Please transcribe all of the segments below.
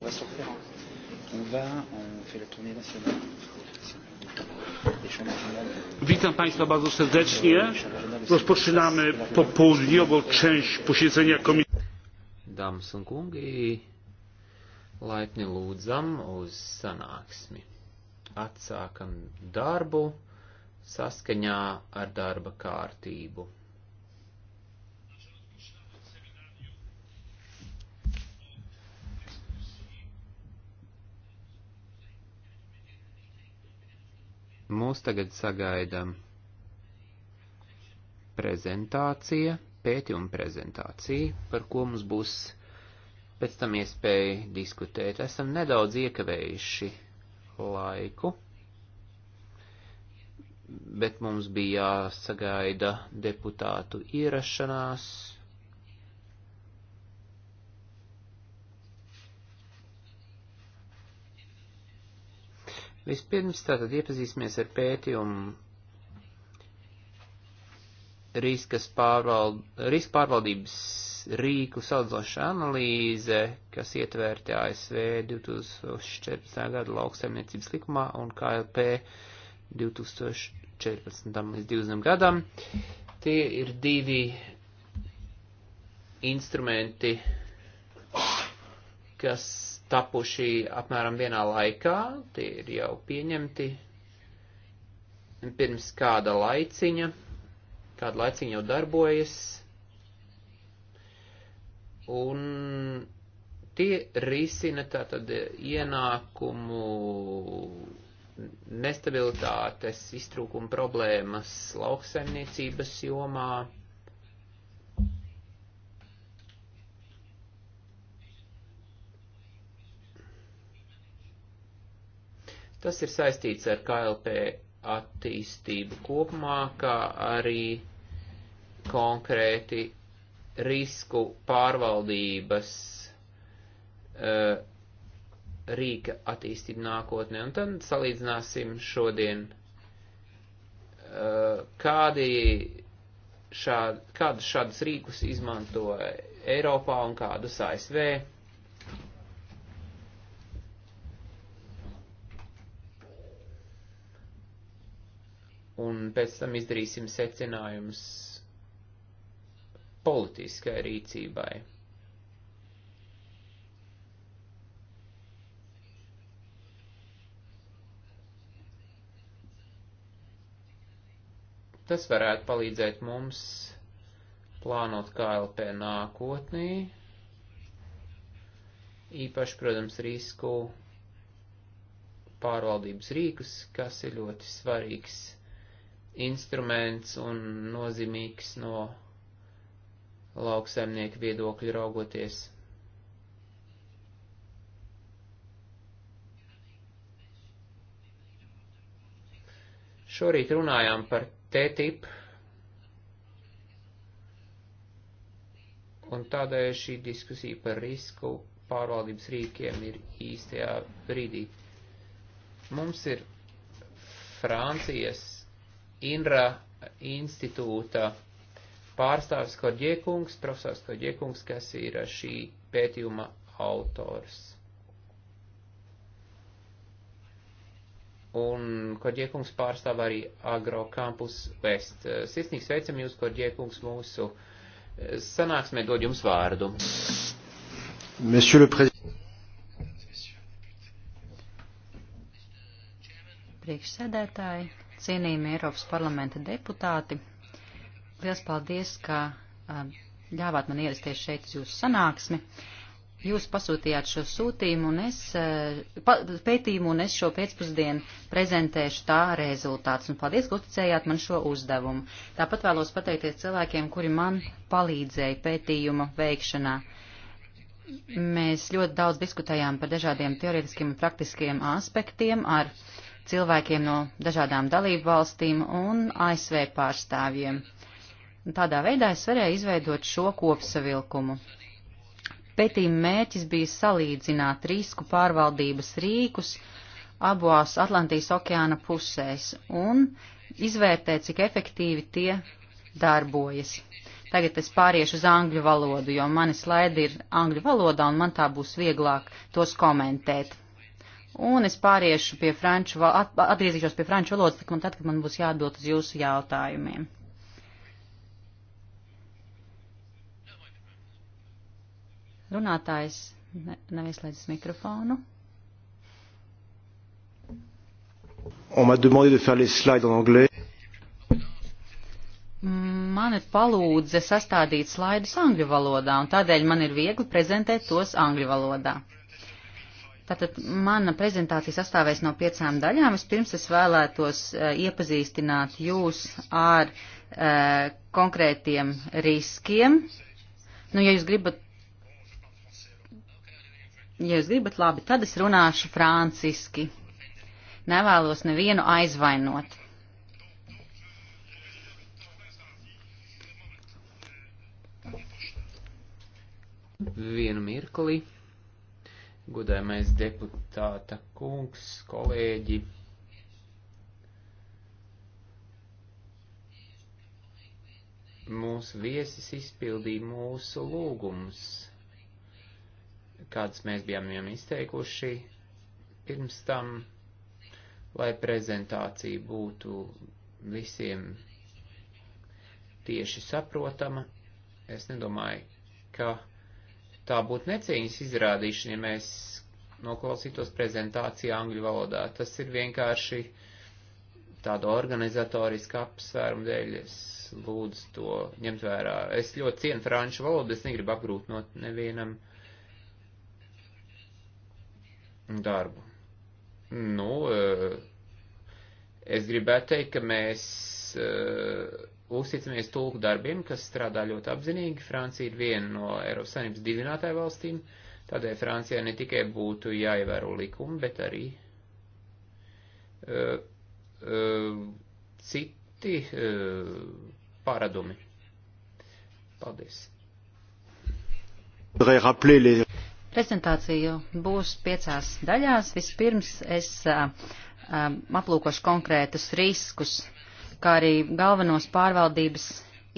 On va s'en faire. On va, on fait la tournée nationale. Euh, Witam Państwa bardzo serdecznie. Rozpoczynamy popołudniową część posiedzenia komisji. Dāmas un kungi, laipni lūdzam uz sanāksmi. Atsākam darbu saskaņā ar darba kārtību. Mūs tagad sagaida prezentācija, pētījuma prezentācija, par ko mums būs pēc tam iespēja diskutēt. Esam nedaudz iekavējuši laiku, bet mums bija jāsagaida deputātu ierašanās Vispirms tātad iepazīsimies ar pētījumu riskas pārvald, riska pārvaldības rīku saldzloša analīze, kas ietvērti ASV 2014. gada lauksaimniecības likumā un KLP 2014. līdz 20. gadam. Tie ir divi instrumenti, kas tapuši apmēram vienā laikā, tie ir jau pieņemti pirms kāda laiciņa, kāda laiciņa jau darbojas, un tie risina tātad ienākumu nestabilitātes, iztrūkuma problēmas lauksaimniecības jomā Tas ir saistīts ar KLP attīstību kopumā, kā arī konkrēti risku pārvaldības uh, rīka attīstību nākotnē. Un tad salīdzināsim šodien, uh, kādi šād, kādus šādus rīkus izmanto Eiropā un kādus ASV un pēc tam izdarīsim secinājumus politiskai rīcībai. Tas varētu palīdzēt mums plānot KLP nākotnī, īpaši, protams, risku pārvaldības rīkus, kas ir ļoti svarīgs instruments un nozīmīgs no lauksaimnieku viedokļu raugoties. Šorīt runājām par TTIP, un tādēļ šī diskusija par risku pārvaldības rīkiem ir īstajā brīdī. Mums ir Francijas INRA institūta pārstāvis Korģiekungs, profesors Korģiekungs, kas ir šī pētījuma autors. Un Korģiekungs pārstāv arī Agrocampus West. Sirsnīgi sveicam jūs, Korģiekungs, mūsu sanāksmē dod jums vārdu. Monsieur le Président. Priekšsēdētāji, cienījami Eiropas parlamenta deputāti. Liels paldies, ka ļāvāt man ierasties šeit uz jūsu sanāksmi. Jūs pasūtījāt šo sūtījumu un es, pētījumu un es šo pēcpusdienu prezentēšu tā rezultātus. Un paldies, ka uzticējāt man šo uzdevumu. Tāpat vēlos pateikties cilvēkiem, kuri man palīdzēja pētījuma veikšanā. Mēs ļoti daudz diskutējām par dažādiem teoretiskiem un praktiskiem aspektiem ar uh, cilvēkiem no dažādām dalību valstīm un ASV pārstāvjiem. Tādā veidā es varēju izveidot šo kopsavilkumu. Pētījuma mērķis bija salīdzināt risku pārvaldības rīkus abos Atlantijas okeāna pusēs un izvērtēt, cik efektīvi tie darbojas. Tagad es pāriešu uz angļu valodu, jo mani slaidi ir angļu valodā un man tā būs vieglāk tos komentēt. Un es pāriešu pie franču, atgriezīšos pie franču valodas, tik man tad, kad man būs jāatbild uz jūsu jautājumiem. Runātājs ne, neieslēdzis mikrofonu. On m'a demandé de faire les slides en anglais. Mani palūdza sastādīt slaidus angļu valodā, un tādēļ man ir viegli prezentēt tos angļu valodā. Tātad mana prezentācija sastāvēs no piecām daļām. Vispirms es vēlētos eh, iepazīstināt jūs ar e, konkrētiem riskiem. Nu, ja jūs gribat, ja jūs gribat labi, tad es runāšu franciski. Nevēlos nevienu aizvainot. Vienu mirkli. Gudējamais deputāta kungs, kolēģi. Mūsu viesis izpildīja mūsu lūgumus, kādas mēs bijām viņam izteikuši pirms tam, lai prezentācija būtu visiem tieši saprotama. Es nedomāju, ka Tā būtu necieņas izrādīšana, ja mēs noklausītos prezentāciju angļu valodā. Tas ir vienkārši tāda organizatoriska apsvēruma dēļ. Es lūdzu to ņemt vērā. Es ļoti cienu franču valodu, es negribu apgrūtinot nevienam darbu. Nu, eh, es gribētu teikt, ka mēs eh, uzticamies tulku darbiem, kas strādā ļoti apzinīgi. Francija ir viena no Eiropas Savienības divinātāju valstīm, tādēļ Francijai ne tikai būtu jāievēro likumi, bet arī uh, uh, citi uh, paradumi. Paldies! Prezentācija būs piecās daļās. Vispirms es uh, um, aplūkošu konkrētus riskus kā arī galvenos pārvaldības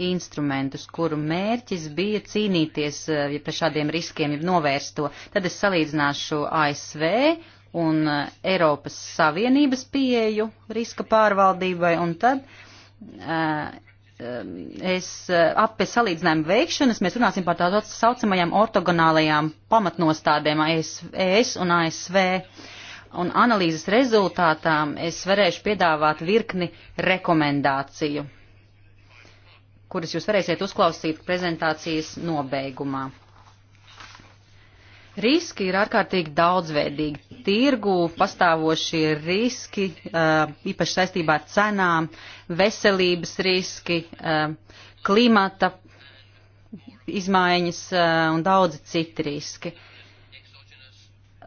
instrumentus, kuru mērķis bija cīnīties eh, ja par šādiem riskiem, ja novērst to. Tad es salīdzināšu ASV un eh, Eiropas Savienības pieeju riska pārvaldībai, un tad uh, es apie salīdzinājumu veikšanas mēs runāsim par tādām saucamajām ortogonālajām pamatnostādēm ES un ASV. Uh, un analīzes rezultātā es varēšu piedāvāt virkni rekomendāciju, kuras jūs varēsiet uzklausīt prezentācijas nobeigumā. Riski ir ārkārtīgi daudzveidīgi. Tirgu pastāvošie riski, uh, īpaši saistībā ar cenām, veselības riski, uh, klimata izmaiņas uh, un daudzi citi riski.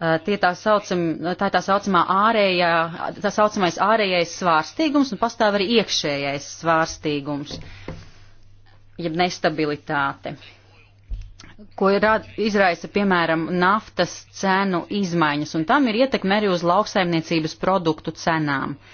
Eh, tie tā, saucam, tā, tā saucamā ārējā, tā saucamais ārējais svārstīgums un pastāv arī iekšējais svārstīgums, jeb nestabilitāte, ko rad, izraisa, piemēram, naftas cenu izmaiņas, un tam ir ietekme arī uz lauksaimniecības produktu cenām. Uh,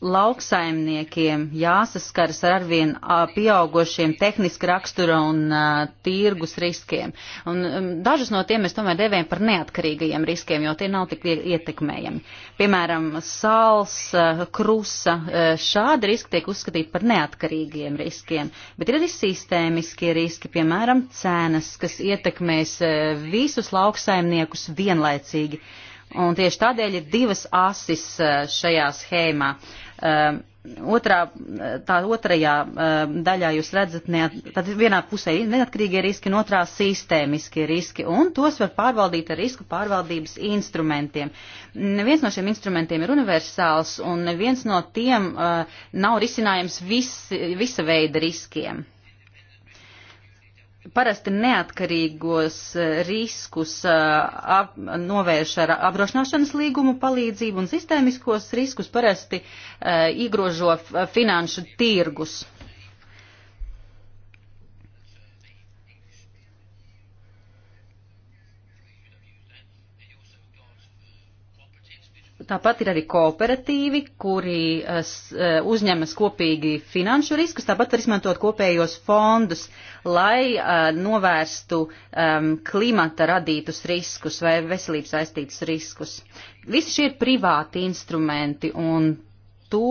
lauksaimniekiem jāsaskaras ar arvien pieaugošiem tehniski rakstura un uh, tirgus riskiem. Un, um, dažus no tiem mēs tomēr devējam par neatkarīgajiem riskiem, jo tie nav tik ietekmējami. Piemēram, sāls, uh, krusa, uh, šādi riski tiek uzskatīti par neatkarīgiem riskiem, bet ir arī sistēmiskie riski, piemēram, cenas, kas ietekmēs uh, visus lauksaimniekus vienlaicīgi. Uh, Un tieši tādēļ ir divas asis eh, šajā schēmā. Eh, otrā, eh, tā otrajā daļā jūs redzat, neat, tad vienā pusē ir neatkarīgie riski, un otrā sistēmiskie riski, un tos var pārvaldīt ar risku pārvaldības instrumentiem. Neviens no šiem instrumentiem ir universāls, un neviens no tiem uh, nav risinājums vis, visa veida riskiem parasti neatkarīgos eh, riskus eh, ap, novērš ar apdrošināšanas līgumu palīdzību un sistēmiskos riskus parasti eh, iegrožo finanšu tirgus. Tāpat ir arī kooperatīvi, kuri eh, eh, uzņemas kopīgi finanšu riskus, tāpat var izmantot kopējos fondus, lai eh, novērstu ehm, klimata radītus riskus vai veselības saistītus riskus. Visi šie ir privāti instrumenti un to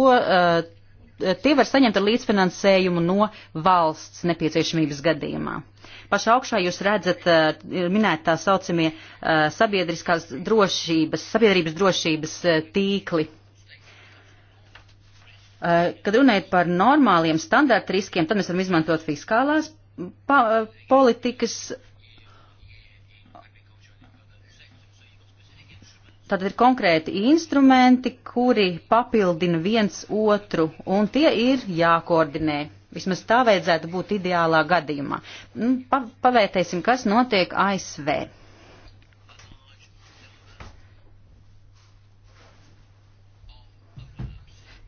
tie var saņemt ar līdzfinansējumu no valsts nepieciešamības gadījumā. Pašā augšā jūs redzat eh, minēt tā saucamie eh, sabiedriskās drošības, sabiedrības drošības eh, tīkli. Kad runājot par normāliem standarta riskiem, tad mēs varam izmantot fiskālās politikas Tad ir konkrēti instrumenti, kuri papildina viens otru, un tie ir jākoordinē. Vismaz tā vajadzētu būt ideālā gadījumā. Nu, pa, pavērtēsim, kas notiek ASV.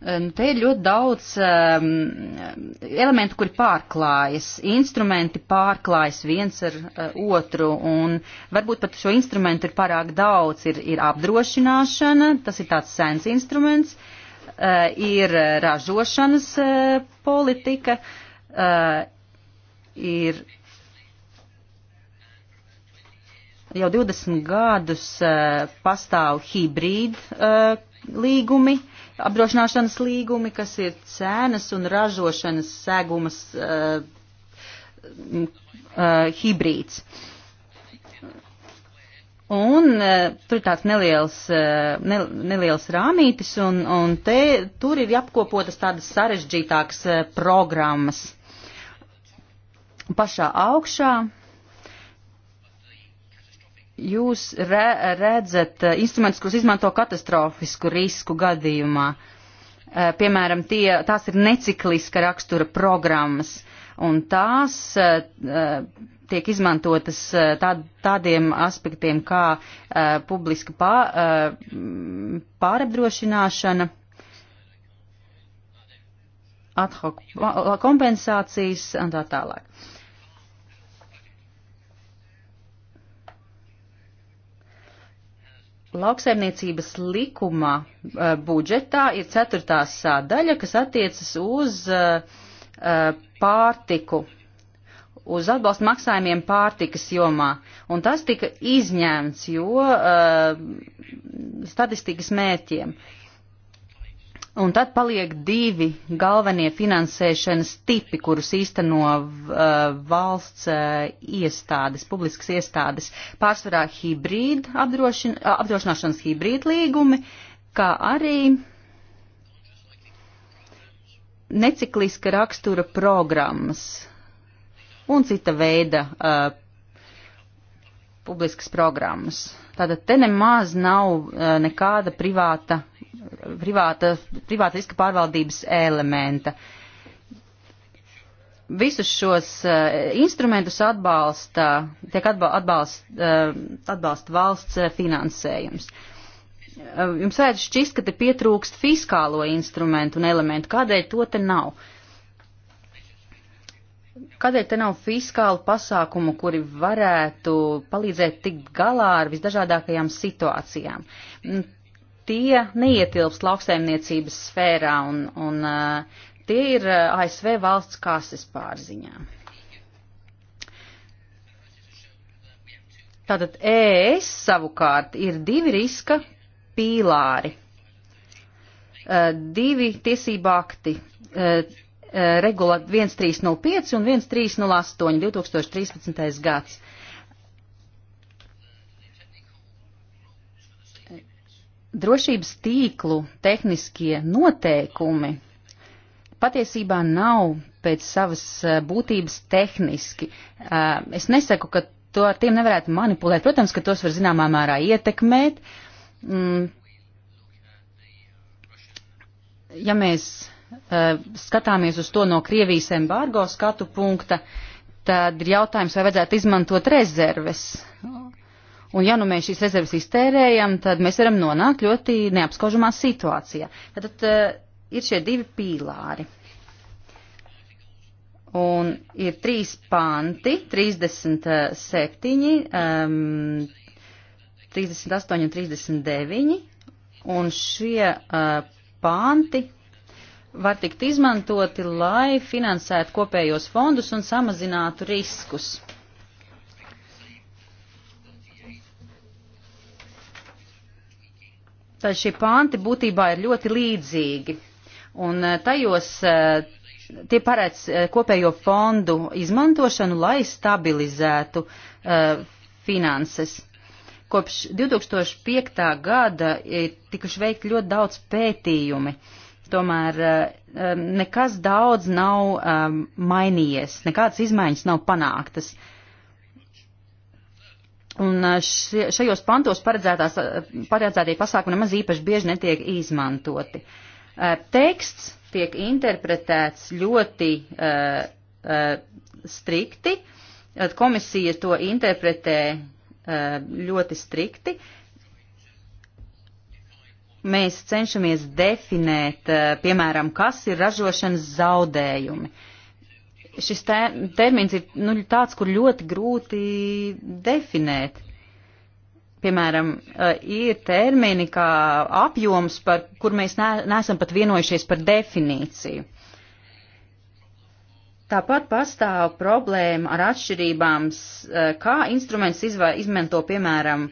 Nu, te ir ļoti daudz um, elementu, kuri pārklājas, instrumenti pārklājas viens ar uh, otru, un varbūt pat šo instrumentu ir pārāk daudz, ir, ir apdrošināšana, tas ir tāds sens instruments, uh, ir ražošanas uh, politika, uh, ir jau 20 gadus uh, pastāv hibrīd uh, līgumi, uh, apdrošināšanas līgumi, kas ir cēnas un ražošanas segumas uh, eh, uh, eh, hibrīds. Un uh, tur ir tāds neliels, uh, ne, neliels rāmītis, un, un te, tur ir apkopotas tādas sarežģītākas uh, programmas. Pašā augšā uh, jūs re, redzat eh, instrumentus, kurus izmanto katastrofisku risku gadījumā? Eh, piemēram, tie, tās ir necikliska rakstura programmas, un tās eh, tiek izmantotas tād, tādiem aspektiem kā publiska pā, pārapdrošināšana, ad hoc kompensācijas un tā tālāk. Lauksaimniecības likumā eh, budžetā ir ceturtā sādaļa, kas attiecas uz eh, eh, pārtiku, uz atbalstu maksājumiem pārtikas jomā. Un tas tika izņemts, jo statistikas mērķiem. Uh, Un tad paliek divi galvenie finansēšanas tipi, kurus īsteno uh, valsts uh, iestādes, publiskas iestādes. Pārsvarā hibrīd apdrošin, uh, apdrošināšanas hibrīd līgumi, kā arī necikliska rakstura programmas un cita veida uh, publiskas programmas. Tātad te nemaz nav uh, nekāda privāta privāta, privāta riska pārvaldības elementa. Visus šos uh, instrumentus atbalsta, tiek atbalsta, uh, eh, atbalsta valsts eh, finansējums. Uh, jums vajadz šķist, ka te pietrūkst fiskālo instrumentu un elementu. Kādēļ to te nav? Kādēļ te nav fiskālu pasākumu, kuri varētu palīdzēt tikt galā ar visdažādākajām situācijām? Mm, tie neietilps lauksaimniecības sfērā un, un uh, tie ir uh, ASV valsts kases pārziņā. Tātad ES savukārt ir divi riska pīlāri, uh, divi tiesība akti, regula 1305 un 1308 2013. gads. drošības tīklu tehniskie noteikumi patiesībā nav pēc savas būtības tehniski. Es nesaku, ka to ar tiem nevarētu manipulēt. Protams, ka tos var zināmā mērā ietekmēt. Mm. Ja mēs skatāmies uz to no Krievijas embargo skatu punkta, tad ir jautājums, vai vajadzētu izmantot rezerves. Un ja nu mēs šīs rezerves iztērējam, tad mēs varam nonākt ļoti neapskaužamā situācijā. Tad, tad eh, ir šie divi pīlāri. Un ir trīs panti, 37, um, 38 un 39, un šie uh, panti var tikt izmantoti, lai finansētu kopējos fondus un samazinātu riskus. tad šie panti būtībā ir ļoti līdzīgi. Un eh, tajos eh, tie paredz eh, kopējo fondu izmantošanu, lai stabilizētu uh, finanses. Kopš 2005. gada ir tikuši veikt ļoti daudz pētījumi, tomēr uh, nekas daudz nav um, mainījies, nekādas izmaiņas nav panāktas. Uh, Un eh, šajos pantos eh, paredzētie pasākumi nemaz īpaši bieži netiek izmantoti. Eh, teksts tiek interpretēts ļoti strikti, komisija to interpretē ļoti strikti. Mēs cenšamies definēt, piemēram, kas ir ražošanas zaudējumi. Uh, šis te, termins ir nu, tāds, kur ļoti grūti definēt. Piemēram, ir termini kā apjoms, par kur mēs ne, neesam pat vienojušies par definīciju. Tāpat pastāv problēma ar atšķirībām, kā instruments izvā, izmanto, piemēram,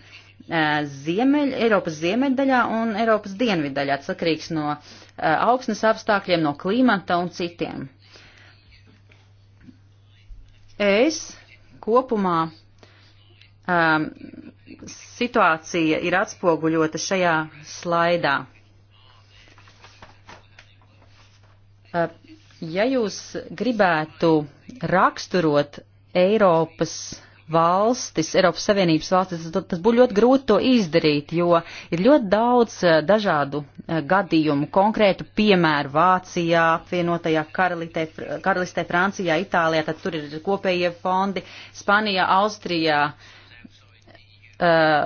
ziemeļ, Eiropas ziemeļdaļā un Eiropas dienviddaļā, atsakarīgs no augsnes apstākļiem, no klimata un citiem es kopumā um, situācija ir atspoguļota šajā slaidā. Uh, ja jūs gribētu raksturot Eiropas valstis, Eiropas Savienības valstis, tas, tas būtu ļoti grūti to izdarīt, jo ir ļoti daudz eh, dažādu eh, gadījumu, konkrētu piemēru Vācijā, apvienotajā karalistē, karalistē Francijā, Itālijā, tad tur ir kopējie fondi, Spanijā, Austrijā. Eh,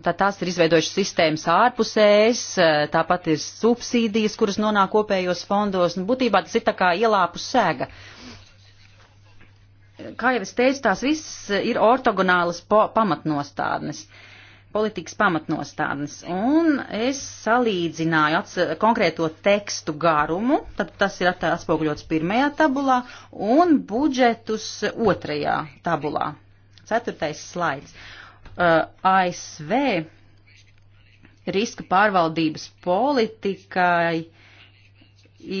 tad tās ir izveidojušas sistēmas ārpusēs, tāpat ir subsīdijas, kuras nonāk kopējos fondos. Nu, būtībā tas ir tā kā ielāpu sēga. Uh, Kā jau es teicu, tās visas ir ortogonālas po pamatnostādnes, politikas pamatnostādnes. Un es salīdzināju konkrēto tekstu garumu, tad tas ir atspoguļots pirmajā tabulā, un budžetus otrajā tabulā. Ceturtais slaids. Uh, ASV riska pārvaldības politikai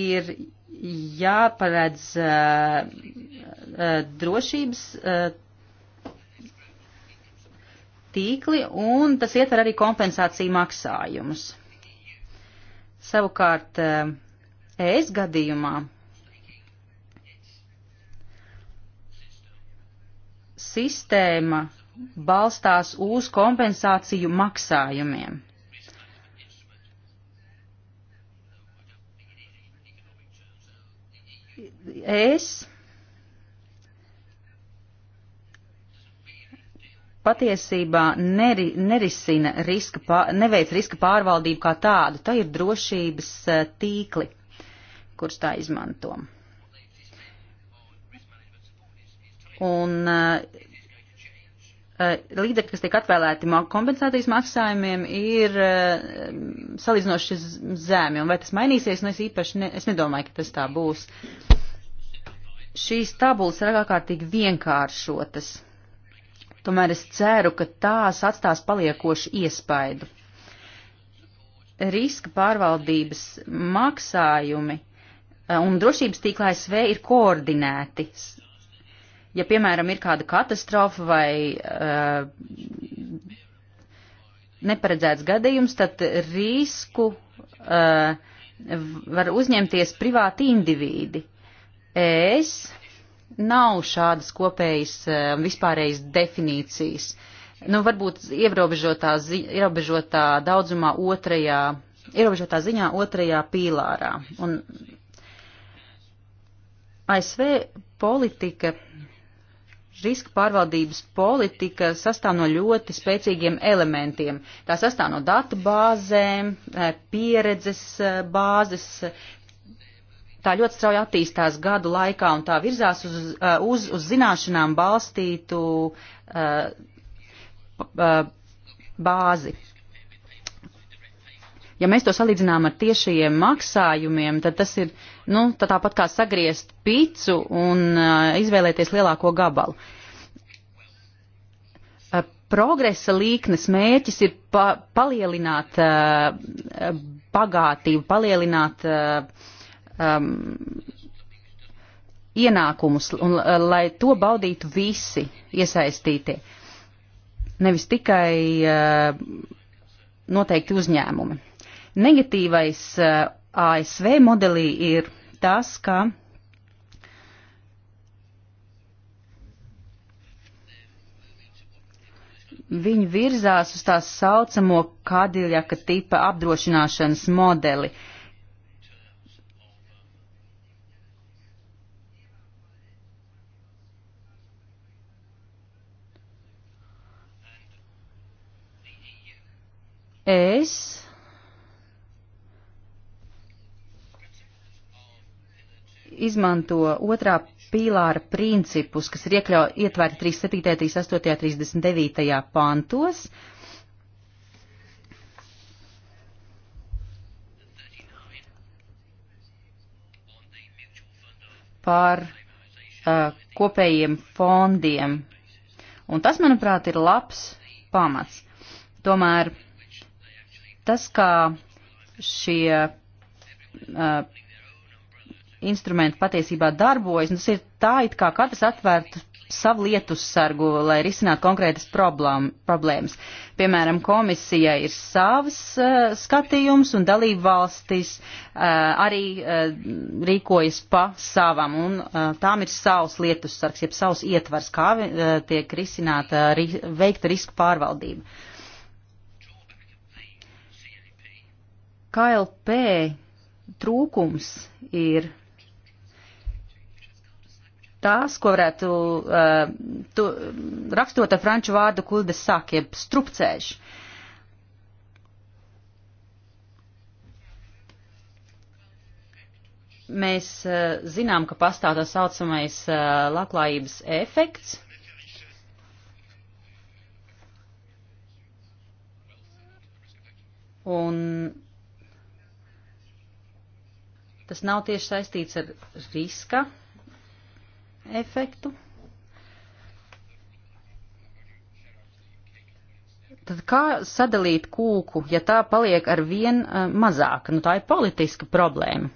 ir jāparedz uh, uh, drošības uh, tīkli, un tas ietver arī kompensāciju maksājumus. Savukārt, ES gadījumā sistēma balstās uz kompensāciju maksājumiem. es patiesībā neri, nerisina riska, pār, neveic riska pārvaldību kā tādu. Tā ir drošības eh, tīkli, kurus tā izmanto. Un eh, eh, līdzekļi, kas tiek atvēlēti kompensācijas maksājumiem, ir salīdzinoši zemi. Un vai tas mainīsies, nu es īpaši ne, es nedomāju, ka tas tā būs. Uh, Šīs tabulas ir ārkārtīgi vienkāršotas, tomēr es ceru, ka tās atstās paliekošu iespaidu. Riska pārvaldības maksājumi eh, un drošības tīklā SV ir koordinēti. Ja, piemēram, ir kāda katastrofa vai uh, neparedzēts gadījums, tad risku uh, var uzņemties privāti indivīdi. ES nav šādas kopējas um, vispārējas definīcijas. Nu, varbūt ierobežotā, ierobežotā daudzumā otrajā, ierobežotā ziņā otrajā pīlārā. Un ASV politika, riska pārvaldības politika sastāv no ļoti spēcīgiem elementiem. Tā sastāv no datu bāzēm, eh, pieredzes eh, bāzes, tā ļoti strauji attīstās gadu laikā un tā virzās uz, uh, uz, uz zināšanām balstītu uh, uh, bāzi. Ja mēs to salīdzinām ar tiešajiem maksājumiem, tad tas ir nu, tā tāpat kā sagriezt picu un uh, izvēlēties lielāko gabalu. Uh, progresa līknes mērķis ir pa palielināt uh, bagātību, palielināt uh, um, ienākumus, un uh, lai to baudītu visi iesaistītie, nevis tikai uh, noteikti uzņēmumi. Negatīvais uh, ASV modelī ir tas, ka viņi virzās uz tā saucamo kadiļaka tipa apdrošināšanas modeli. Uh, Es izmanto otrā pīlāra principus, kas ir iekļau, ietverti 37., 38., 39. pantos. par uh, kopējiem fondiem. Un tas, manuprāt, ir labs pamats. Tomēr Tas, kā šie uh, instrumenti patiesībā darbojas, nu, tas ir tā, it kā katrs atvērtu savu lietu sargu, lai risinātu konkrētas problēma, problēmas. Piemēram, komisija ir savs uh, skatījums un dalību valstis uh, arī uh, rīkojas pa savam, un uh, tām ir savs lietu sargs, jeb savs ietvars, kā uh, tiek risināta uh, ri, veikta risku pārvaldība. Uh, KLP trūkums ir tās, ko varētu uh, tu, rakstot ar franču vārdu kuldes sākiem - strupcēž. Mēs uh, zinām, ka pastāv tā saucamais uh, labklājības efekts, kas nav tieši saistīts ar riska efektu. Tad kā sadalīt kūku, ja tā paliek ar vien uh, eh, mazāka? Nu, tā ir politiska problēma.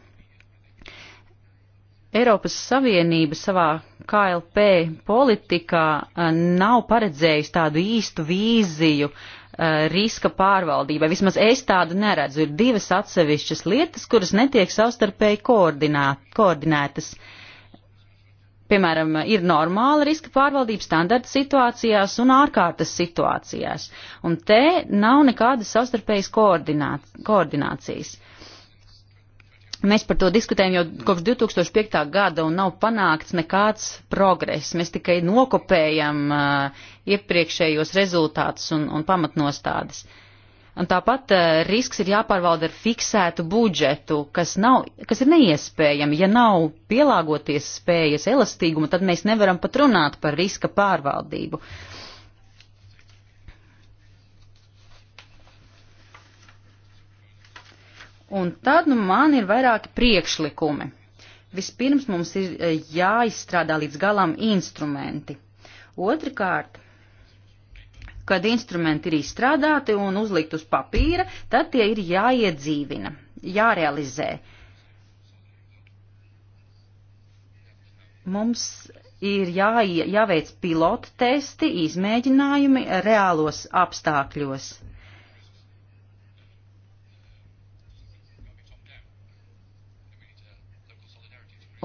Eiropas Savienība savā KLP politikā uh, nav paredzējusi tādu īstu vīziju uh, Eh, riska pārvaldībai. Vismaz es tādu neredzu. Ir divas atsevišķas lietas, kuras netiek savstarpēji koordinētas. Piemēram, ir normāla riska pārvaldība standarta situācijās un ārkārtas situācijās. Un te nav nekādas savstarpējas koordinā koordinācijas. Uh, Mēs par to diskutējam jau kopš 2005. gada un nav panākts nekāds progress. Mēs tikai nokopējam uh, iepriekšējos rezultātus un, un pamatnostādes. Un tāpat uh, risks ir jāpārvalda ar fiksētu budžetu, kas, nav, kas ir neiespējami. Ja nav pielāgoties spējas elastīguma, tad mēs nevaram pat runāt par riska pārvaldību. Uh, Un tad nu, man ir vairāki priekšlikumi. Vispirms mums ir e, jāizstrādā līdz galam instrumenti. Otrakārt, kad instrumenti ir izstrādāti un uzlikt uz papīra, tad tie ir jāiedzīvina, jārealizē. Mums ir jā, jāveic pilota testi, izmēģinājumi reālos apstākļos.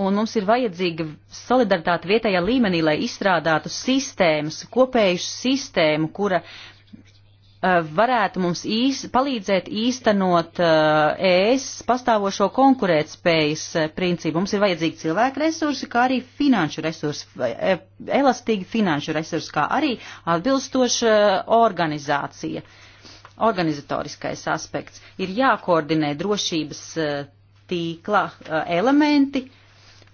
un mums ir vajadzīga solidaritāte vietējā līmenī, lai izstrādātu sistēmas, kopēju sistēmu, kura uh, varētu mums īs, palīdzēt īstenot uh, eh, ES pastāvošo konkurētspējas uh, principu. Mums ir vajadzīgi cilvēku resursi, kā arī finanšu resursi, uh, elastīgi finanšu resursi, kā arī atbilstoša uh, organizācija. Organizatoriskais aspekts ir jākoordinē drošības uh, tīkla uh, elementi, uh,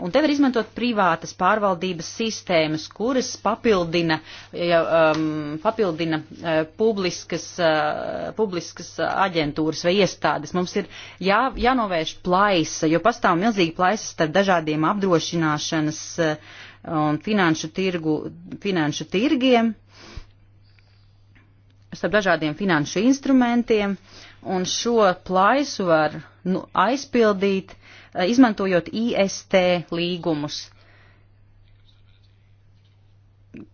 Un te var izmantot privātas pārvaldības sistēmas, kuras papildina, um, papildina uh, publiskas, uh, publiskas aģentūras vai iestādes. Mums ir jā, jānovērš plaisa, jo pastāv milzīga plaisa starp dažādiem apdrošināšanas uh, un finanšu, tirgu, finanšu tirgiem starp dažādiem finanšu instrumentiem, un šo plaisu var nu, aizpildīt Eh, izmantojot IST līgumus.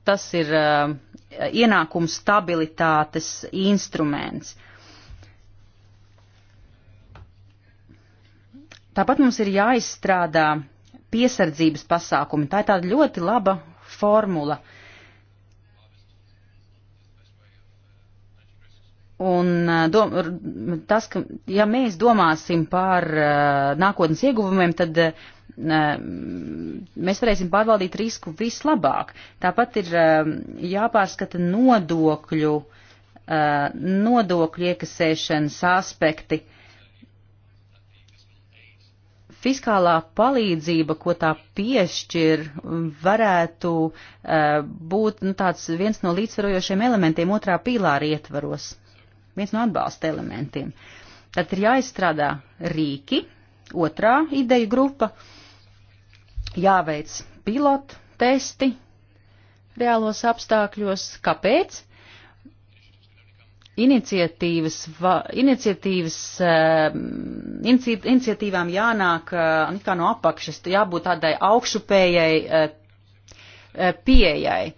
Tas ir uh, eh, ienākumu stabilitātes instruments. Tāpat mums ir jāizstrādā piesardzības pasākumi. Tā ir tāda ļoti laba formula. Uh, Un dom, tas, ka ja mēs domāsim par uh, nākotnes ieguvumiem, tad uh, mēs varēsim pārvaldīt risku vislabāk. Tāpat ir uh, jāpārskata nodokļu, uh, nodokļu iekasēšanas aspekti. Fiskālā palīdzība, ko tā piešķir, varētu uh, būt nu, tāds viens no līdzsvarojošiem elementiem otrā pīlāra ietvaros viens no atbalsta elementiem. Tad ir jāizstrādā rīki, otrā ideja grupa, jāveic pilotu testi reālos apstākļos. Kāpēc? Iniciatīvas, va, iniciatīvas, ehm, inici, iniciatīvām jānāk kā eh, nu, no apakšas, jābūt tādai augšupējai eh, eh, pieejai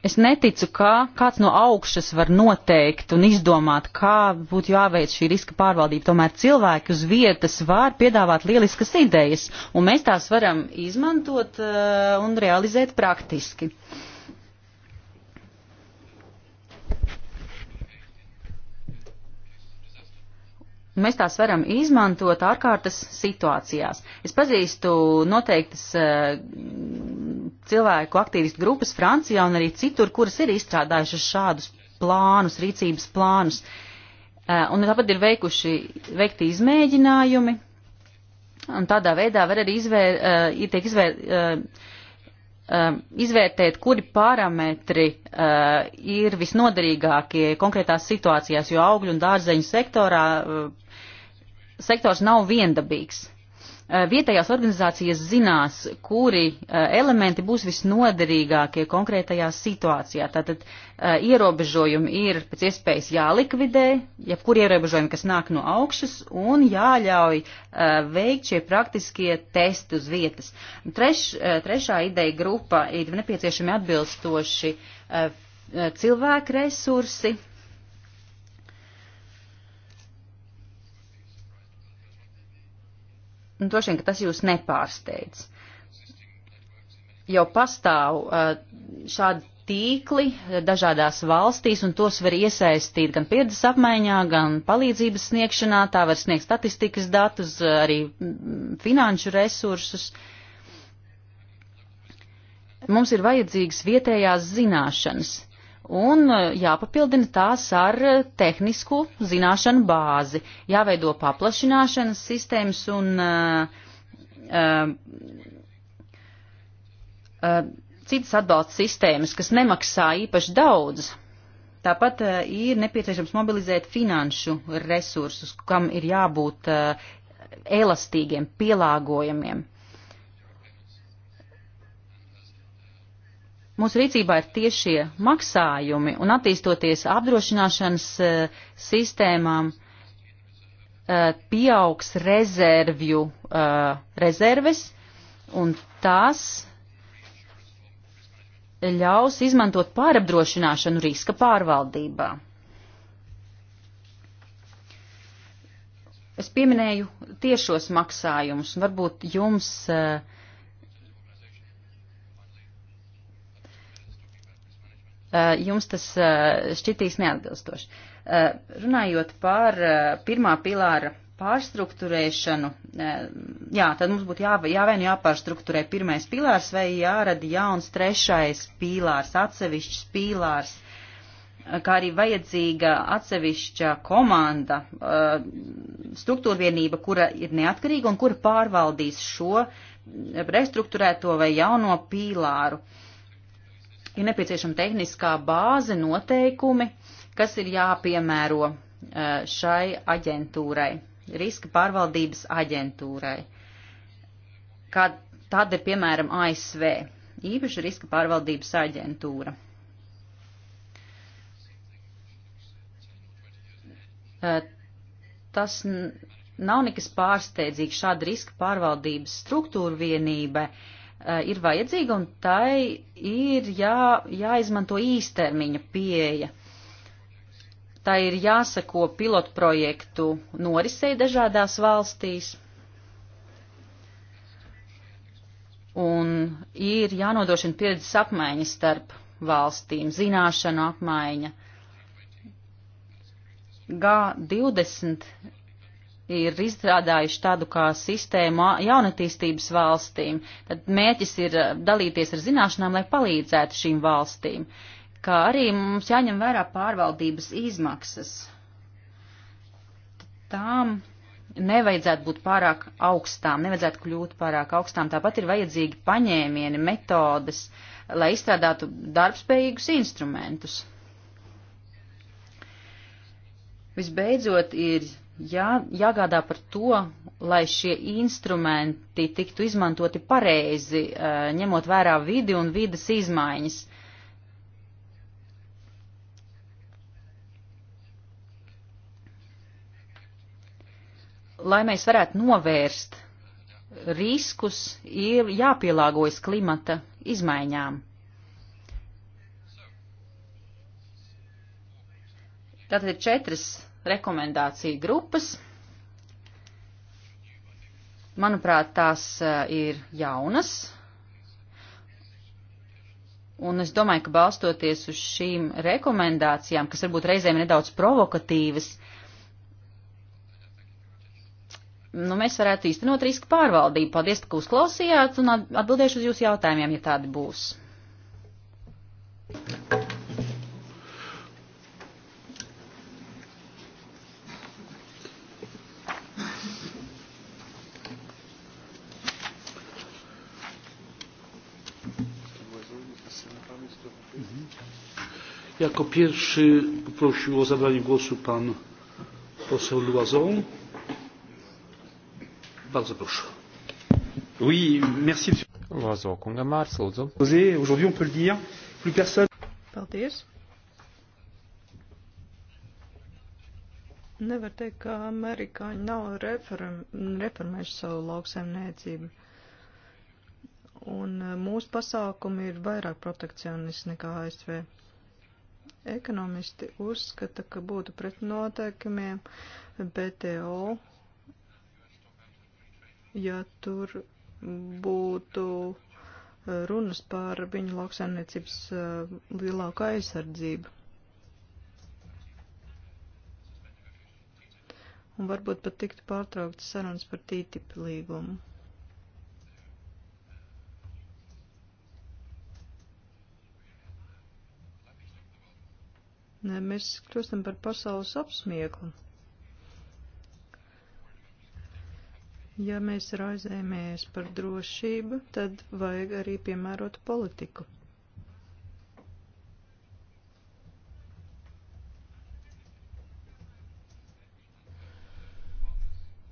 Es neticu, ka kāds no augšas var noteikt un izdomāt, kā būtu jāveic šī riska pārvaldība. Tomēr cilvēki uz vietas var piedāvāt lieliskas idejas, un mēs tās varam izmantot uh, un realizēt praktiski. Mēs tās varam izmantot ārkārtas situācijās. Es pazīstu noteiktas uh, cilvēku aktīvistu grupas Francijā un arī citur, kuras ir izstrādājušas šādus plānus, rīcības plānus. Eh, un tāpat ir veikuši, veikti izmēģinājumi, un tādā veidā var arī izvēr, eh, tiek izvēr, eh, izvērtēt, kuri parametri ir visnoderīgākie konkrētās situācijās, jo augļu un dārzeņu sektorā sektors nav viendabīgs. Eh, vietējās organizācijas zinās, kuri eh, elementi būs visnoderīgākie konkrētajā situācijā. Tātad eh, ierobežojumi ir pēc iespējas jālikvidē, jebkur ierobežojumi, kas nāk no augšas, un jāļauj veikt šie praktiskie testi uz vietas. Treš, trešā ideja grupa ir nepieciešami atbilstoši cilvēku resursi, nu, droši vien, ka tas jūs nepārsteidz. Jau pastāv eh, šādi tīkli eh, dažādās valstīs, un tos var iesaistīt gan pieredzes apmaiņā, gan palīdzības sniegšanā, tā var sniegt statistikas datus, eh, arī mm, finanšu resursus. Mums ir vajadzīgas vietējās zināšanas, un e, jāpapildina tās ar e, tehnisku zināšanu bāzi, jāveido paplašināšanas sistēmas un uh, uh, uh, citas atbalsta sistēmas, kas nemaksā īpaši daudz. Tāpat uh, ir nepieciešams mobilizēt finanšu resursus, kam ir jābūt uh, elastīgiem, pielāgojamiem. Uh, Mūsu rīcībā ir tiešie maksājumi un attīstoties apdrošināšanas uh, sistēmām uh, pieaugs rezervju uh, rezerves un tās ļaus izmantot pārapdrošināšanu riska pārvaldībā. Es pieminēju tiešos maksājumus, un varbūt jums uh, Eh, jums tas eh, šķitīs neatbilstoši. Eh, runājot par pirmā pilāra pārstruktūrēšanu, jā, tad mums būtu jā, jāvien jāpārstruktūrē pirmais pilārs vai jārada jauns trešais pilārs, atsevišķs pilārs, kā arī vajadzīga atsevišķa komanda, struktūrvienība, kura ir neatkarīga un kura pārvaldīs šo restruktūrēto vai jauno pīlāru. Uh, ir nepieciešama tehniskā bāze, noteikumi, kas ir jāpiemēro uh, šai aģentūrai, riska pārvaldības aģentūrai. Kā tāda ir, piemēram, ASV, īpaši riska pārvaldības aģentūra. Uh, tas nav nekas pārsteidzīgs. Šāda riska pārvaldības struktūra vienība uh, Eh, ir vajadzīga un tai ir jā, jāizmanto īstermiņa pieeja. Tā ir jāsako pilotprojektu norisei dažādās valstīs. Un ir jānodrošina pieredzes apmaiņa starp valstīm, zināšanu apmaiņa. G20 ir izstrādājuši tādu kā sistēmu jaunatīstības valstīm. Tad mēķis ir eh, dalīties ar zināšanām, lai palīdzētu šīm valstīm, kā arī mums jāņem vērā pārvaldības izmaksas. Tām nevajadzētu būt pārāk augstām, nevajadzētu kļūt pārāk augstām, tāpat ir vajadzīgi paņēmieni, metodes, lai izstrādātu darbspējīgus instrumentus. Visbeidzot, ir jā, jāgādā par to, lai šie instrumenti tiktu izmantoti pareizi, ņemot vērā vidi un vidas izmaiņas. Lai mēs varētu novērst riskus, ir jāpielāgojas klimata izmaiņām. Tātad ir četras rekomendāciju grupas. Manuprāt, tās eh, ir jaunas, Un es domāju, ka balstoties uz šīm rekomendācijām, kas varbūt reizēm ir nedaudz provokatīvas, nu, mēs varētu īstenot riska pārvaldību. Paldies, ka uzklausījāt un atbildēšu uz jūsu jautājumiem, ja tādi būs. Jako pierwszy poprosił o zabranie głosu pan poseł Loison. Bardzo proszę. Oui, merci. Loison kungam vārds, lūdzu. Aujourd'hui, on peut le dire, plus personne. Paldies. Nevar teikt, ka amerikāņi nav reform, reformējuši savu lauksaimniecību. Un eh, mūsu pasākumi ir vairāk protekcionisti nekā ASV. Ekonomisti uzskata, ka būtu pret noteikumiem BTO, ja tur būtu eh, runas par viņu lauksaimniecības eh, lielāku aizsardzību. Un varbūt pat tiktu pārtrauktas sarunas par TTIP līgumu. Nē, mēs kļūstam par pasaules apsmieklu. Ja mēs raizēmies par drošību, tad vajag arī piemērot politiku.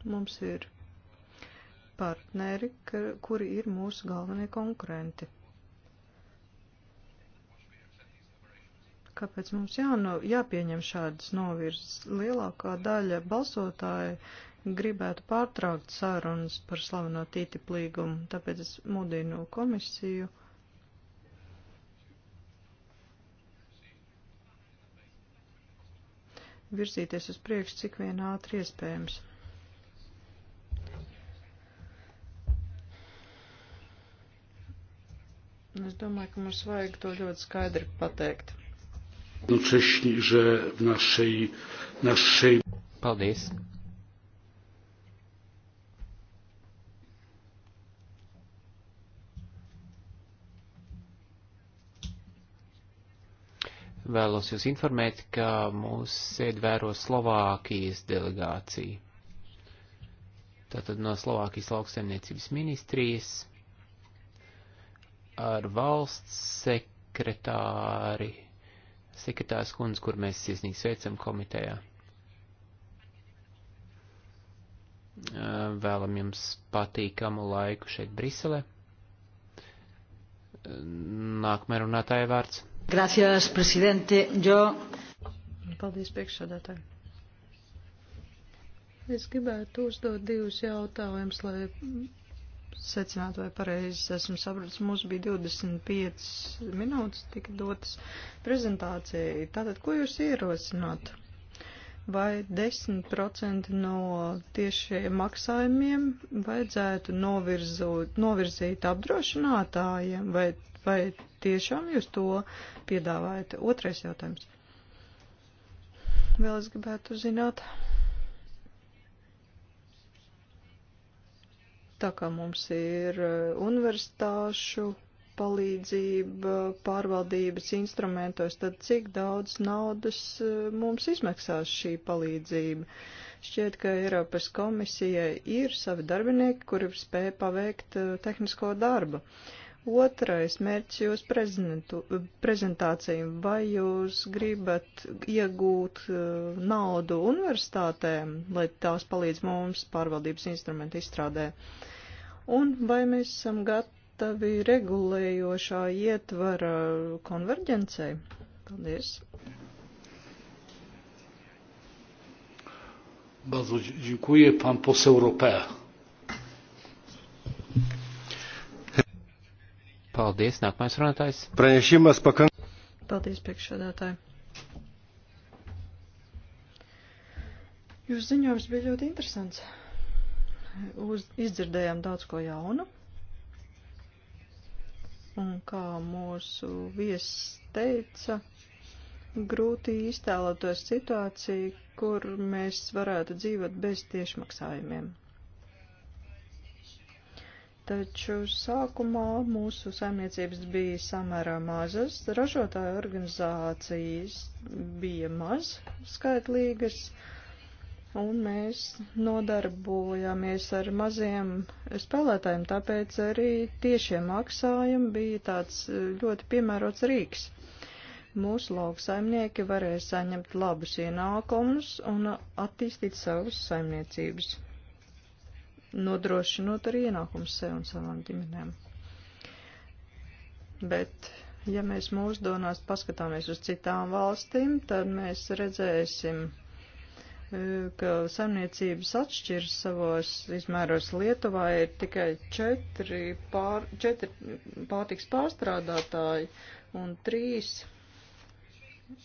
Mums ir partneri, kuri ir mūsu galvenie konkurenti. kāpēc mums jāno, jāpieņem šādas novirzes. Lielākā daļa balsotāji gribētu pārtraukt sarunas par slaveno TTIP līgumu, tāpēc es mudinu komisiju. virzīties uz priekšu, cik vien ātri iespējams. Es domāju, ka mums vajag to ļoti skaidri pateikt. Paldies! vēlos jūs informēt, ka mūs sēdvēro Slovākijas delegācija. Tātad no Slovākijas lauksaimniecības ministrijas ar valsts sekretāri sekretārs kundze, kur mēs sirsnīgi sveicam komitejā. Vēlam jums patīkamu laiku šeit Brisele. Nākamā runātāja vārds. Gracias, presidente. Jo. Paldies, priekšsādātāji. Es gribētu uzdot divus jautājumus, lai secināt, vai pareizi esmu sapratis. Mums bija 25 minūtes tika dotas prezentācijai. Tātad, ko jūs ierosināt? Vai 10% no tiešiem maksājumiem vajadzētu novirzot, novirzīt apdrošinātājiem, vai, vai tiešām jūs to piedāvājat? Otrais jautājums. Vēl es gribētu zināt. Tā kā mums ir eh, universitāšu palīdzība pārvaldības instrumentos, tad cik daudz naudas eh, mums izmaksās šī palīdzība? Šķiet, ka Eiropas komisijai ir savi darbinieki, kuri spēja paveikt eh, tehnisko darbu. Uh, Otrais mērķis jūs prezentāciju. Vai jūs gribat iegūt uh, naudu universitātēm, lai tās palīdz mums pārvaldības instrumentu izstrādē? Un vai mēs esam gatavi regulējošā ietvara konverģencei? Paldies! Bardzo dziękuję. Pan poseł Ropea. Paldies, nākamais runātājs. Pranešimas pakan. Paldies, priekšsēdētāji. Jūsu ziņojums bija ļoti interesants. Uz, izdzirdējām daudz ko jaunu. Un kā mūsu viesis teica, grūti iztēloties situāciju, kur mēs varētu dzīvot bez tiešmaksājumiem. Taču sākumā mūsu saimniecības bija samērā mazas, ražotāju organizācijas bija maz skaitlīgas, un mēs nodarbojāmies ar maziem spēlētājiem, tāpēc arī tiešie maksājumi bija tāds eh, ļoti piemērots rīks. Mūsu lauksaimnieki varēja saņemt labus ienākumus un attīstīt savus saimniecības nodrošinot arī ienākumus sev un savām ģimenēm. Bet, ja mēs mūsdienās paskatāmies uz citām valstīm, tad mēs redzēsim, e, ka saimniecības atšķiras savos izmēros Lietuvā ir tikai četri, pār, četri pārtiks pārstrādātāji un trīs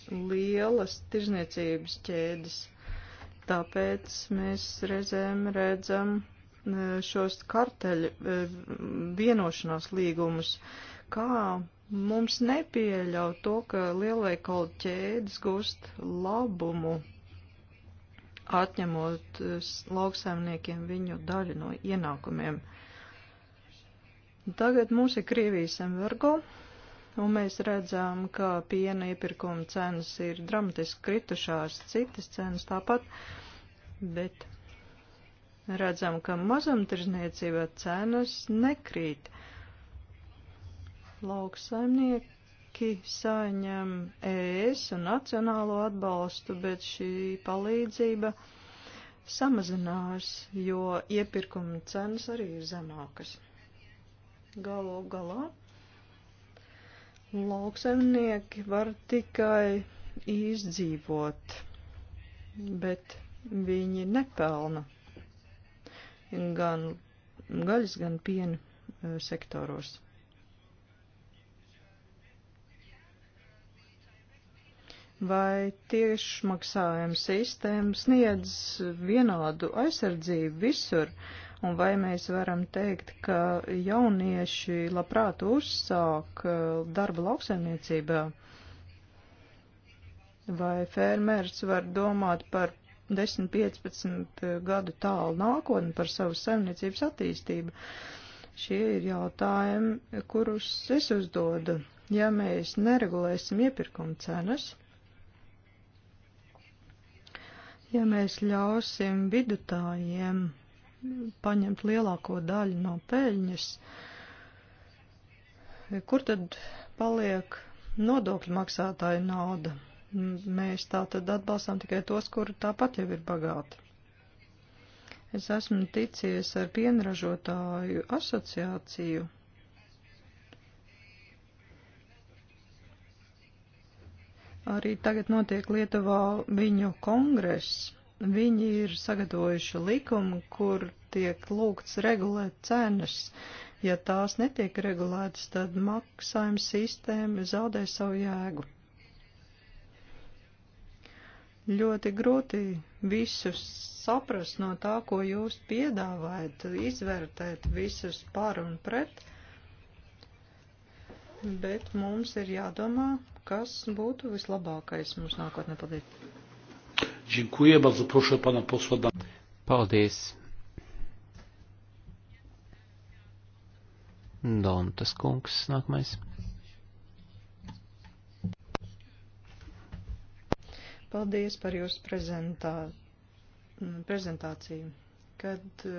lielas tirzniecības ķēdes. Tāpēc mēs reizēm redzam E, šos karteļu e, vienošanās līgumus, kā mums nepieļaut to, ka lielveikalu ķēdes gūst labumu, atņemot e, lauksaimniekiem viņu daļu no ienākumiem. Tagad mums ir Krievijas embargo, un mēs redzam, ka piena iepirkuma cenas ir dramatiski kritušās, citas cenas tāpat, bet redzam, ka mazumtirzniecībā cenas nekrīt. Lauksaimnieki saņem ES un nacionālo atbalstu, bet šī palīdzība samazinās, jo iepirkuma cenas arī ir zemākas. Galu galā lauksaimnieki var tikai izdzīvot, bet viņi nepelna gan gaļas, gan piena e, sektoros. Vai tiešmaksājuma sistēma sniedz vienādu aizsardzību visur, un vai mēs varam teikt, ka jaunieši labprāt uzsāk e, darba lauksaimniecībā? Vai fermērs var domāt par 10-15 eh, gadu tālu nākotni par savu saimniecības attīstību. Šie ir jautājumi, kurus es uzdodu. Ja mēs neregulēsim iepirkuma cenas, ja mēs ļausim vidutājiem paņemt lielāko daļu no peļņas, kur tad paliek nodokļu maksātāja nauda? Mēs tā tad atbalstām tikai tos, kuri tāpat jau ir bagāti. Es esmu ticies ar pienražotāju asociāciju. Arī tagad notiek Lietuvā viņu kongress. Viņi ir sagatavojuši likumu, kur tiek lūgts regulēt cenas. Ja tās netiek regulētas, tad maksājuma sistēma zaudē savu jēgu. Ļoti grūti visus saprast no tā, ko jūs piedāvājat, izvērtēt visus par un pret, bet mums ir jādomā, kas būtu vislabākais mums nākotnē paldies. Dziękuję, bardzo proszę pana posła. Paldies. Dontas kungs nākamais. Paldies par jūsu prezentā, mm, prezentāciju. Kad e,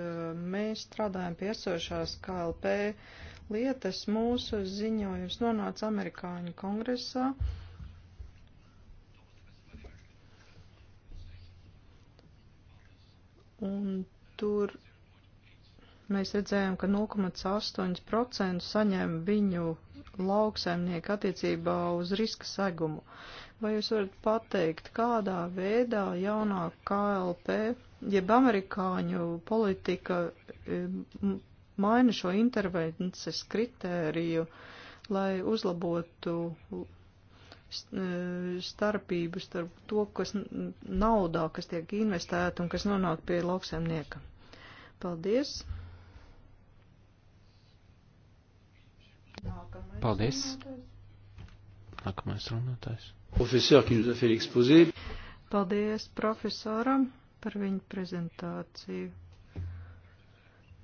mēs strādājam pie esošās KLP lietas, mūsu ziņojums nonāca Amerikāņu kongresā. Un tur mēs redzējām, ka 0,8% saņem viņu lauksaimnieku attiecībā uz riska segumu. Uh, Vai jūs varat pateikt, kādā veidā jaunā KLP, jeb amerikāņu politika e, maina šo intervences kritēriju, lai uzlabotu e, starpību starp to, kas naudā, kas tiek investēta un kas nonāk pie lauksaimnieka. Paldies! Nākamais Paldies! Runātājs. Nākamais runātājs. Profesor, qui nous a fait l'exposé. Paldies profesoram par viņu prezentāciju.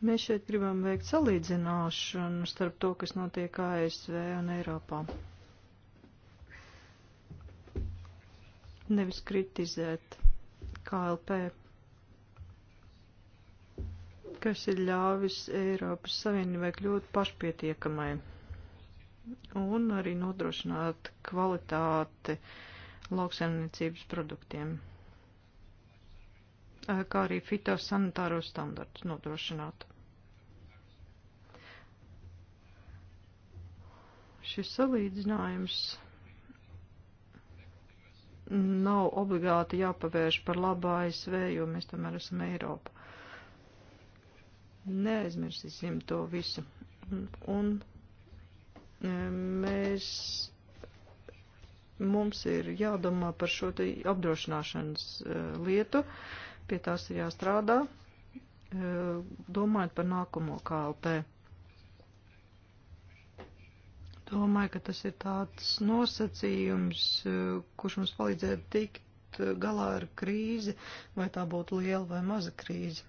Mēs šeit gribam veikt salīdzināšanu starp to, kas notiek ASV un Eiropā. Nevis kritizēt KLP, kas ir ļāvis Eiropas Savienībai kļūt pašpietiekamai un arī nodrošināt kvalitāti lauksaimniecības produktiem, eh, kā arī fitosanitāro standartu nodrošināt. Šis salīdzinājums nav obligāti jāpavērš par labu ASV, jo mēs tomēr esam Eiropa. Neaizmirsīsim to visu. Un, un Mēs, mums ir jādomā par šo te apdrošināšanas e, lietu, pie tās ir jāstrādā, e, domājot par nākamo KLP. Domāju, ka tas ir tāds nosacījums, e, kurš mums palīdzētu tikt galā ar krīzi, vai tā būtu liela vai maza krīze.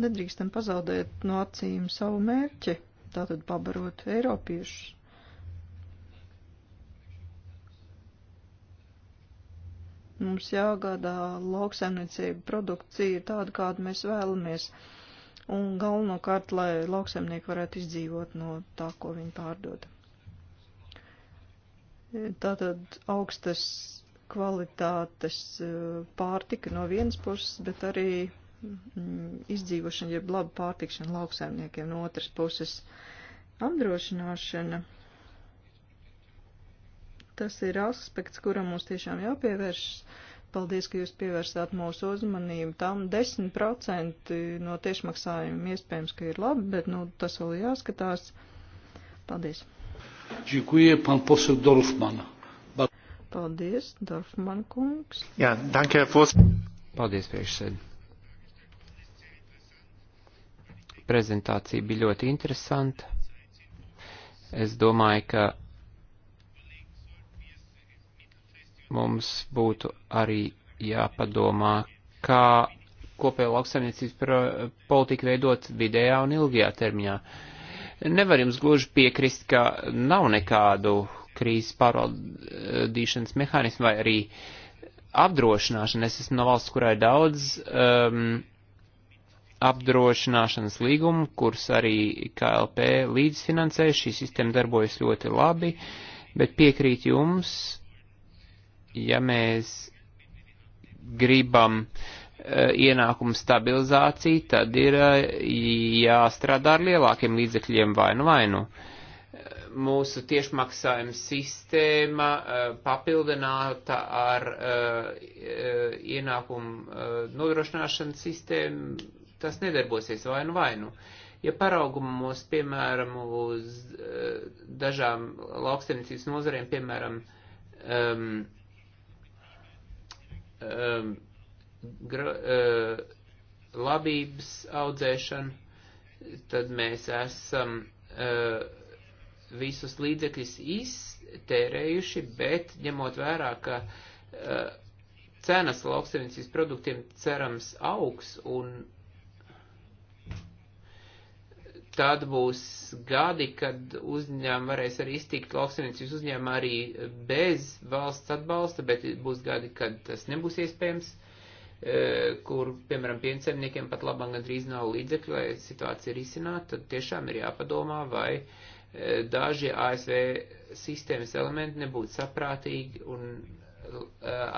nedrīkstam pazaudēt no acīm savu mērķi, tātad pabarot Eiropiešus. Mums jāgādā lauksaimniecība produkcija ir tāda, kādu mēs vēlamies, un galvenokārt, lai lauksaimnieki varētu izdzīvot no tā, ko viņi pārdod. Tātad augstas kvalitātes eh, pārtika no vienas puses, bet arī Mm, izdzīvošanu, jeb labu pārtikšanu lauksaimniekiem no otras puses. Apdrošināšana. Tas ir aspekts, kuram mums tiešām jāpievēršas. Paldies, ka jūs pievērsāt mūsu uzmanību. Tam 10% no tiešmaksājumiem iespējams, ka ir labi, bet nu, tas vēl jāskatās. Paldies. Dziękuję, pan poseł Dorfman. Paldies, Dorfman kungs. Jā, danke, Fos. Paldies, priekšsēdētāj. prezentācija bija ļoti interesanta. Es domāju, ka mums būtu arī jāpadomā, kā kopēja lauksaimniecības politika veidot vidējā un ilgajā termiņā. Nevar jums gluži piekrist, ka nav nekādu krīzes pārvaldīšanas mehānismu vai arī apdrošināšanu. Es esmu no valsts, kurā ir daudz um, apdrošināšanas līgumu, kurus arī KLP līdzfinansē. Šī sistēma darbojas ļoti labi, bet piekrīt jums, ja mēs gribam eh, ienākumu stabilizāciju, tad ir eh, jāstrādā ar lielākiem līdzekļiem vainu vainu. Mūsu tiešmaksājuma sistēma eh, papildināta ar ienākumu nodrošināšanas sistēmu tas nedarbosies vainu vainu. Ja paraugumos, piemēram, uz uh, dažām lauksaimniecības nozarēm, piemēram, um, um, gra, uh, eh, labības audzēšanu, tad mēs esam uh, visus līdzekļus iztērējuši, bet ņemot vērā, ka uh, cenas lauksaimniecības produktiem cerams augs un Tad būs gadi, kad uzņēmumi varēs arī iztikt lauksaimniecības uzņēmumu arī bez valsts atbalsta, bet būs gadi, kad tas nebūs iespējams, e, kur, piemēram, piensaimniekiem pat labam gandrīz nav līdzekļu, lai situācija risinātu, tad tiešām ir jāpadomā, vai e, daži ASV sistēmas elementi nebūtu saprātīgi un e,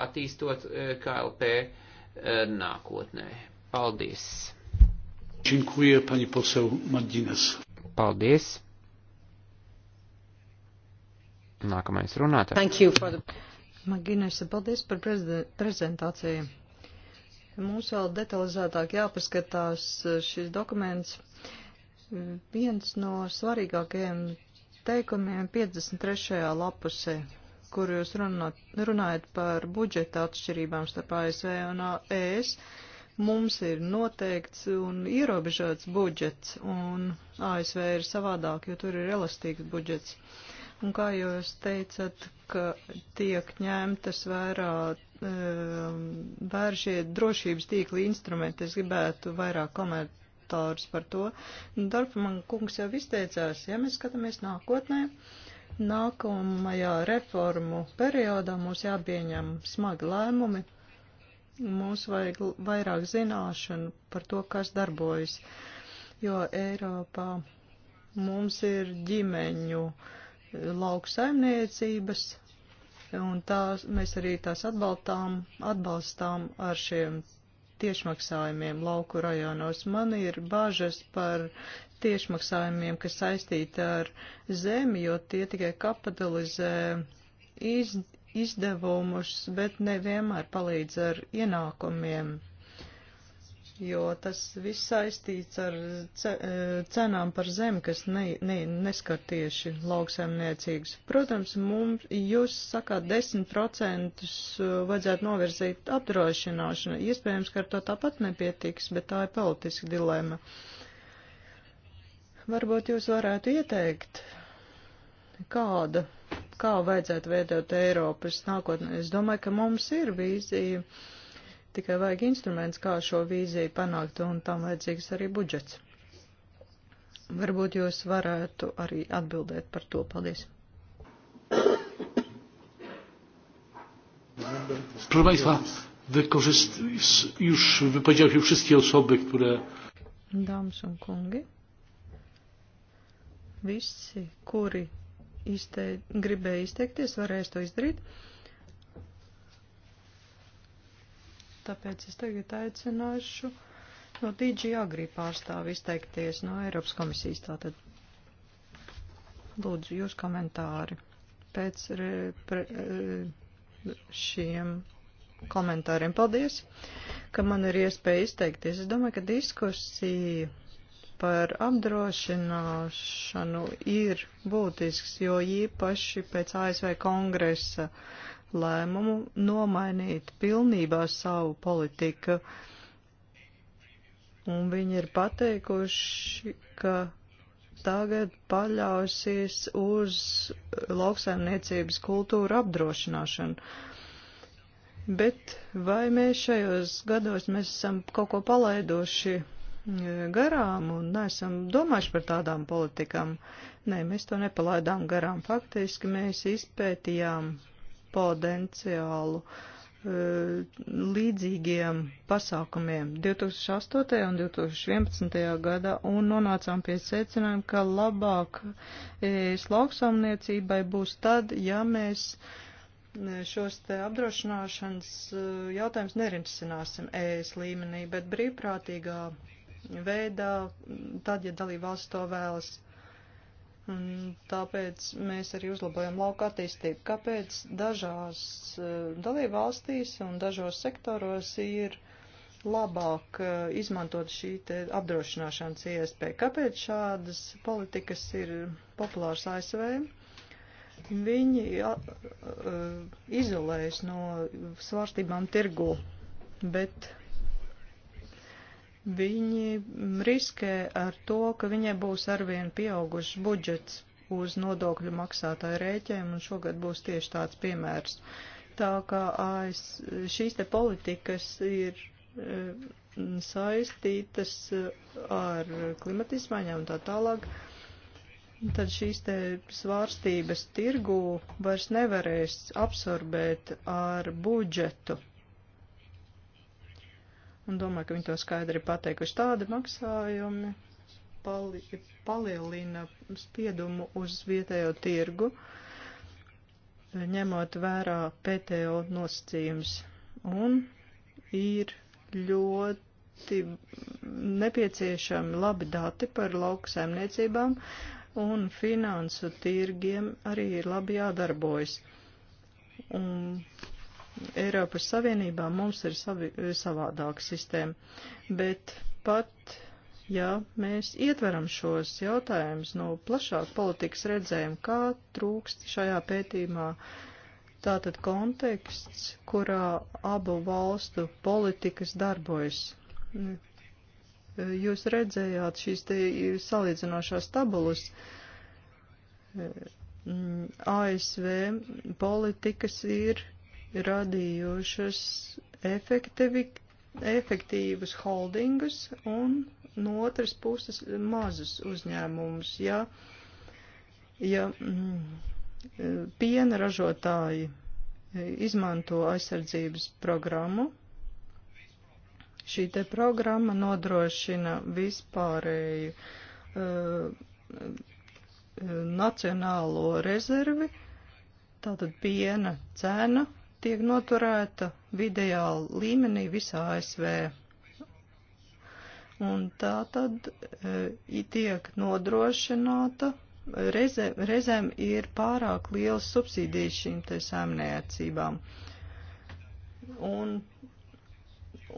attīstot KLP nākotnē. Paldies! Činkuja, pani poseu Madines. Paldies. Nākamais runātājs. The... Magīnēs, paldies par prezentāciju. Mums vēl detalizētāk jāpaskatās eh, šis dokuments. Viens no svarīgākajiem teikumiem 53. lapusē, kur jūs runāt, runājat par budžeta atšķirībām starp ASV un AES. AS Mums ir noteikts un ierobežots budžets, un ASV ir savādāk, jo tur ir elastīgs budžets. Un kā jūs teicat, ka tiek ņemtas vērā ehm, vēršie drošības tīkli instrumenti, es gribētu vairāk komentārus par to. Darfman kungs jau izteicās, ja mēs skatāmies nākotnē, nākamajā reformu periodā mums jāpieņem smagi lēmumi Mums vajag vairāk zināšanu par to, kas darbojas, jo Eiropā mums ir ģimeņu lauksaimniecības, un tās, mēs arī tās atbaltām, atbalstām ar šiem tiešmaksājumiem lauku rajonos. Man ir bažas par tiešmaksājumiem, kas saistīti ar zemi, jo tie tikai kapitalizē iz, izdevumus, bet nevienmēr palīdz ar ienākumiem, jo tas viss saistīts ar ce e, cenām par zemi, kas ne, ne, neskar tieši lauksaimniecīgas. Protams, mums, jūs sakāt, 10% e, vajadzētu novirzīt apdrošināšanu. Iespējams, ka ar to tāpat nepietiks, bet tā ir politiska dilēma. Varbūt jūs varētu ieteikt, kāda kā vajadzētu veidot Eiropas nākotnē. Es domāju, ka mums ir vīzija, tikai vajag instruments, kā šo vīziju panākt, un tam vajadzīgs arī budžets. Varbūt jūs varētu arī atbildēt par to. Paldies! Proszę Państwa, wykorzyst... już wypowiedziały się wszystkie osoby, które. Dāmas un kungi, visi, kuri iztei, gribēja izteikties, varēs to izdarīt. Tāpēc es tagad aicināšu no DJ Agri pārstāvi izteikties no Eiropas komisijas. Tātad lūdzu jūs komentāri pēc re, pre, eh, šiem komentāriem. Paldies, ka man ir iespēja izteikties. Es domāju, ka diskusija par apdrošināšanu ir būtisks, jo īpaši pēc ASV kongresa lēmumu nomainīt pilnībā savu politiku. Un viņi ir pateikuši, ka tagad paļausies uz lauksaimniecības kultūru apdrošināšanu. Bet vai mēs šajos gados mēs esam kaut ko palaidoši garām un neesam domājuši par tādām politikām. Nē, mēs to nepalaidām garām. Faktiski mēs izpētījām potenciālu eh, līdzīgiem pasākumiem 2008. un 2011. gadā un nonācām pie secinājuma, ka labāk eh, es lauksaimniecībai būs tad, ja mēs eh, šos te apdrošināšanas jautājumus nerinsināsim ES līmenī, bet brīvprātīgā veidā, tad, ja dalībvalsts to vēlas. Un tāpēc mēs arī uzlabojam lauka attīstību. Kāpēc dažās eh, dalībvalstīs un dažos sektoros ir labāk eh, izmantot šī te apdrošināšanas iespēja? Kāpēc šādas politikas ir populārs ASV? Viņi izolējas no svārstībām tirgu, bet Viņi riskē ar to, ka viņai būs arvien pieaugušs budžets uz nodokļu maksātāju rēķiem, un šogad būs tieši tāds piemērs. Tā kā AS, šīs te politikas ir e, saistītas eh, ar klimatismaiņām un tā tālāk, tad šīs te svārstības tirgu vairs nevarēs absorbēt ar budžetu Un domāju, ka viņi to skaidri pateikuši. Tādi maksājumi pali, palielina spiedumu uz vietējo tirgu, ņemot vērā PTO nosacījums. Un ir ļoti nepieciešami labi dati par lauksaimniecībām, un finansu tirgiem arī ir labi jādarbojas. Un Eiropas Savienībā mums ir savi, eh, savādāka sistēma, bet pat, ja mēs ietveram šos jautājumus no plašāk politikas redzējuma, kā trūkst šajā pētījumā tātad konteksts, kurā abu valstu politikas darbojas. Jūs redzējāt šīs te salīdzinošās tabulas. Eh, mm, ASV politikas ir radījušas efektivi, efektīvus holdingus un no otras puses mazus uzņēmumus. Ja, ja mm, piena ražotāji izmanto aizsardzības programmu, šī te programma nodrošina vispārēju uh, nacionālo rezervi, tātad piena cena tiek noturēta vidējā līmenī visā ASV. Un tā tad e, tiek nodrošināta, reze, reizēm ir pārāk liels subsīdijas šīm te saimniecībām. Un,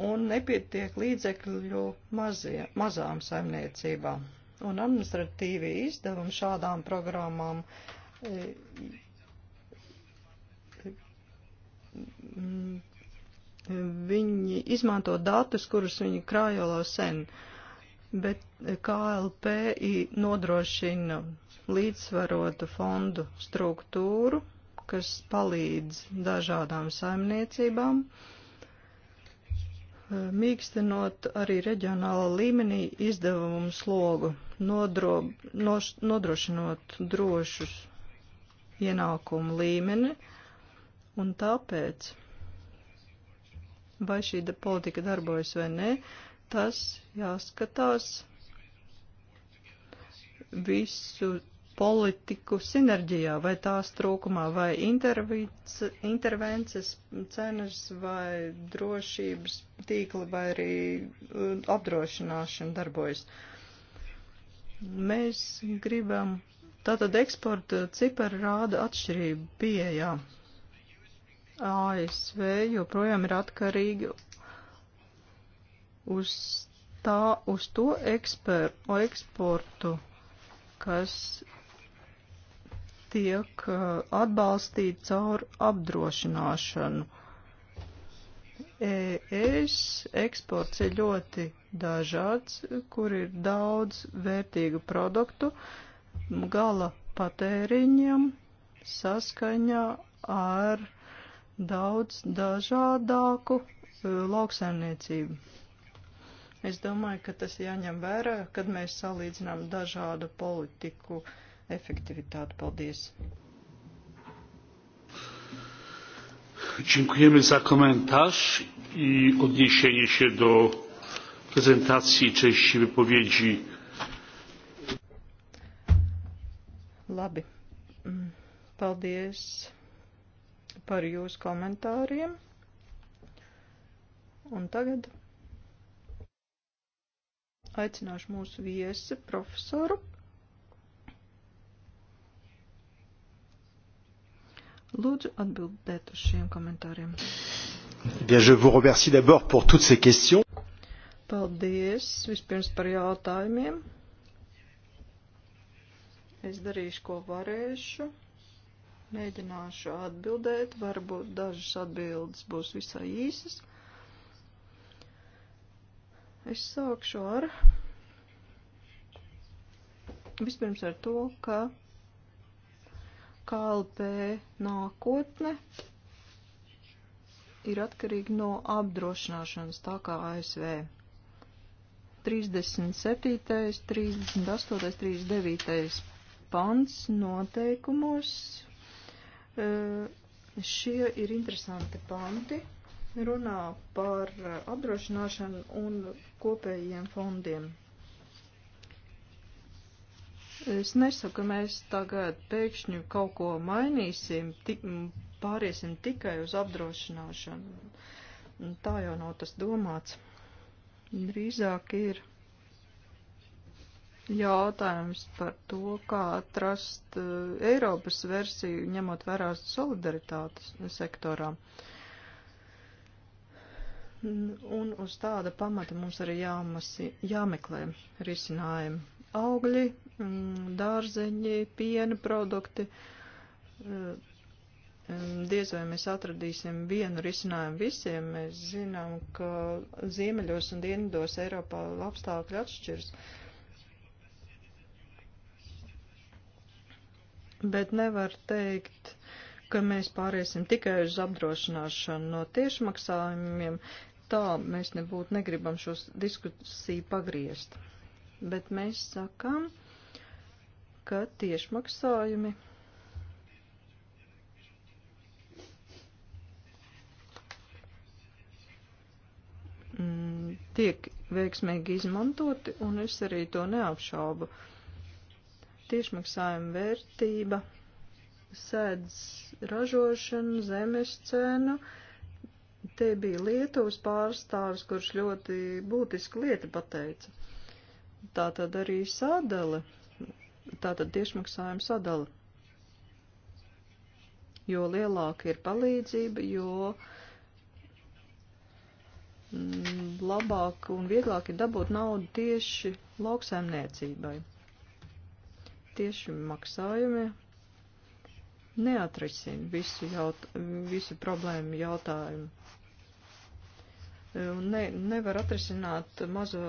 un nepietiek līdzekļu mazie, mazām saimniecībām. Un administratīvi izdevumi šādām programmām e, Mm, viņi izmanto datus, kurus viņi krājolo sen, bet KLP nodrošina līdzsvarotu fondu struktūru, kas palīdz dažādām saimniecībām, mīkstinot arī reģionālā līmenī izdevumu slogu, nodro, noš, nodrošinot drošus ienākumu līmeni, un tāpēc vai šī politika darbojas vai nē, tas jāskatās visu politiku sinerģijā, vai tās trūkumā, vai intervences cenas, vai drošības tīkli, vai arī uh, apdrošināšana darbojas. Mēs gribam, tātad eksporta cipari rāda atšķirību pieejā. ASV joprojām ir atkarīgi uz, tā, uz to eksper, eksportu, kas tiek uh, atbalstīt caur apdrošināšanu. ES eksports ir ļoti dažāds, kur ir daudz vērtīgu produktu gala patēriņam saskaņā ar daudz dažādāku e, lauksaimniecību. Es domāju, ka tas jāņem vērā, kad mēs salīdzinām dažādu politiku efektivitāti. Paldies! dziękujemy za komentarz i odniesienie się do prezentacji części wypowiedzi. Labi. Mm, paldies par jūsu komentāriem. Un tagad aicināšu mūsu viesi profesoru. Lūdzu atbildēt uz šiem komentāriem. Bien, je vous remercie d'abord pour toutes ces questions. Paldies vispirms par jautājumiem. Es darīšu, ko varēšu. Mēģināšu atbildēt, varbūt dažas atbildes būs visai īsas. Es sākšu ar vispirms ar to, ka KLP nākotne ir atkarīga no apdrošināšanas, tā kā ASV. 37., 38., 39. pants noteikumos Eh, šie ir interesanti panti. Runā par eh, apdrošināšanu un kopējiem fondiem. Es nesaku, ka mēs tagad pēkšņi kaut ko mainīsim, tik, pāriesim tikai uz apdrošināšanu. Tā jau nav tas domāts. Drīzāk ir jautājums par to, kā atrast eh, Eiropas versiju, ņemot vērā solidaritātes sektorā. Un uz tāda pamata mums arī jāmasi, jāmeklē risinājumi. Augļi, mm, dārzeņi, piena produkti. Eh, diez vai mēs atradīsim vienu risinājumu visiem. Mēs zinām, ka ziemeļos un dienvidos Eiropā apstākļi atšķirs. Uh, bet nevar teikt, ka mēs pāriesim tikai uz apdrošināšanu no tiešmaksājumiem. Tā mēs nebūtu negribam šos diskusiju pagriezt. Bet mēs sakām, ka tiešmaksājumi mm, tiek veiksmīgi izmantoti, un es arī to neapšaubu. Uh, tiešmaksājuma vērtība, sēdz ražošanu, zemes cenu. Te bija Lietuvas pārstāvis, kurš ļoti būtiski lieta pateica. Tā tad arī sadale, tā tad tiešmaksājuma sadale. Jo lielāka ir palīdzība, jo mm, labāk un vieglāk ir dabūt naudu tieši lauksaimniecībai tieši maksājumi neatrisina visu, jaut, visu problēmu jautājumu. Un ne, nevar atrisināt mazo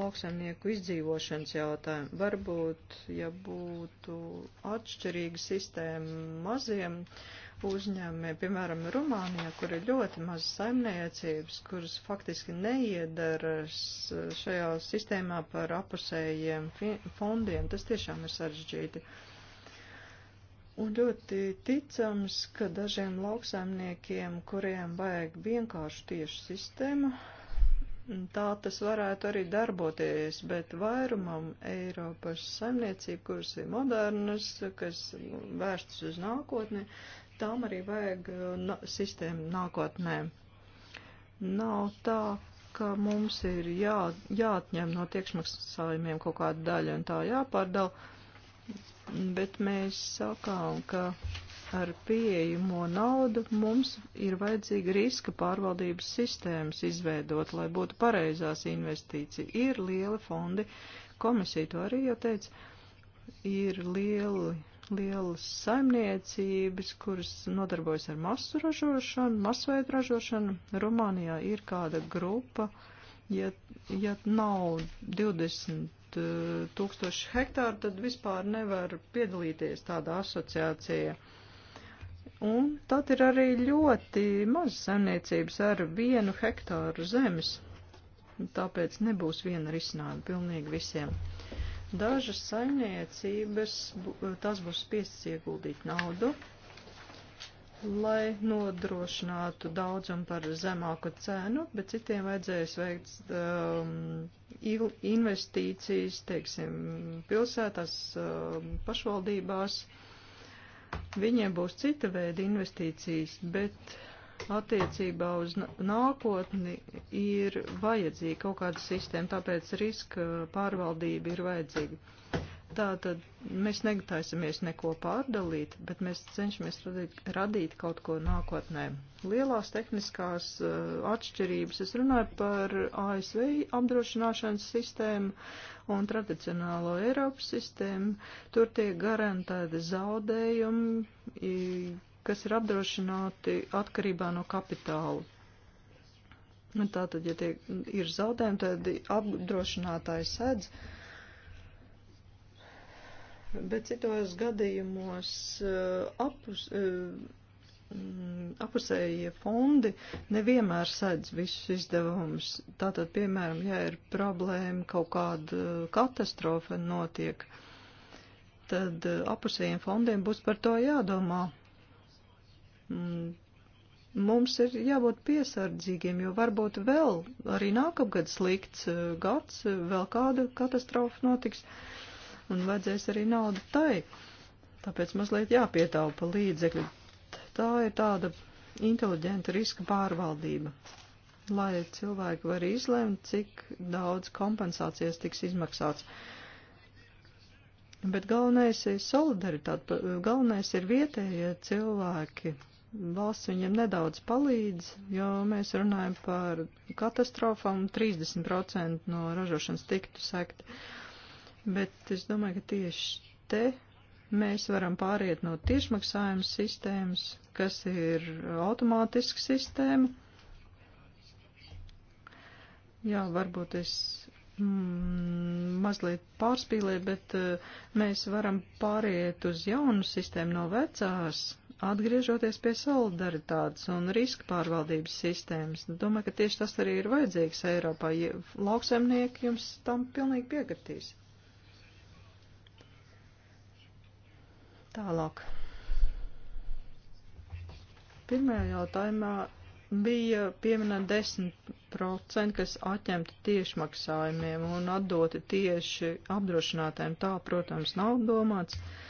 lauksaimnieku izdzīvošanas jautājumu. Varbūt, ja būtu atšķirīga sistēma maziem, uh, uzņēmumi, piemēram, Rumānijā, kur ir ļoti maz saimniecības, kuras faktiski neiedaras šajā sistēmā par apusējiem fondiem, tas tiešām ir sarežģīti. Un ļoti ticams, ka dažiem lauksaimniekiem, kuriem vajag vienkāršu tiešu sistēmu, tā tas varētu arī darboties, bet vairumam Eiropas saimniecību, kuras ir modernas, kas vērstas uz nākotni, Tām arī vajag uh, na, sistēmu nākotnē. Nav tā, ka mums ir jā, jāatņem no tiekšmaksājumiem kaut kāda daļa un tā jāpārdala, bet mēs sakām, ka ar pieejamo naudu mums ir vajadzīga riska pārvaldības sistēmas izveidot, lai būtu pareizās investīcija. Ir lieli fondi, komisija to arī jau teica, ir lieli lielas saimniecības, kuras nodarbojas ar masu ražošanu, masveidu ražošanu. Rumānijā ir kāda grupa, ja, ja nav 20 eh, tūkstoši hektāru, tad vispār nevar piedalīties tādā asociācijā. Un tad ir arī ļoti maz saimniecības ar vienu hektāru zemes, tāpēc nebūs viena risinājuma pilnīgi visiem. Dažas saimniecības, eh, tas būs spiestas ieguldīt naudu, lai nodrošinātu daudzam par zemāku cenu, bet citiem vajadzēs veikt um, investīcijas, teiksim, pilsētās, um, pašvaldībās. Viņiem būs cita veida investīcijas, bet attiecībā uz nākotni ir vajadzīga kaut kāda sistēma, tāpēc riska pārvaldība ir vajadzīga. Tātad mēs negataisamies neko pārdalīt, bet mēs cenšamies radīt, radīt kaut ko nākotnē. Lielās tehniskās uh, atšķirības es runāju par ASV apdrošināšanas sistēmu un tradicionālo Eiropas sistēmu. Tur tiek garantēti zaudējumi kas ir apdrošināti atkarībā no kapitāla. Tātad, ja tiek, ir zaudējumi, tad apdrošinātājs sēdz. Bet citos gadījumos uh, apus, uh, mm, apusējie fondi nevienmēr sēdz visus izdevumus. Tātad, piemēram, ja ir problēma, kaut kāda katastrofa notiek, tad uh, apusējiem fondiem būs par to jādomā. Mm. mums ir jābūt piesardzīgiem, jo varbūt vēl arī nākamgad slikts eh, gads, eh, vēl kāda katastrofa notiks un vajadzēs arī naudu tai. Tāpēc mazliet jāpietaupa līdzekļi. Tā ir tāda inteliģenta riska pārvaldība, lai cilvēki var izlemt, cik daudz kompensācijas tiks izmaksāts. Bet galvenais ir solidaritāte, galvenais ir vietējie cilvēki, valsts viņiem nedaudz palīdz, jo mēs runājam par katastrofām, 30% no ražošanas tiktu sekti. Bet es domāju, ka tieši te mēs varam pāriet no tiešmaksājuma sistēmas, kas ir automātiska sistēma. Jā, varbūt es mm, mazliet pārspīlēju, bet uh, mēs varam pāriet uz jaunu sistēmu no vecās atgriežoties pie solidaritātes un riska pārvaldības sistēmas, nu, domāju, ka tieši tas arī ir vajadzīgs Eiropā. Ja lauksemnieki jums tam pilnīgi piekritīs. Tālāk. Pirmajā jautājumā bija pieminēta 10%, kas atņemti tiešmaksājumiem un atdoti tieši apdrošinātājiem. Tā, protams, nav domāts. Uh,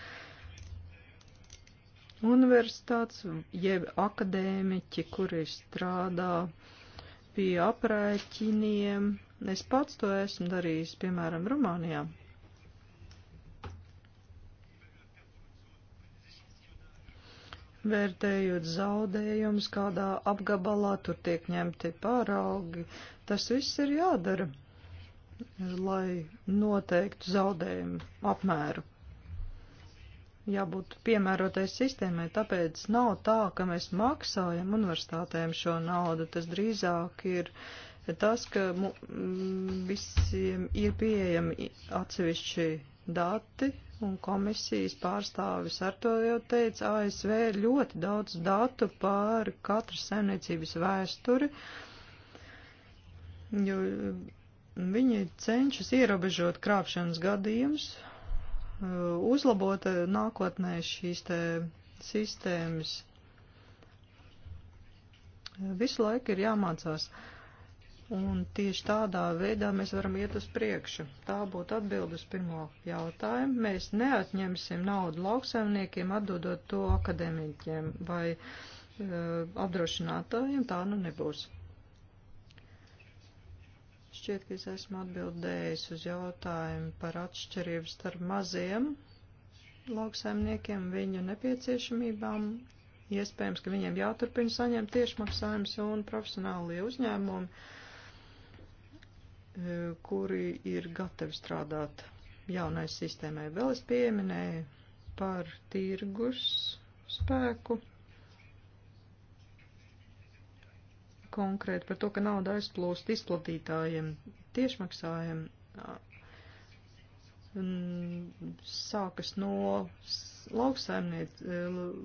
universitātes, jeb akadēmiķi, kuri strādā pie aprēķiniem. Es pats to esmu darījis, piemēram, Rumānijā. Vērtējot zaudējumus kādā apgabalā, tur tiek ņemti pāraugi. Tas viss ir jādara, lai noteiktu zaudējumu apmēru jābūt piemērotais sistēmai, tāpēc nav tā, ka mēs maksājam universitātēm šo naudu, tas drīzāk ir tas, ka mu, visiem ir pieejami atsevišķi dati, un komisijas pārstāvis ar to jau teica, ASV ļoti daudz datu par katru saimniecības vēsturi, jo viņi cenšas ierobežot krāpšanas gadījumus, Eh, uzlabot eh, nākotnē šīs te sistēmas. Eh, visu laiku ir jāmācās. Un tieši tādā veidā mēs varam iet uz priekšu. Tā būtu atbildes pirmo jautājumu. Mēs neatņemsim naudu lauksaimniekiem, atdodot to akadēmiķiem vai uh, apdrošinātājiem. Tā nu nebūs šķiet, ka es esmu atbildējis uz jautājumu par atšķirību starp maziem lauksaimniekiem, viņu nepieciešamībām. Iespējams, ka viņiem jāturpina saņemt tiešmaksājums un profesionālie uzņēmumi, e, kuri ir gatavi strādāt jaunai sistēmai. Vēl es pieminēju par tirgus spēku konkrēti par to, ka nauda aizplūst izplatītājiem, tiešmaksājiem, sākas no lauksaimniec,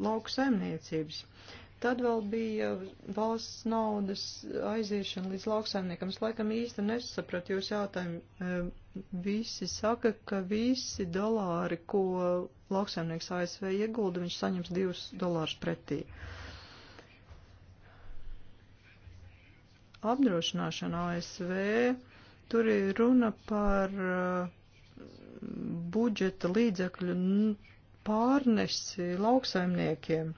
lauksaimniecības. Tad vēl bija valsts naudas aiziešana līdz lauksaimniekam. Es laikam īsti nesapratu jūs jautājumu. Visi saka, ka visi dolāri, ko lauksaimnieks ASV iegulda, viņš saņems divus dolārus pretī. Uh, apdrošināšanu ASV, tur ir runa par uh, budžeta līdzekļu pārnesi lauksaimniekiem.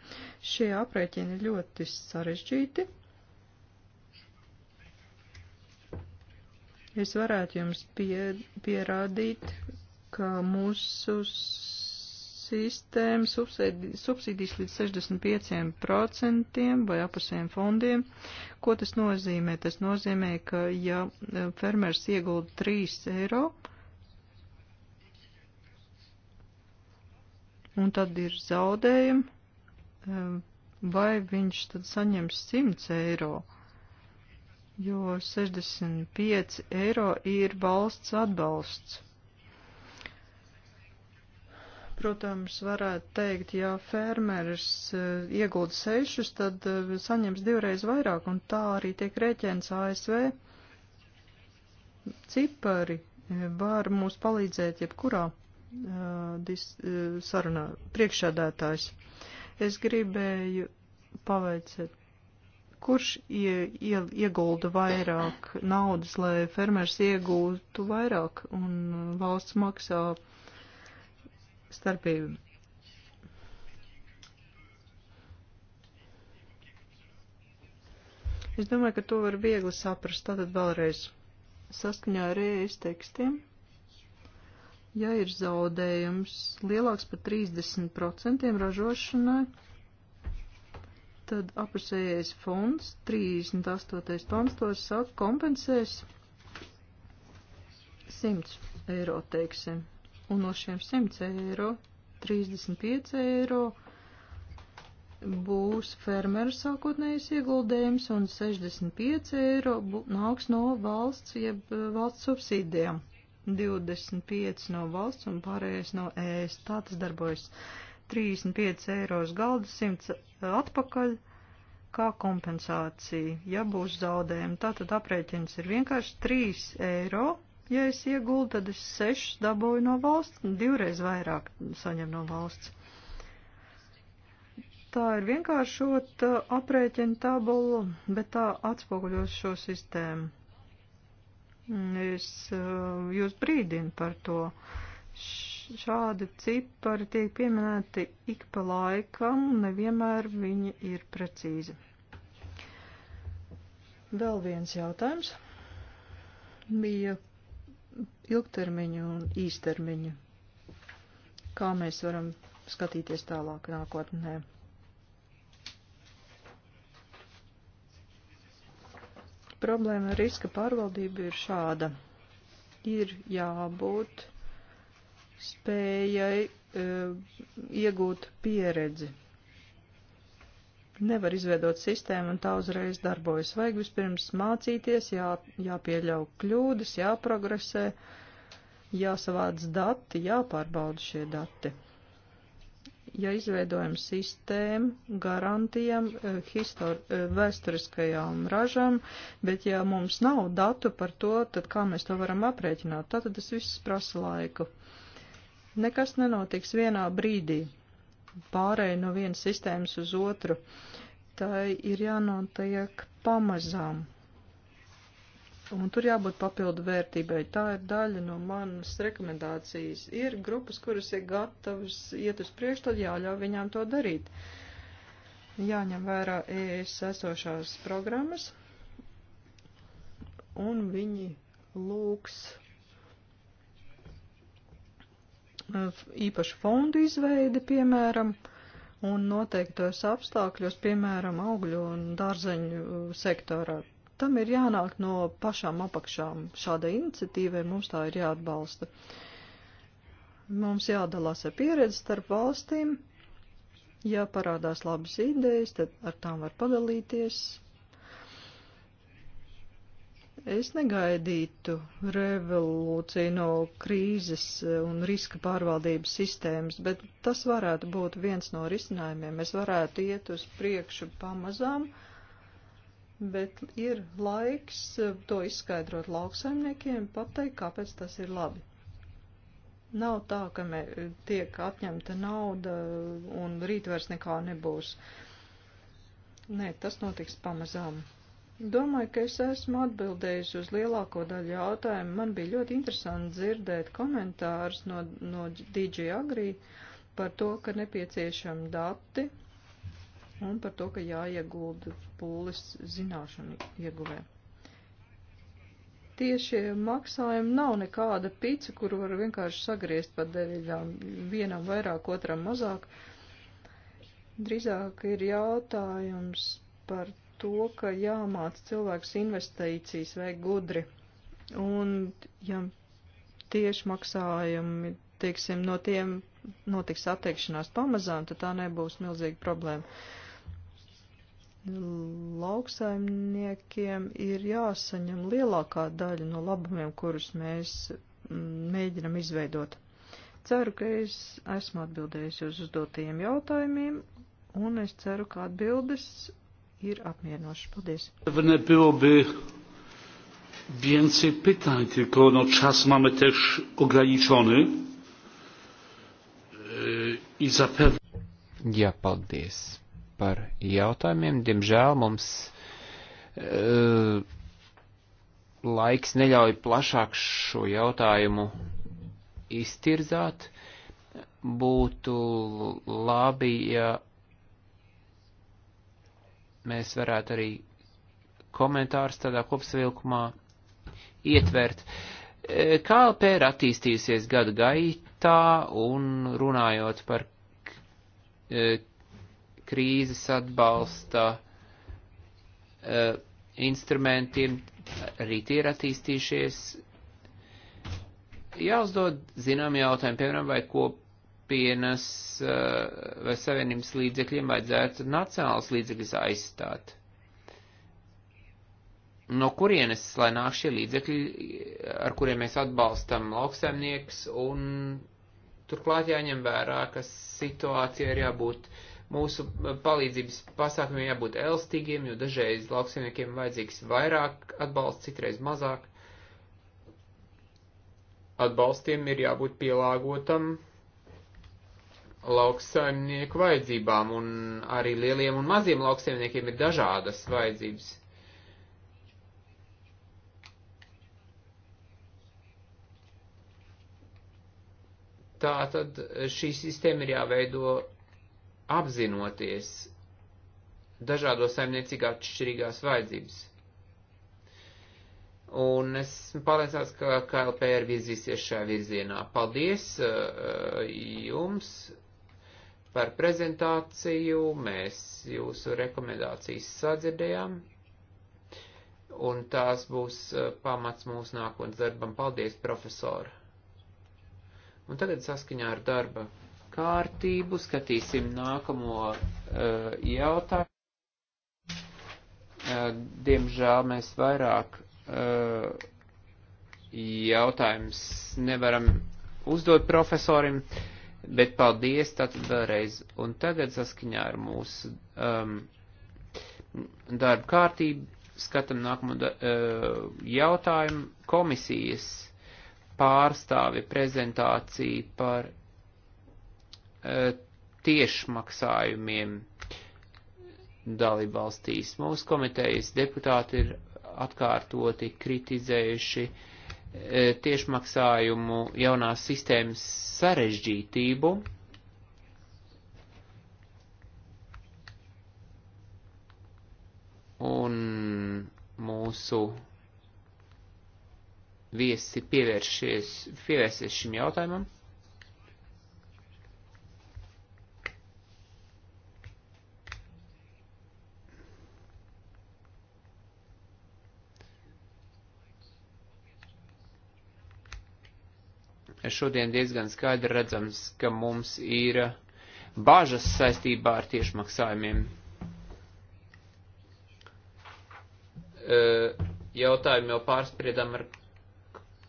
Šie aprēķini ir ļoti sarežģīti. Es varētu jums pie, pierādīt, ka mūsu sistēma subsīdijas līdz 65% vai apusējiem fondiem. Ko tas nozīmē? Tas nozīmē, ka ja e, fermers iegulda 3 eiro, un tad ir zaudējumi, e, vai viņš tad saņems 100 eiro? Jo 65 eiro ir valsts atbalsts. Protams, varētu teikt, ja fermeris eh, iegūda sešus, tad eh, saņems divreiz vairāk, un tā arī tiek rēķēns ASV. Cipari eh, var mums palīdzēt jebkurā uh, dis, uh, sarunā priekšādātājs. Es gribēju paveicēt, kurš ie, ie, iegulda vairāk naudas, lai fermers iegūtu vairāk, un valsts maksā uh, starpība. Es domāju, ka to var viegli saprast. Tātad vēlreiz saskaņā ar ES tekstiem, ja ir zaudējums lielāks par 30% ražošanai, tad apusējais e fonds 38. pants to saka kompensēs 100 eiro, teiksim un no šiem 100 eiro 35 eiro būs fermera sākotnējais ieguldījums un 65 eiro nāks no valsts, jeb valsts subsīdijām. 25 no valsts un pārējais no ēst. Tā tas darbojas. 35 eiro uz galda, 100 atpakaļ kā kompensācija, ja būs zaudējumi. Tātad aprēķins ir vienkārši 3 eiro Ja es ieguldu, tad es sešus dabūju no valsts, un divreiz vairāk saņem no valsts. Tā ir vienkāršot uh, aprēķina tabulu, bet tā atspoguļos šo sistēmu. Mm, es uh, jūs brīdinu par to. Šādi cipari tiek pieminēti ik pa laikam, nevienmēr viņi ir precīzi. Vēl viens jautājums bija ilgtermiņu un īstermiņu. Kā mēs varam skatīties tālāk nākotnē? Problēma ar riska pārvaldību ir šāda. Ir jābūt spējai e, iegūt pieredzi nevar izveidot sistēmu un tā uzreiz darbojas. Vajag vispirms mācīties, jā, jāpieļauj kļūdas, jāprogresē, jāsavāc dati, jāpārbauda šie dati. Ja izveidojam sistēmu garantijām eh, histor, eh, vēsturiskajām ražām, bet ja mums nav datu par to, tad kā mēs to varam aprēķināt? Tātad tas viss prasa laiku. Nekas nenotiks vienā brīdī pārēja no vienas sistēmas uz otru. Tā ir jānotiek pamazām. Un tur jābūt papildu vērtībai. Tā ir daļa no manas rekomendācijas. Ir grupas, kuras ir gatavas iet uz priekšu, tad jāļauj viņām to darīt. Jāņem vērā ES esošās programmas, un viņi lūgs Uh, īpašu fondu izveidi, piemēram, un noteiktos apstākļos, piemēram, augļu un dārzeņu uh, sektorā. Tam ir jānāk no pašām apakšām. Šādai iniciatīvai mums tā ir jāatbalsta. Mums jādalās ar pieredzi starp valstīm. Ja parādās labas idejas, tad ar tām var padalīties, Es negaidītu revolūciju no krīzes un riska pārvaldības sistēmas, bet tas varētu būt viens no risinājumiem. Mēs varētu iet uz priekšu pamazām, bet ir laiks to izskaidrot lauksaimniekiem, pateikt, kāpēc tas ir labi. Nav tā, ka mē, tiek atņemta nauda un rīt vairs nekā nebūs. Nē, tas notiks pamazām. Domāju, ka es esmu atbildējusi uz lielāko daļu jautājumu. Man bija ļoti interesanti dzirdēt komentārus no, no DJ Agri par to, ka nepieciešami dati un par to, ka jāiegulda pūles zināšanu ieguvē. Tiešie maksājumi nav nekāda pica, kuru var vienkārši sagriezt pa deviļām, vienam vairāk, otram mazāk. Drīzāk ir jautājums par to, ka jāmāc cilvēks investīcijas vai gudri. Un, ja tieši maksājumi, teiksim, no tiem notiks attiekšanās pamazām, tad tā nebūs milzīga problēma. Lauksaimniekiem ir jāsaņem lielākā daļa no labumiem, kurus mēs mm, mēģinam izveidot. Ceru, ka es esmu atbildējis uz uzdotajiem jautājumiem, un es ceru, ka atbildes ir apmierinošs. Paldies! Więcej pytań, tylko no, czas mamy też ograniczony i zapewne. Jā, paldies par jautājumiem. Diemžēl mums uh, laiks neļauj plašāk šo jautājumu iztirzāt. Būtu labi, ja mēs varētu arī komentārus tādā kopsavilkumā ietvert. E, KLP ir attīstījusies gadu gaitā un runājot par e, krīzes atbalsta e, instrumentiem, arī tie ir attīstījušies. Jāuzdod zinām jautājumu, piemēram, vai kop kopienas eh, vai savienības līdzekļiem vajadzētu nacionāls līdzekļus aizstāt. No kurienes, lai nāk šie līdzekļi, ar kuriem mēs atbalstam lauksaimnieks, un turklāt jāņem vērā, ka situācija ir jābūt mūsu palīdzības pasākumiem jābūt elastīgiem, jo dažreiz lauksaimniekiem vajadzīgs vairāk atbalsts, citreiz mazāk. Atbalstiem ir jābūt pielāgotam lauksaimnieku vajadzībām, un arī lieliem un maziem lauksaimniekiem ir dažādas vajadzības. Tā tad šī sistēma ir jāveido apzinoties dažādo saimniecīgā atšķirīgās vajadzības. Un es pārliecināts, ka KLP ir virzīsies šajā virzienā. Paldies uh, jums! par prezentāciju. Mēs jūsu rekomendācijas sadzirdējām, un tās būs eh, pamats mūsu nākotnes darbam. Paldies, profesori! Un tagad saskaņā ar darba kārtību skatīsim nākamo uh, jautājumu. Uh, diemžēl mēs vairāk uh, jautājums nevaram uzdot profesorim. Uh, Bet paldies tātad vēlreiz. Un tagad saskaņā ar mūsu um, darba kārtību skatam nākamo da, uh, jautājumu komisijas pārstāvi prezentāciju par uh, tiešmaksājumiem dalībvalstīs. Mūsu komitejas deputāti ir atkārtoti kritizējuši uh, E, tiešmaksājumu jaunās sistēmas sarežģītību. Un mūsu viesi pievērsies šim jautājumam. šodien diezgan skaidri redzams, ka mums ir bažas saistībā ar tiešmaksājumiem. E, jautājumu jau pārspriedām ar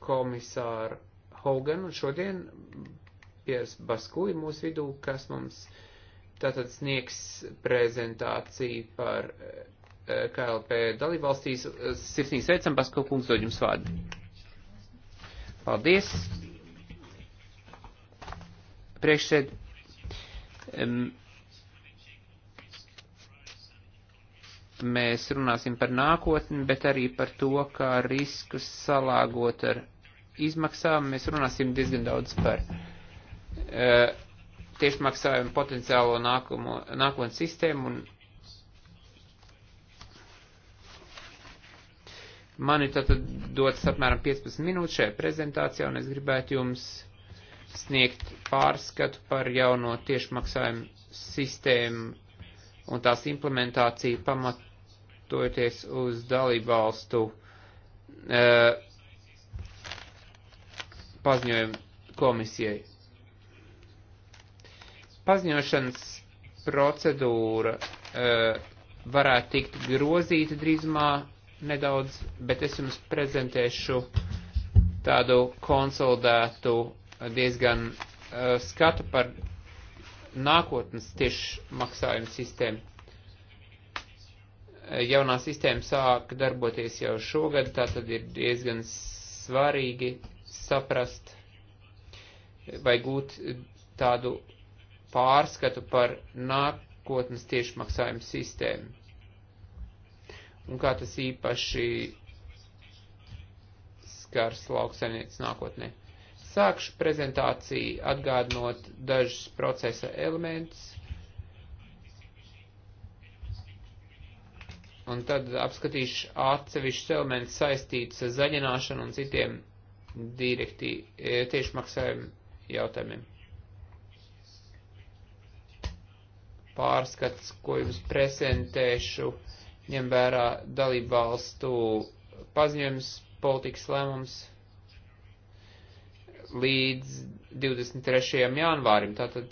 komisāru Hoganu šodien Piers Baskuļu mūsu vidū, kas mums tātad sniegs prezentāciju par e, KLP dalībvalstīs. Sirsnīgi sveicam, Baskuļu kungs, dod jums vārdu. Paldies! priekšsēd. Um, mēs runāsim par nākotni, bet arī par to, kā riskus salāgot ar izmaksām. Mēs runāsim diezgan daudz par uh, tiešmaksājumu potenciālo nākumu, nākotnes sistēmu. Un man ir tātad dots apmēram 15 minūtes šajā prezentācijā, un es gribētu jums sniegt pārskatu par jauno tiešmaksājumu sistēmu un tās implementāciju pamatojoties uz dalībvalstu e, paziņojumu komisijai. Paziņošanas procedūra e, varētu tikt grozīta drīzumā nedaudz, bet es jums prezentēšu tādu konsolidētu diezgan uh, skatu par nākotnes tieši maksājumu sistēmu. Eh, jaunā sistēma sāk darboties jau šogad, tā tad ir diezgan svarīgi saprast vai gūt tādu pārskatu par nākotnes tiešmaksājumu sistēmu. Un kā tas īpaši skars lauksaimnieks nākotnē. Sākšu prezentāciju atgādinot dažus procesa elementus. Un tad apskatīšu atsevišķus elementus saistītus ar zaļināšanu un citiem direktī, e, tieši maksājumu jautājumiem. Pārskats, ko jums prezentēšu, ņem vērā dalību valstu paziņojums, politikas lēmums līdz 23. janvārim. Tātad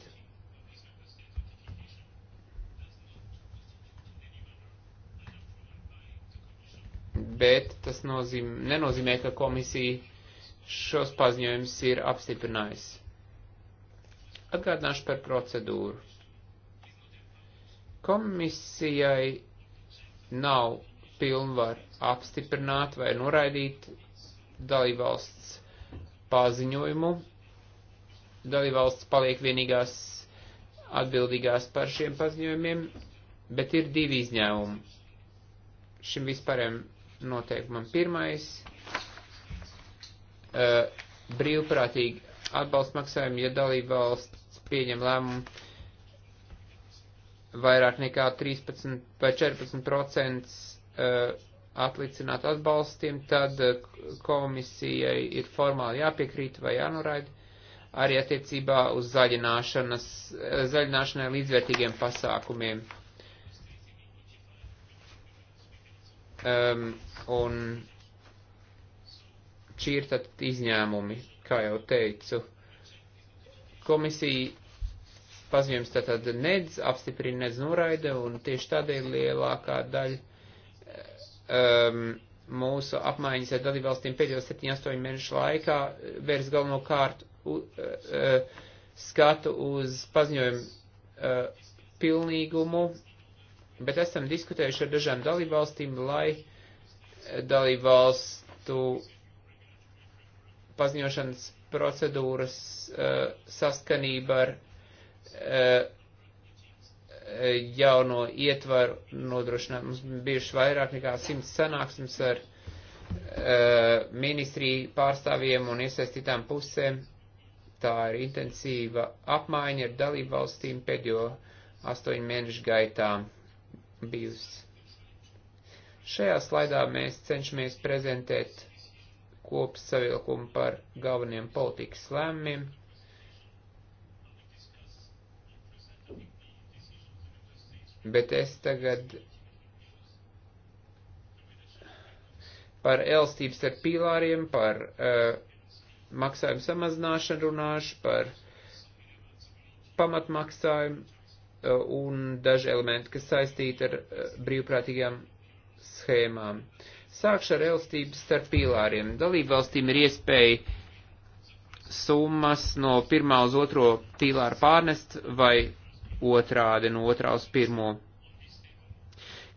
Bet tas nozīm, nenozīmē, ka komisija šos paziņojumus ir apstiprinājusi. Atgādināšu par procedūru. Komisijai nav pilnvar apstiprināt vai noraidīt dalībvalsts paziņojumu. Dalībvalsts paliek vienīgās atbildīgās par šiem paziņojumiem, bet ir divi izņēmumi šim vispārējiem noteikumam. Pirmais uh, - brīvprātīgi atbalsta maksājumi, ja dalībvalsts pieņem lēmumu vairāk nekā 13 vai 14 procents uh, atlicināt atbalstiem, tad eh, komisijai ir formāli jāpiekrīt vai jānoraida arī attiecībā uz zaļināšanas, eh, zaļināšanai līdzvērtīgiem pasākumiem. Um, un šī ir tad izņēmumi, kā jau teicu. Komisija paziņojums tātad nedz apstiprina, nedz noraida, un tieši tādēļ lielākā daļa um, mūsu apmaiņas ar dalībvalstīm pēdējo 7-8 mēnešu laikā eh, vērs galvenokārt uh, uh, skatu uz paziņojumu uh, pilnīgumu, bet esam diskutējuši ar dažām dalībvalstīm, lai dalībvalstu paziņošanas procedūras uh, saskanība ar uh, jauno ietvaru nodrošināt. Mums bijuši vairāk nekā simts sanāksmes ar uh, e, ministriju pārstāvjiem un iesaistītām pusēm. Tā ir intensīva apmaiņa ar dalību valstīm pēdējo astoņu mēnešu gaitā bijusi. Šajā slaidā mēs cenšamies prezentēt kopsavilkumu par galveniem politikas lēmumiem Bet es tagad par elstības ar pīlāriem, par uh, maksājumu samazināšanu runāšu, par pamatmaksājumu uh, un daži elementi, kas saistīti ar uh, brīvprātīgām schēmām. Sākšu ar elstības starp pīlāriem. Dalību valstīm ir iespēja summas no pirmā uz otro pīlāru pārnest vai otrādi no otrā uz pirmo.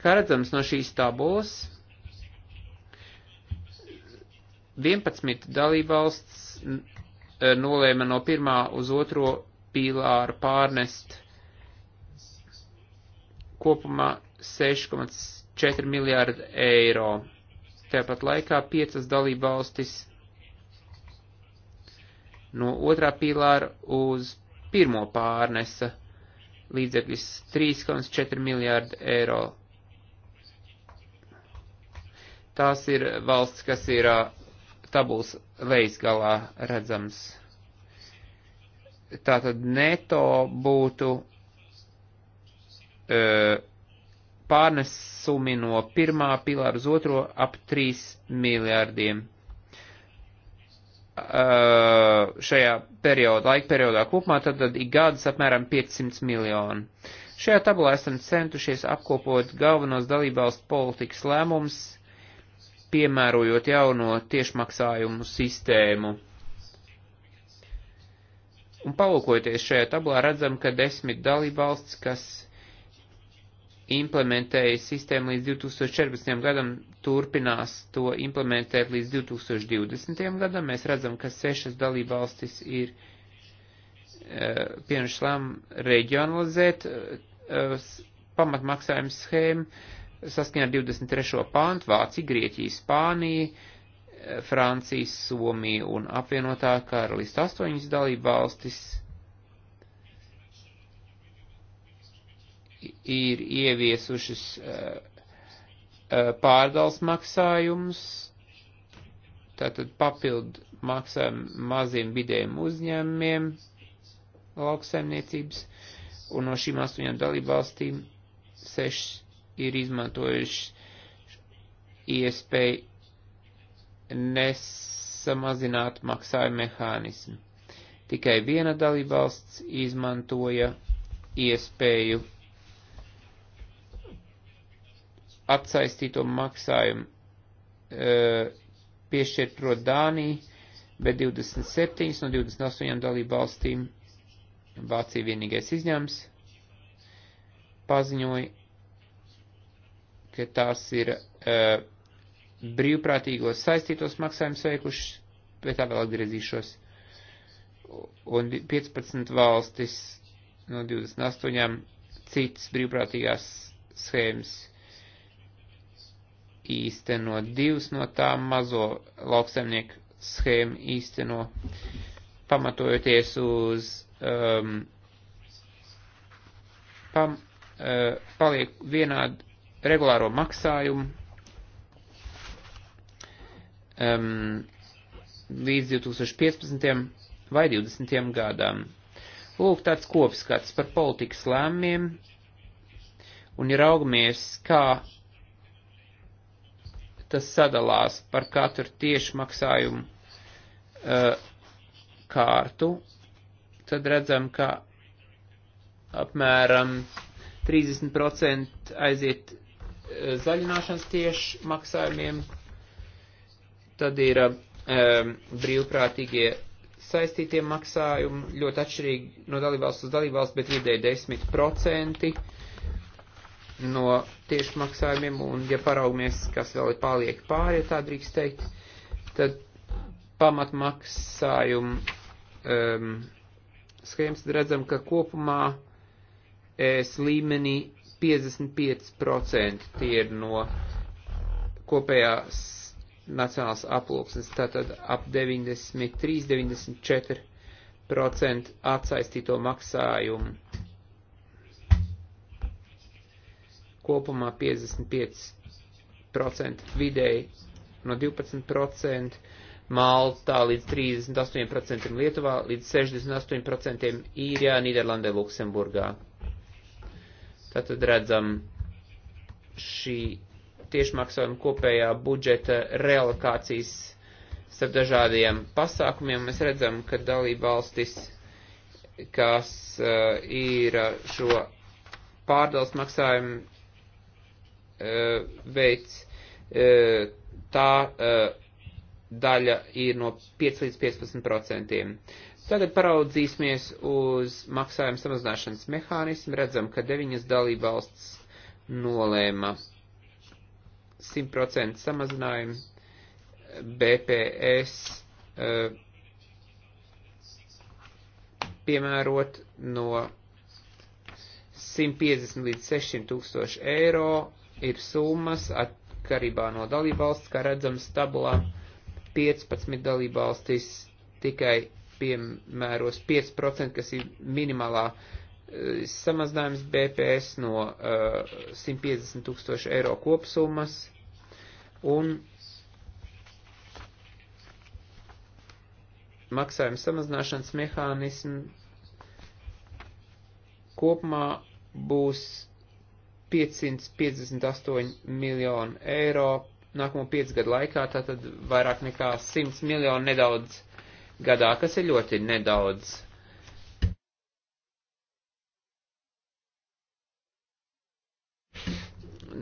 Kā redzams no šīs tabulas, 11 dalībvalsts e, nolēma no pirmā uz otro pīlāru pārnest kopumā 6,4 miljārdu eiro. Tāpat laikā piecas dalībvalstis no otrā pīlāra uz pirmo pārnesa līdzekļus 3,4 miljārdu eiro. Tās ir valsts, kas ir tabulas leisgalā redzams. Tātad neto būtu e, pārnesumi no pirmā pilāra uz otro ap 3 miljārdiem eiro Uh, šajā periodā, laika periodā kopumā, tad, tad ik gadus apmēram 500 miljoni. Šajā tabulā esam centušies apkopot galvenos dalībvalstu politikas lēmumus, piemērojot jauno tiešmaksājumu sistēmu. Un palūkojoties šajā tabulā, redzam, ka desmit dalībvalsts, kas implementēja sistēmu līdz 2014. gadam, turpinās to implementēt līdz 2020. gadam. Mēs redzam, ka sešas dalībvalstis ir uh, eh, pieņemšas lēmumu reģionalizēt uh, eh, pamatmaksājumu schēmu saskaņā ar 23. pāntu Vācija, Grieķija, Spānija, eh, Francija, Somija un apvienotā karalista astoņas dalībvalstis. valstis ir ieviesušas eh, eh, pārdals maksājumus, tātad papildu maksājumu maziem vidējiem uzņēmumiem lauksaimniecības, un no šīm astoņām dalībvalstīm sešas ir izmantojušas iespēju nesamazināt maksājumu mehānismu. Tikai viena dalībvalsts izmantoja iespēju atsaistīto maksājumu e, piešķirt prot Dāniju, bet 27 no 28 dalību valstīm Vācija vienīgais izņēmums paziņoja, ka tās ir e, brīvprātīgos saistītos maksājumus veikušas, bet tā vēl atgriezīšos. Un 15 valstis no 28 citas brīvprātīgās schēmas īsteno divas no tām mazo lauksaimnieku schēmu īsteno, pamatojoties uz um, pam, uh, paliek vienādu regulāro maksājumu um, līdz 2015. vai 20. gadam. Lūk, tāds kopskats par politikas lēmumiem, un ir ja augamies, kā tas sadalās par katru tiešmaksājumu uh, eh, kārtu, tad redzam, ka apmēram 30% aiziet uh, zaļināšanas tiešmaksājumiem, tad ir uh, brīvprātīgie saistītie maksājumi ļoti atšķirīgi no dalībvalsts uz dalībvalsts, bet vidēji 10% no tiešmaksājumiem, un ja paraugamies, kas vēl ir paliek pāri, ja tā drīkst teikt, tad pamatmaksājumu um, schēmas redzam, ka kopumā es līmenī 55% tie ir no kopējās nacionālās aploksnes, tātad ap 93-94% atsaistīto maksājumu kopumā 55% vidēji no 12%, Maltā līdz 38%, Lietuvā līdz 68%, Īrijā, Nīderlandē, Luksemburgā. Tātad redzam šī tiešmaksājuma kopējā budžeta realokācijas starp dažādiem pasākumiem. Mēs redzam, ka dalība valstis, kas uh, ir uh, šo pārdales maksājumu Eh, veids. Eh, tā eh, daļa ir no 5 līdz 15 procentiem. Tagad paraudzīsimies uz maksājumu samazināšanas mehānismu. Redzam, ka deviņas dalībvalsts nolēma 100% samazinājumu. BPS uh, piemērot no 150 līdz 600 tūkstoši eiro ir summas atkarībā no dalībvalsts, kā redzams tabulā 15 dalībvalstis tikai piemēros 5%, kas ir minimālā eh, samazinājums BPS no uh, 150 tūkstoši eiro kopsummas un maksājuma samazināšanas mehānismu kopumā būs 558 miljonu eiro nākamo 5 gadu laikā, tātad vairāk nekā 100 miljonu nedaudz gadā, kas ir ļoti nedaudz.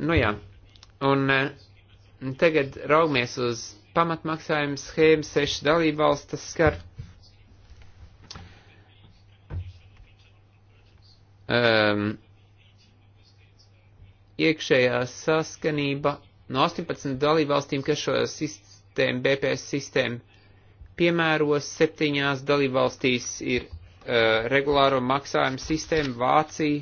Nu jā, un eh, tagad raugamies uz pamatmaksājumu schēmu, seši dalībvalstis skar. Um, iekšējā saskanība no 18 dalībvalstīm, kas šo sistēmu, BPS sistēmu piemēros, septiņās dalībvalstīs ir uh, regulāro maksājumu sistēma Vācija,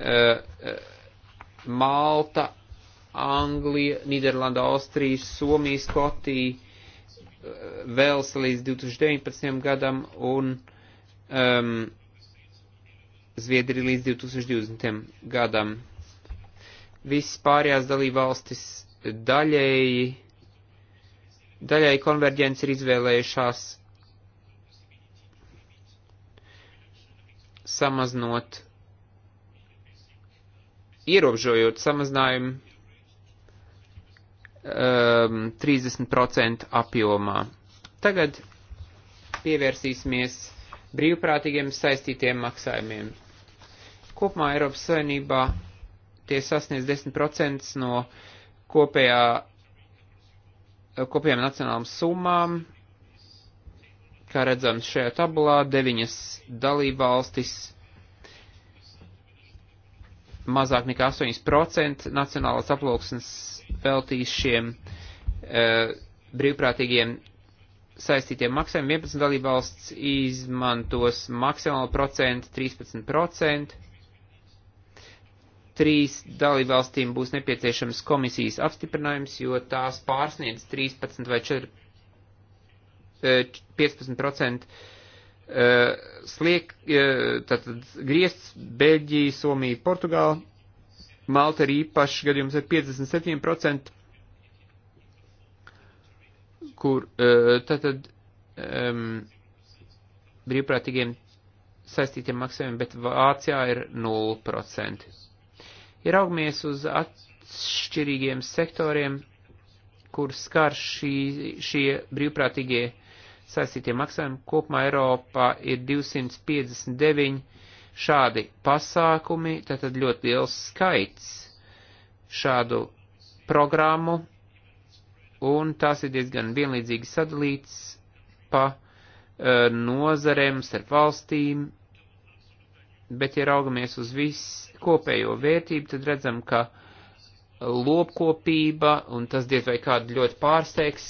uh, uh, Malta, Anglija, Nīderlanda, Austrija, Somija, Skotija, uh, Vels līdz 2019. gadam un um, Zviedrija līdz 2020. gadam. Viss pārējās dalībvalstis daļēji, daļēji konverģents ir izvēlējušās samaznot, ierobežojot samazinājumu um, 30% apjomā. Tagad pievērsīsimies brīvprātīgiem saistītiem maksājumiem. Kopumā Eiropas Savienībā tie sasniedz 10% no kopējā, kopējām nacionālām summām. Kā redzams šajā tabulā, deviņas dalībvalstis mazāk nekā 8% nacionālās aploksnes veltīs šiem e, brīvprātīgiem saistītiem maksājumiem. 11 dalībvalsts izmantos maksimālu procentu, 13%. Trīs dalībvalstīm būs nepieciešams komisijas apstiprinājums, jo tās pārsniedz 13 vai 4, 15% e, e, sliek, e, tātad griests, Beļģija, Somija, Portugāla, Malta ir īpašs gadījums ar 57%, kur tātad um, brīvprātīgiem saistītiem maksājumiem, bet Vācijā ir 0%. Ja raugamies uz atšķirīgiem sektoriem, kur skar šī, šie brīvprātīgie saistītie maksājumi, kopumā Eiropā ir 259 šādi pasākumi, tātad ļoti liels skaits šādu programmu, un tās ir diezgan vienlīdzīgi sadalīts pa uh, nozarēm starp valstīm, bet ja raugamies uz viss kopējo vērtību, tad redzam, ka lopkopība, un tas diez vai kādu ļoti pārsteigs,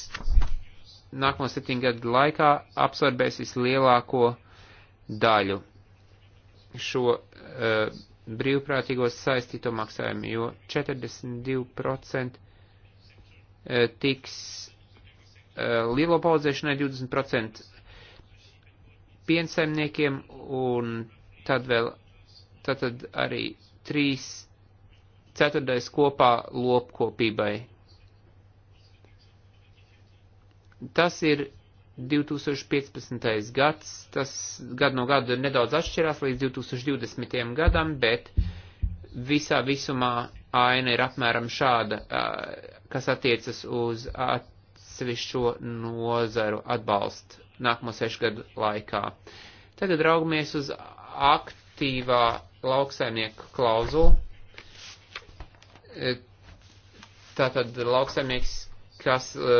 nākamo septiņu gadu laikā absorbēs vislielāko daļu šo uh, eh, brīvprātīgos saistīto maksājumu, jo 42% eh, tiks uh, lielo paudzēšanai, 20% piensaimniekiem un tad vēl tātad arī trīs ceturtais kopā lopkopībai. Tas ir 2015. gads, tas gadu no gada nedaudz atšķirās līdz 2020. gadam, bet visā visumā aina ir apmēram šāda, kas attiecas uz atsevišķo nozaru atbalstu nākamo sešu gadu laikā. Tagad raugamies uz aktīvā lauksaimnieku klauzulu. E, tātad lauksaimnieks, kas e,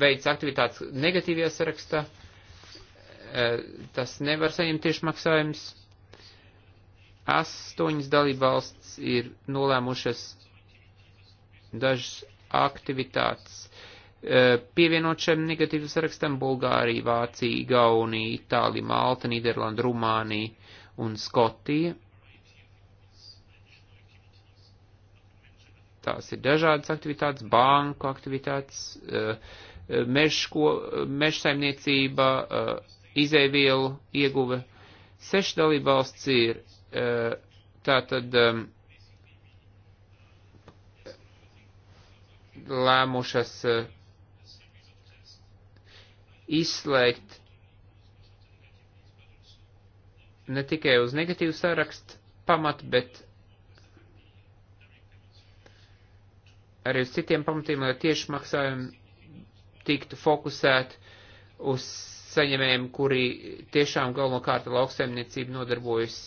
veids aktivitātes negatīvajā sarakstā, e, tas nevar saņemt tiešmaksājumus. Astoņas dalībvalsts ir nolēmušas dažas aktivitātes pievienot šiem negatīviem sarakstam Bulgārija, Vācija, Gaunija, Itālija, Malta, Nīderlanda, Rumānija un Skotija. Tās ir dažādas aktivitātes, banku aktivitātes, eh, mežko, mežsaimniecība, eh, izēvielu ieguve. Seši dalībvalsts ir eh, tātad lēmušas izslēgt ne tikai uz negatīvu sarakstu pamatu, bet arī uz citiem pamatiem, lai tieši maksājumi tiktu fokusēti uz saņemējiem, kuri tiešām galvenokārt ar lauksaimniecību nodarbojas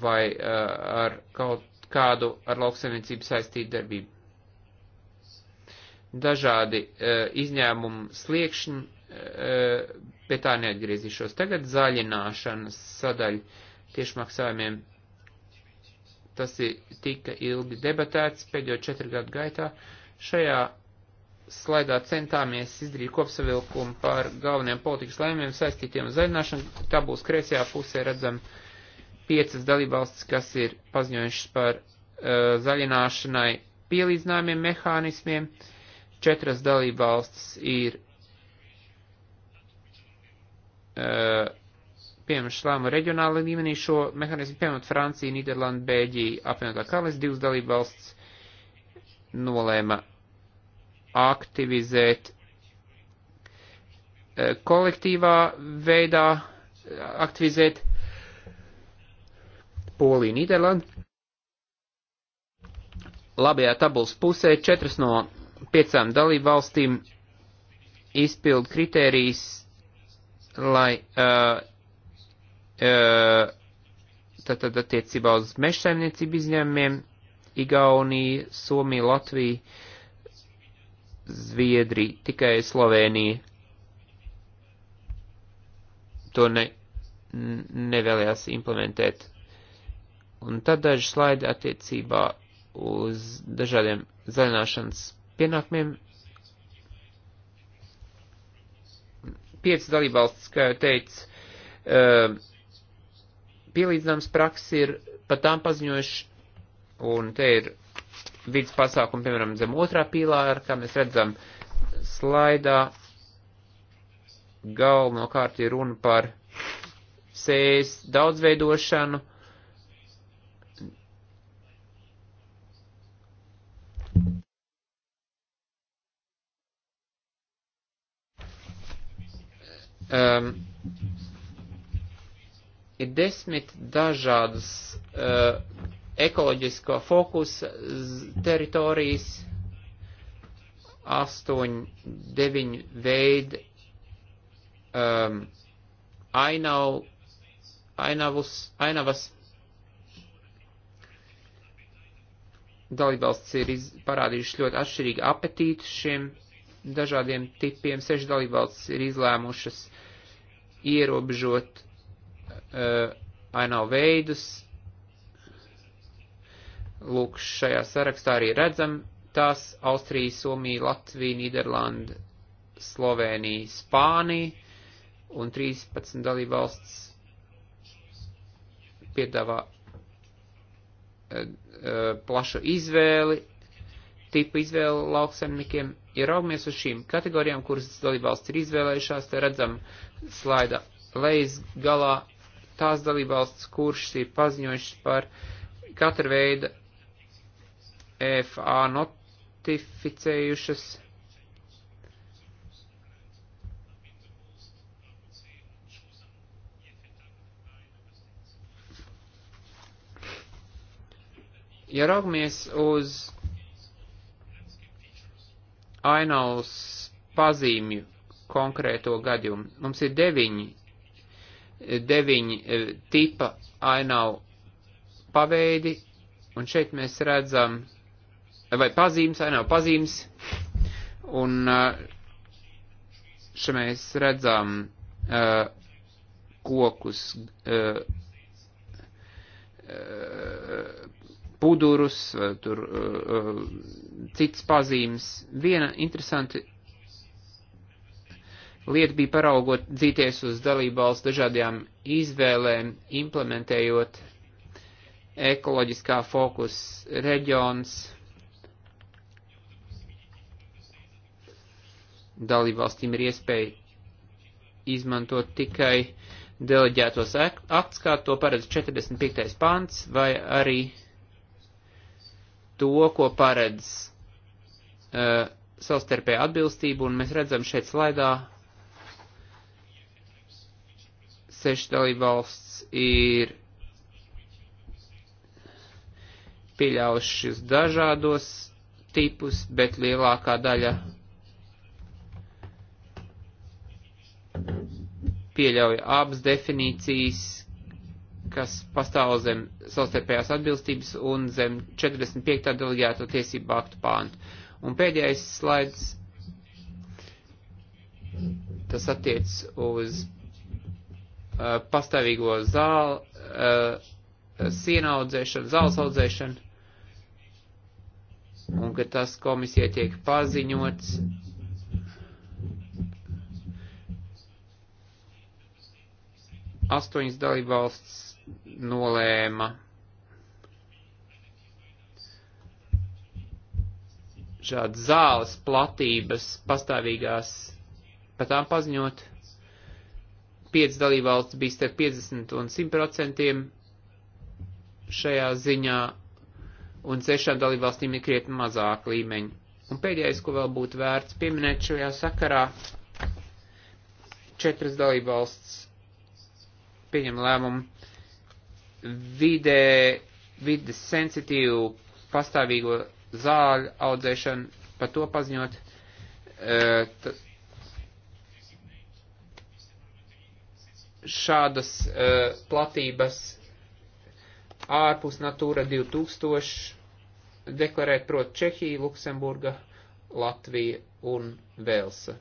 vai uh, ar kaut kādu ar lauksaimniecību saistītu darbību. Dažādi uh, izņēmumu sliekšņi, uh, pie tā neatgriezīšos. Tagad zaļināšanas sadaļa tiešmaksājumiem Tas ir tika ilgi debatēts pēdējo četru gadu gaitā. Šajā slaidā centāmies izdarīt kopsavilkumu par galveniem politikas lēmumiem saistītiem uz zaļināšanu. Tā būs kreisajā pusē redzam piecas dalībvalstis, kas ir paziņojušas par uh, zaļināšanai pielīdzināmiem mehānismiem. Četras dalībvalstis ir uh, pieņemšu slēmu reģionāla līmenī šo mehānismu, piemēram, Francija, Nīderlanda, Bēģija, apvienotā kalis, divas dalība valsts nolēma aktivizēt eh, kolektīvā veidā eh, aktivizēt Poliju, Nīderlandu. Labajā tabulas pusē četras no piecām dalību valstīm izpild kritērijas, lai uh, tātad attiecībā uz mežsaimniecību izņēmumiem Igaunija, Somija, Latvija, Zviedrija, tikai Slovenija. To ne, nevēlējās implementēt. Un tad daži slaidi attiecībā uz dažādiem zaļināšanas pienākumiem. Pieci dalībvalstis, kā jau teicu, pielīdzināms prakses ir pat tām paziņojuši, un te ir vidas pasākumi, piemēram, zem otrā pīlāra, kā mēs redzam slaidā, galvenokārt ir runa par sējas daudzveidošanu. Um, ir desmit dažādas uh, ekoloģisko fokusa teritorijas, astoņu, deviņu veidu um, ehm, ainav, ainavus, ainavas. Dalībvalsts ir iz, parādījuši ļoti atšķirīgu apetītu šiem dažādiem tipiem. Seši dalībvalsts ir izlēmušas ierobežot ainavu uh, veidus. Lūk, šajā sarakstā arī redzam tās Austrija, Somija, Latvija, Nīderlanda, Slovenija, Spānija un 13 dalībvalsts piedāvā uh, uh, plašu izvēli, tipu izvēli lauksemniekiem. Ja raugamies uz šīm kategorijām, kuras dalībvalsts ir izvēlējušās, te redzam slaida lejas galā tās dalībvalsts, kurš ir paziņojušas par katru veidu FA notificējušas. Ja raugamies uz ainavas pazīmju konkrēto gadījumu, mums ir deviņi deviņi eh, tipa ainavu paveidi, un šeit mēs redzam, eh, vai pazīmes, ainavu pazīmes, un eh, šeit mēs redzam uh, kokus, uh, uh, pudurus, tur cits pazīmes. Viena interesanti Lieta bija paraugot dzīties uz dalību valsts dažādajām izvēlēm, implementējot ekoloģiskā fokus reģions, dalībvalstīm ir iespēja izmantot tikai deleģētos akts, kā to paredz 45. pants, vai arī to, ko paredz uh, savstarpēja atbilstība, un mēs redzam šeit slaidā seši dalībvalsts ir pieļaujušas dažādos tipus, bet lielākā daļa pieļauj abas definīcijas, kas pastāv zem savstarpējās atbilstības un zem 45. delegēto tiesību aktu pāntu. Un pēdējais slaids, tas attiec uz Uh, pastāvīgo zāli, uh, siena audzēšanu, zāles audzēšanu, un ka tas komisija tiek paziņots. Astoņas dalībvalsts nolēma šādas zāles platības pastāvīgās, pat tām paziņot. 5 dalībvalsts bija starp 50 un 100 procentiem šajā ziņā, un 6 dalībvalstīm ir krietni mazāk līmeņi. Un pēdējais, ko vēl būtu vērts pieminēt šajā sakarā, četras dalībvalsts pieņem lēmumu vidē, vides sensitīvu pastāvīgo zāļu audzēšanu, par to paziņot, e, šādas uh, platības ārpus Natūra 2000 deklarēt prot Čehija, Luksemburga, Latvija un Velsa.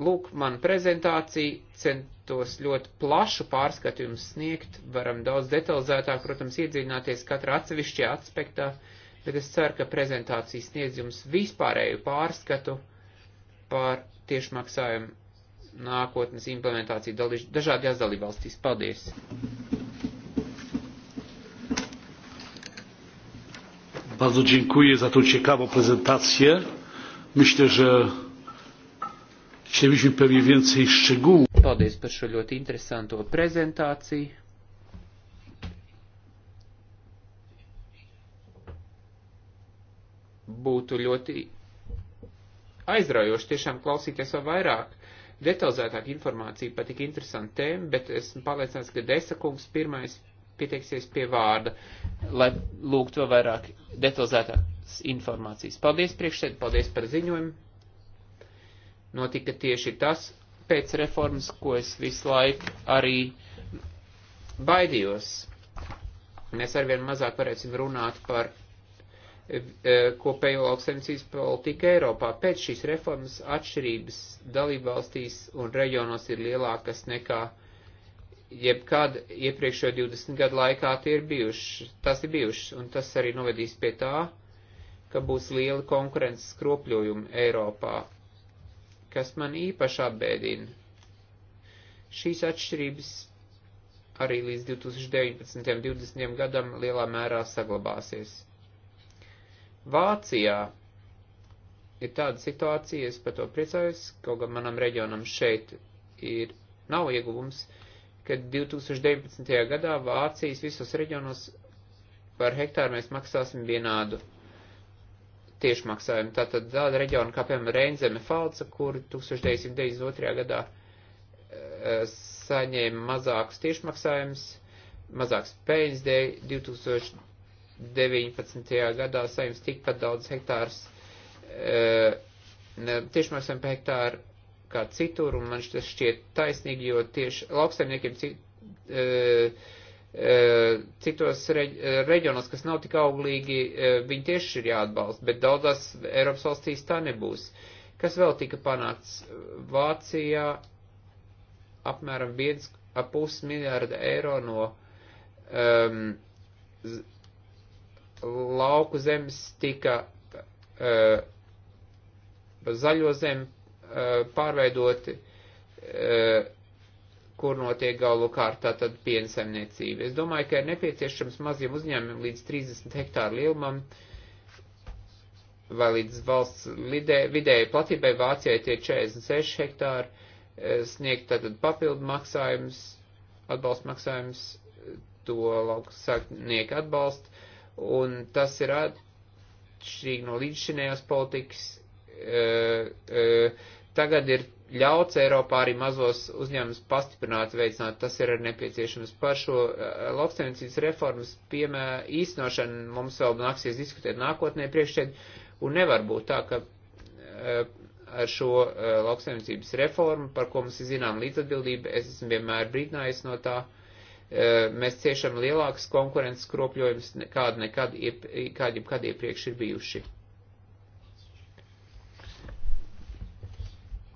Lūk, man prezentācija centos ļoti plašu pārskatījumu sniegt, varam daudz detalizētāk, protams, iedziļināties katrā atsevišķajā aspektā, bet es ceru, ka prezentācija sniedz jums vispārēju pārskatu par tiešmaksājumu nākotnes implementāciju dalīž, dažādajās dalībvalstīs. Paldies! Bardzo dziękuję za tą ciekawą prezentację. Myślę, że chcielibyśmy pewnie więcej szczegółów. Paldies par šo ļoti interesanto prezentāciju. Būtu ļoti aizraujoši tiešām klausīties vēl vairāk detalizētāka informācija par tik interesantu tēmu, bet esmu pārliecināts, ka Desakungs pirmais pieteiksies pie vārda, lai lūgtu vēl vairāk detalizētākas informācijas. Paldies priekšsēd, paldies par ziņojumu. Notika tieši tas pēc reformas, ko es visu laiku arī baidījos. Mēs arvien mazāk varēsim runāt par E, kopējo lauksaimniecības politiku Eiropā. Pēc šīs reformas atšķirības dalībvalstīs un reģionos ir lielākas nekā jebkad iepriekšējo 20 gadu laikā tie ir bijuši. Tas ir bijuši, un tas arī novedīs pie tā, ka būs liela konkurences skropļojumi Eiropā, kas man īpaši apbēdina. Šīs atšķirības arī līdz 2019. un 2020. gadam lielā mērā saglabāsies. Vācijā ir tāda situācija, es par to priecājos, kaut gan manam reģionam šeit ir nav ieguvums, ka 2019. gadā Vācijas visos reģionos par hektāru mēs maksāsim vienādu tiešmaksājumu. Tātad tāda reģiona kā piemēram Reinzeme Falca, kur 1992. gadā e, saņēma mazākus tiešmaksājumus, mazāks peļņas dēļ 2000. 19. gadā saņems tikpat daudz hektārs e, tiešmaksājuma par hektāru kā citur, un man tas šķiet taisnīgi, jo tieši lauksaimniekiem cit, e, e, citos reģ, reģionos, kas nav tik auglīgi, e, viņi tieši ir jāatbalsta, bet daudzās Eiropas valstīs tā nebūs. Kas vēl tika panāts? Vācijā apmēram 1,5 miljārda eiro no um, lauku zemes tika uh, zaļo zemi uh, pārveidoti, uh, kur notiek galu kārtā tad piensaimniecība. Es domāju, ka ir nepieciešams maziem uzņēmumiem līdz 30 hektāru lielumam vai līdz valsts lidē, vidēji platībai Vācijai tie 46 hektāri eh, sniegt tātad papildu maksājums, atbalstu maksājums, to lauksaknieku atbalstu un tas ir atšķirīgi no līdzšinējās politikas. E, e, tagad ir ļauts Eiropā arī mazos uzņēmumus pastiprināt, veicināt, tas ir arī nepieciešams. Par šo e, lauksaimniecības reformas piemē, īstenošanu mums vēl nāksies diskutēt nākotnē priekšēd, un nevar būt tā, ka e, ar šo e, lauksaimniecības reformu, par ko mums ir zinām līdzatbildība, es esmu vienmēr brīdinājies no tā, uh, E, mēs ciešam lielākas konkurences kropļojumus, kādi nekad, kādi jebkad iepriekš ir bijuši.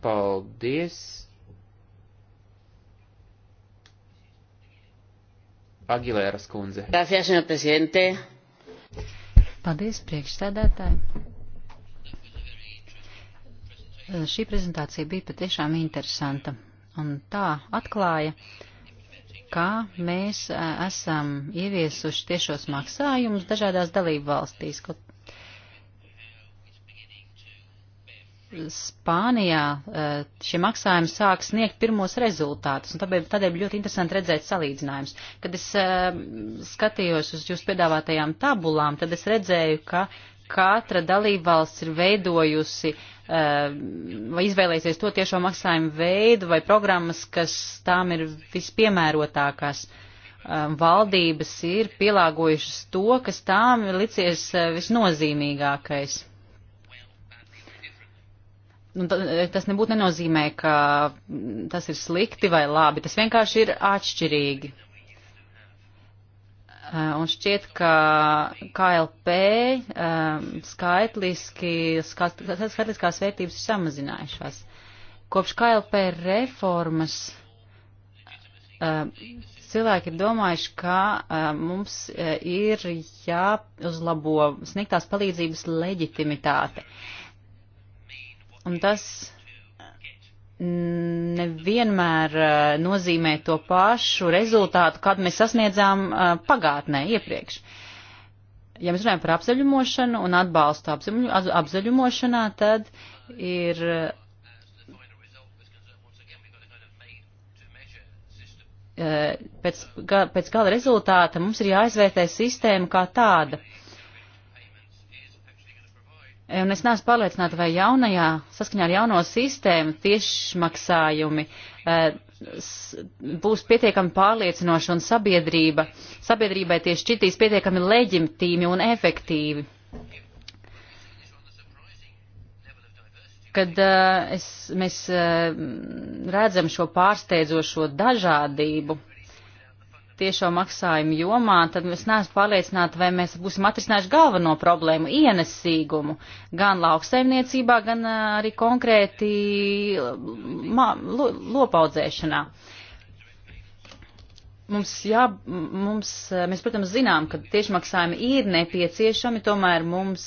Paldies! Agilēras kundze. Gracias, señor presidente. Paldies, priekšsēdētāji. Šī prezentācija bija patiešām interesanta un tā atklāja, uh, kā mēs esam ieviesuši tiešos maksājumus dažādās dalību valstīs. Spānijā šie maksājumi sāk sniegt pirmos rezultātus, un tāpēc, tādēļ ļoti interesanti redzēt salīdzinājumus. Kad es skatījos uz jūsu piedāvātajām tabulām, tad es redzēju, ka uh, katra dalībvalsts ir veidojusi eh, vai izvēlēsies to tiešo maksājumu veidu vai programmas, kas tām ir vispiemērotākās. Eh, valdības ir pielāgojušas to, kas tām ir licies eh, visnozīmīgākais. Nu, tas nebūtu nenozīmē, ka tas ir slikti vai labi, tas vienkārši ir atšķirīgi. Eh, un šķiet, ka KLP eh, skaitliski, skaitliskās vērtības ir samazinājušās. Kopš KLP reformas eh, cilvēki ir domājuši, ka mums ir jāuzlabo sniegtās palīdzības leģitimitāte. Un tas nevienmēr uh, nozīmē to pašu rezultātu, kādu mēs sasniedzām uh, pagātnē, iepriekš. Ja mēs runājam par apzaļumošanu un atbalstu apzaļumošanā, tad ir uh, pēc, pēc gala rezultāta mums ir jāizvērtē sistēma kā tāda. Un es neesmu pārliecināta, vai jaunajā, saskaņā ar jauno sistēmu tiešmaksājumi eh, būs pietiekami pārliecinoši un sabiedrība, sabiedrībai tie šķitīs pietiekami leģitīmi un efektīvi. Kad eh, es, mēs eh, redzam šo pārsteidzošo dažādību, tiešo maksājumu jomā, tad es neesmu pārliecināta, vai mēs būsim atrisinājuši galveno problēmu - ienesīgumu gan lauksaimniecībā, gan arī konkrēti lo lopaudzēšanā. Mums, jā, mums, mēs, protams, zinām, ka tiešmaksājumi ir nepieciešami, tomēr mums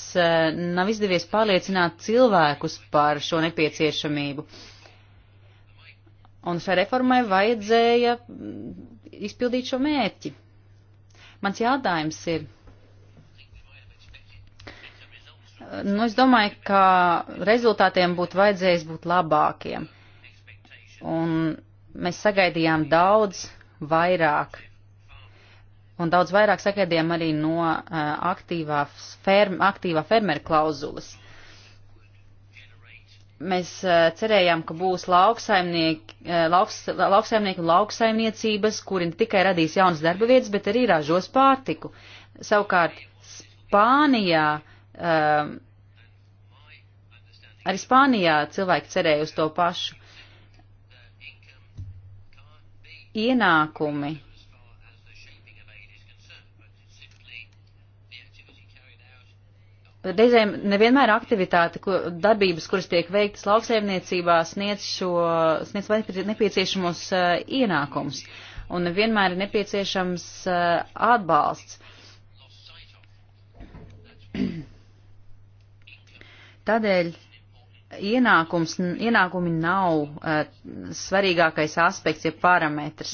nav izdevies pārliecināt cilvēkus par šo nepieciešamību. Uh, Un šai reformai vajadzēja mm, izpildīt šo mērķi. Mans jādājums ir. Nu, es domāju, ka rezultātiem būtu vajadzējis būt labākiem. Un mēs sagaidījām daudz vairāk. Un daudz vairāk sagaidījām arī no uh, aktīvā, ferm, aktīvā fermera klauzulas. Uh, mēs eh, cerējām, ka būs lauksaimnieki, eh, lauks, lauksaimnieki un lauksaimniecības, kuri ne tikai radīs jaunas darba vietas, bet arī ražos pārtiku. Savukārt Spānijā, um, arī Spānijā cilvēki cerēja uz to pašu. Ienākumi Reizēm nevienmēr aktivitāte, ko, darbības, kuras tiek veiktas lauksaimniecībā, sniedz, šo, sniedz nepieciešamos uh, ienākums un vienmēr ir nepieciešams uh, atbalsts. Tādēļ ienākums, ienākumi nav uh, svarīgākais aspekts, ja parametrs.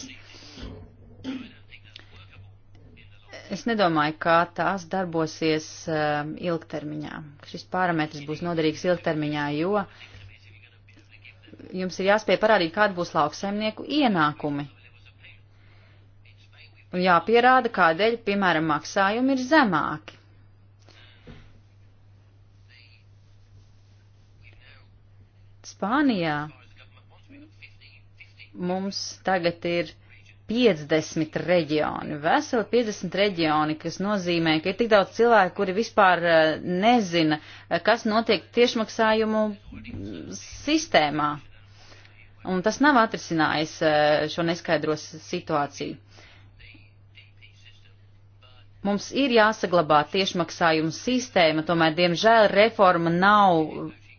Es nedomāju, kā tās darbosies um, ilgtermiņā. Šis parametrs būs noderīgs ilgtermiņā, jo jums ir jāspēj parādīt, kāda būs lauksaimnieku ienākumi. Un jāpierāda, kādēļ, piemēram, maksājumi ir zemāki. Spānijā mums tagad ir 50 reģioni, veseli 50 reģioni, kas nozīmē, ka ir tik daudz cilvēku, kuri vispār eh, nezina, eh, kas notiek tiešmaksājumu sistēmā. Un tas nav atrisinājis eh, šo neskaidros situāciju. Mums ir jāsaglabā tiešmaksājuma sistēma, tomēr, diemžēl, reforma nav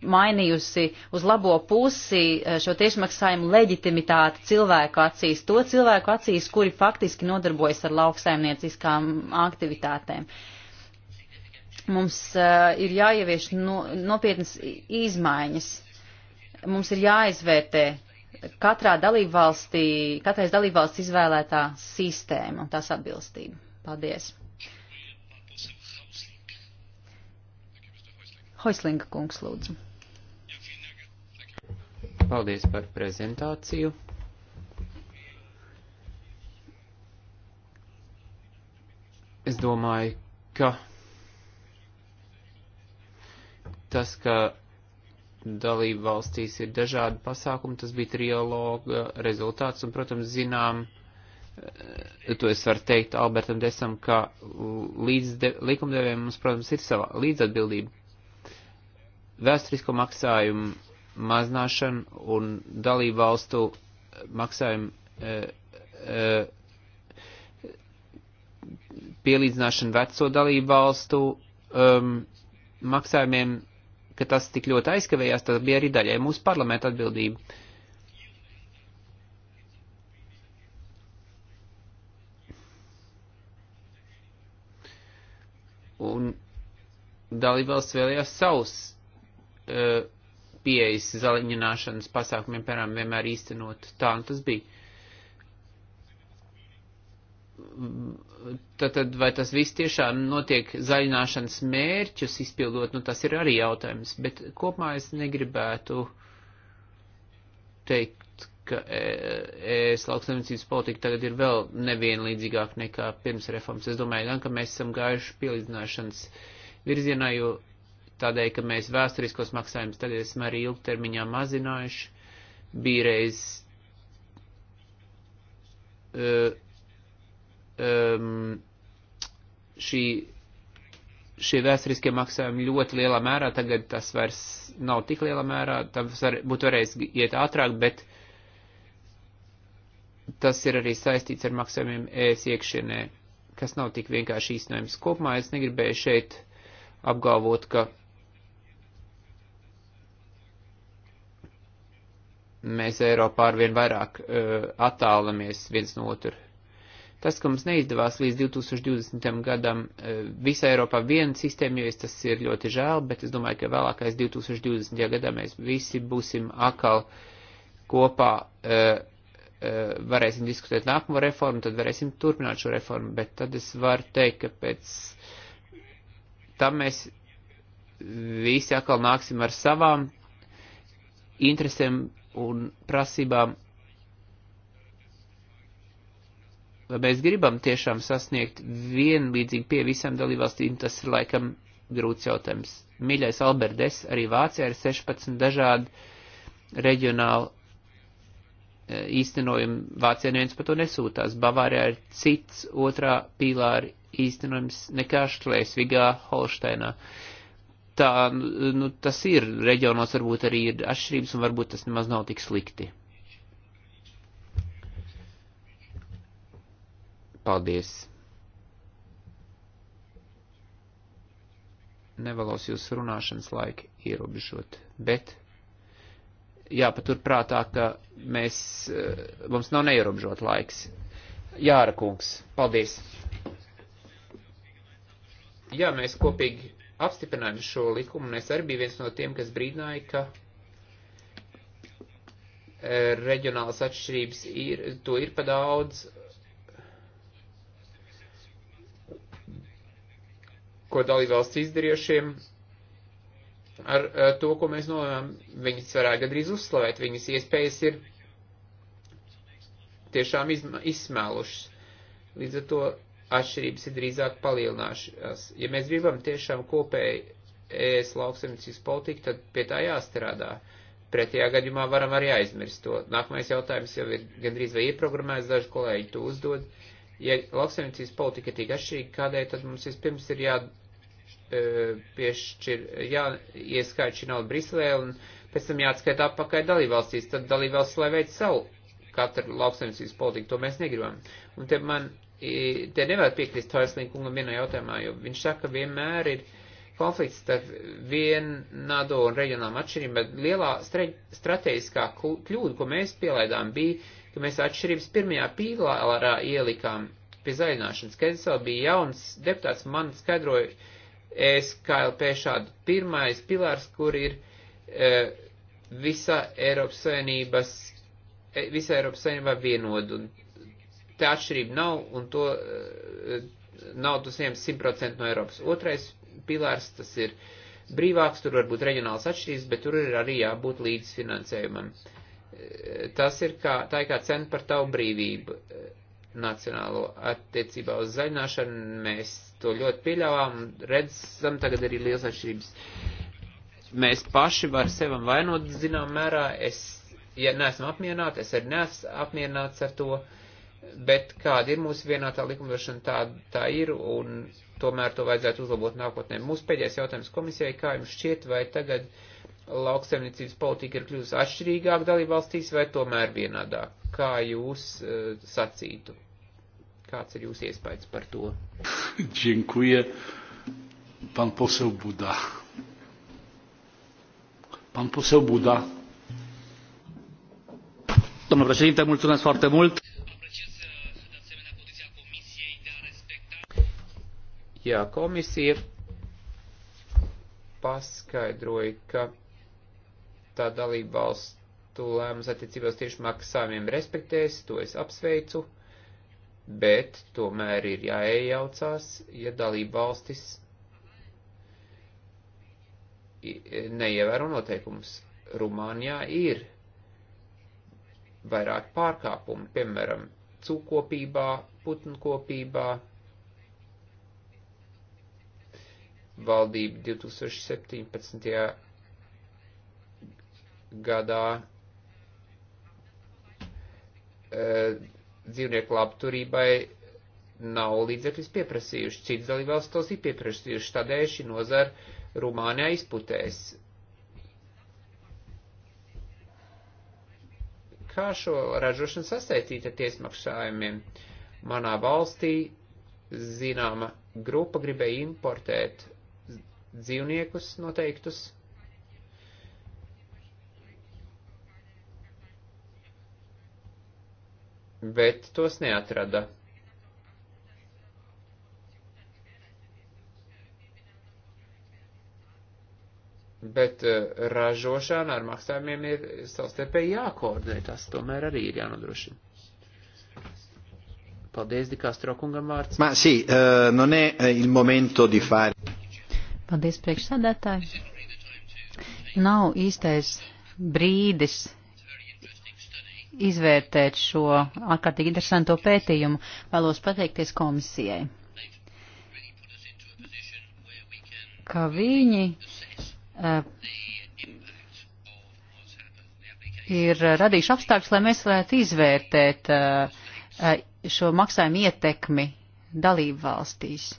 mainījusi uz labo pusi eh, šo tiešmaksājumu leģitimitāti cilvēku acīs, to cilvēku acīs, kuri faktiski nodarbojas ar lauksaimnieciskām aktivitātēm. Mums uh, ir jāievieš no, nopietnas izmaiņas. Mums ir jāizvērtē katrā dalībvalstī, katrais dalībvalsts izvēlētā sistēma un tās atbilstība. Paldies! Hoislinga kungs lūdzu. Paldies par prezentāciju. Es domāju, ka tas, ka dalību valstīs ir dažādi pasākumi, tas bija trialoga rezultāts, un, protams, zinām, eh, to es varu teikt Albertam Desam, ka līdz likumdevējiem mums, protams, ir sava līdzatbildība vēsturisko maksājumu mazināšanu un dalību valstu eh, maksājumu e, e, pielīdzināšanu veco dalību valstu um, maksājumiem, ka tas tik ļoti aizkavējās, tas bija arī daļai mūsu parlamenta atbildība. Un dalībvalsts vēlējās savus Uh, pieejas zaliņināšanas pasākumiem, piemēram, vienmēr īstenot. Tā nu tas bija. Tātad, vai tas viss tiešām notiek zaļināšanas mērķus izpildot, nu tas ir arī jautājums, bet kopumā es negribētu teikt, ka ES e lauksaimniecības politika tagad ir vēl nevienlīdzīgāk nekā pirms reformas. Es domāju, gan, ka mēs esam gājuši pielīdzināšanas virzienā, jo tādēļ, ka mēs vēsturiskos maksājumus tagad esam arī ilgtermiņā mazinājuši. Bija reiz uh, e, um, e, šī, šie vēsturiskie maksājumi ļoti lielā mērā, tagad tas vairs nav tik lielā mērā, tas var, būtu varējis iet ātrāk, bet tas ir arī saistīts ar maksājumiem ES iekšienē, kas nav tik vienkārši īstenojams. Kopumā es negribēju šeit apgalvot, ka mēs Eiropā arvien vairāk uh, attālamies viens no otru. Tas, ka mums neizdevās līdz 2020. gadam uh, e, visā Eiropā viena sistēma, jo tas ir ļoti žēl, bet es domāju, ka vēlākais 2020. gadā mēs visi būsim akal kopā, uh, varēsim diskutēt nākamo reformu, tad varēsim turpināt šo reformu, bet tad es varu teikt, ka pēc tam mēs visi atkal nāksim ar savām interesēm un prasībām, vai mēs gribam tiešām sasniegt vienlīdzīgi pie visām dalībvalstīm, tas ir laikam grūts jautājums. Mīļais Alberdes, arī Vācijā ir 16 dažādi reģionāli e, īstenojumi. Vācijā neviens par to nesūtās. Bavārijā ir cits otrā pīlāri īstenojums nekā Šlēsvigā, Holšteinā. Uh, tā, nu, tas ir, reģionos varbūt arī ir atšķirības un varbūt tas nemaz nav tik slikti. Paldies. Nevalos jūsu runāšanas laiku ierobežot, bet jāpatur prātā, ka mēs, eh, mums nav neierobežot laiks. Jāra kungs, paldies. Jā, mēs kopīgi apstiprinājām šo likumu, un es arī biju viens no tiem, kas brīdināja, ka e, reģionālas atšķirības ir, to ir pa daudz, ko dalībvalsts izdariešiem, ar, ar e, to, ko mēs nolēmām, viņas varētu gadrīz uzslavēt, viņas iespējas ir tiešām izma, izsmēlušas. Līdz ar to atšķirības ir drīzāk palielināšanās. Ja mēs gribam tiešām kopēji ES lauksemniecības politiku, tad pie tā jāstrādā. Pretējā gadījumā varam arī aizmirst to. Nākamais jautājums jau ir gandrīz vai ieprogrammēts, daži kolēģi to uzdod. Ja lauksemniecības politika ir tik atšķirīga, kādēļ tad mums vispirms ir jā, e, piešķir, jāieskait šī nauda Briselē un pēc tam jāatskaita apakaļ dalībvalstīs, tad dalībvalsts lai veic savu katru lauksaimniecības politiku, to mēs negribam. Un te man te nevar piekrist Hoislīkungam vienā jautājumā, jo viņš saka, vienmēr ir konflikts starp vienādo un reģionālām atšķirībām, bet lielā strateģiskā kļūda, ko mēs pielaidām, bija, ka mēs atšķirības pirmajā pīlārā ielikām pie zaļināšanas. Kad es vēl biju jauns deputāts, man skaidroja SKLP šādu pirmais pilārs, kur ir e, visa Eiropas Savienības, e, visa Eiropas Savienībā vienodu un Te atšķirība nav, un to naudu saņem 100% no Eiropas. Otrais pilārs, tas ir brīvāks, tur var būt reģionāls atšķirības, bet tur ir arī jābūt līdzfinansējumam. Eh, tas ir kā, tā ir kā cena par tavu brīvību eh, nacionālo attiecībā uz zaļināšanu. Mēs to ļoti pieļāvām, redzam tagad arī liels atšķirības. Mēs paši var sevam vainot, zinām mērā, es, ja neesam apmierināti, es arī neesmu apmierināts ar to. Uh, bet kāda ir mūsu vienotā likumdošana, tā, tā ir, un tomēr to vajadzētu uzlabot nākotnē. Mūsu pēdējais jautājums komisijai, kā jums šķiet, vai tagad lauksaimniecības politika ir kļuvusi atšķirīgāk dalībvalstīs vai tomēr vienādā? Kā jūs uh, sacītu? Kāds ir jūsu iespējas par to? Dziękuję. Pan poseł Buda. Pan poseł Buda. Domnul președinte, mulțumesc foarte mult. Jā, komisija paskaidroja, ka tā dalība valstu lēmums attiecībās tieši maksājumiem respektēs, to es apsveicu, bet tomēr ir jāiejaucās, ja dalība valstis neievēro noteikumus. Rumānijā ir vairāk pārkāpumi, piemēram, cūkopībā, putnkopībā, valdība 2017. gadā e, dzīvnieku labturībai nav līdzekļus pieprasījuši. Cits dalībvalsts tos ir pieprasījuši, tādēļ šī nozara Rumānijā izputēs. Kā šo ražošanu sasaistīt ar tiesmaksājumiem? Manā valstī zināma grupa gribēja importēt dzīvniekus noteiktus. Bet tos neatrada. Bet eh, ražošana ar maksājumiem ir savstarpēji jākoordinē, tas tomēr arī ir jānodrošina. Paldies, Dikāstro kungam vārds. Ma sì, uh, non è eh, il momento di fare. Paldies, priekšsādātāji. Nav īstais brīdis izvērtēt šo ārkārtīgi interesanto pētījumu. Vēlos pateikties komisijai, ka viņi uh, ir radījuši apstākļus, lai mēs varētu izvērtēt uh, šo maksājumu ietekmi dalību valstīs.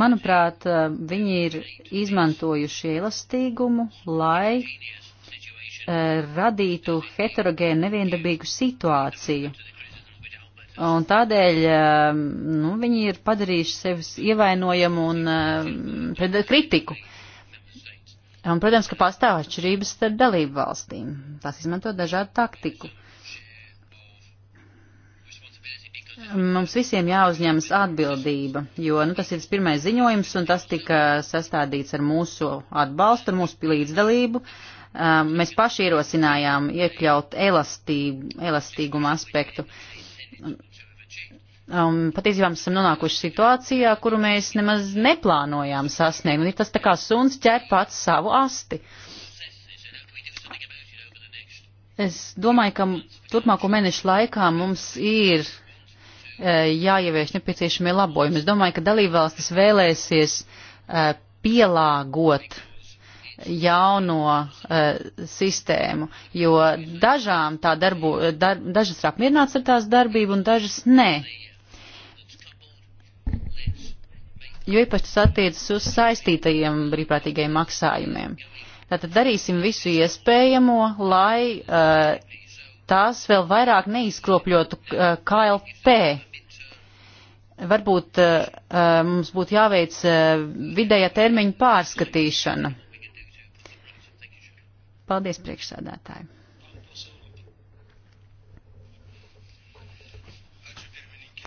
Manuprāt, eh, viņi ir izmantojuši elastīgumu, lai eh, radītu heterogēnu neviendabīgu situāciju. Un tādēļ eh, nu, viņi ir padarījuši sevi ievainojumu un pret kritiku. Un, protams, ka pastāv atšķirības starp dalību valstīm. Tās izmanto dažādu taktiku. Uh, Mums visiem jāuzņemas atbildība, jo nu, tas ir pirmais ziņojums, un tas tika sastādīts ar mūsu atbalstu, ar mūsu līdzdalību. Um, mēs paši ierosinājām iekļaut elastīgu, elastīgumu aspektu. Um, patiesībā mēs esam nonākuši situācijā, kuru mēs nemaz neplānojām sasniegt. Ir tas tā kā suns ķer pats savu asti. Es domāju, ka turpmāko mēnešu laikā mums ir Eh, jāievieš nepieciešamie labojumi. Es domāju, ka dalībvalstis vēlēsies eh, pielāgot jauno eh, sistēmu, jo dažām tā darbu, dar, dažas ir apmierināts ar tās darbību un dažas nē. jo īpaši tas attiecas uz saistītajiem brīvprātīgajiem maksājumiem. Tātad darīsim visu iespējamo, lai uh, tās vēl vairāk neizkropļotu eh, KLP. Varbūt eh, eh, mums būtu jāveic vidējā termiņa pārskatīšana. Paldies priekšsādātāji.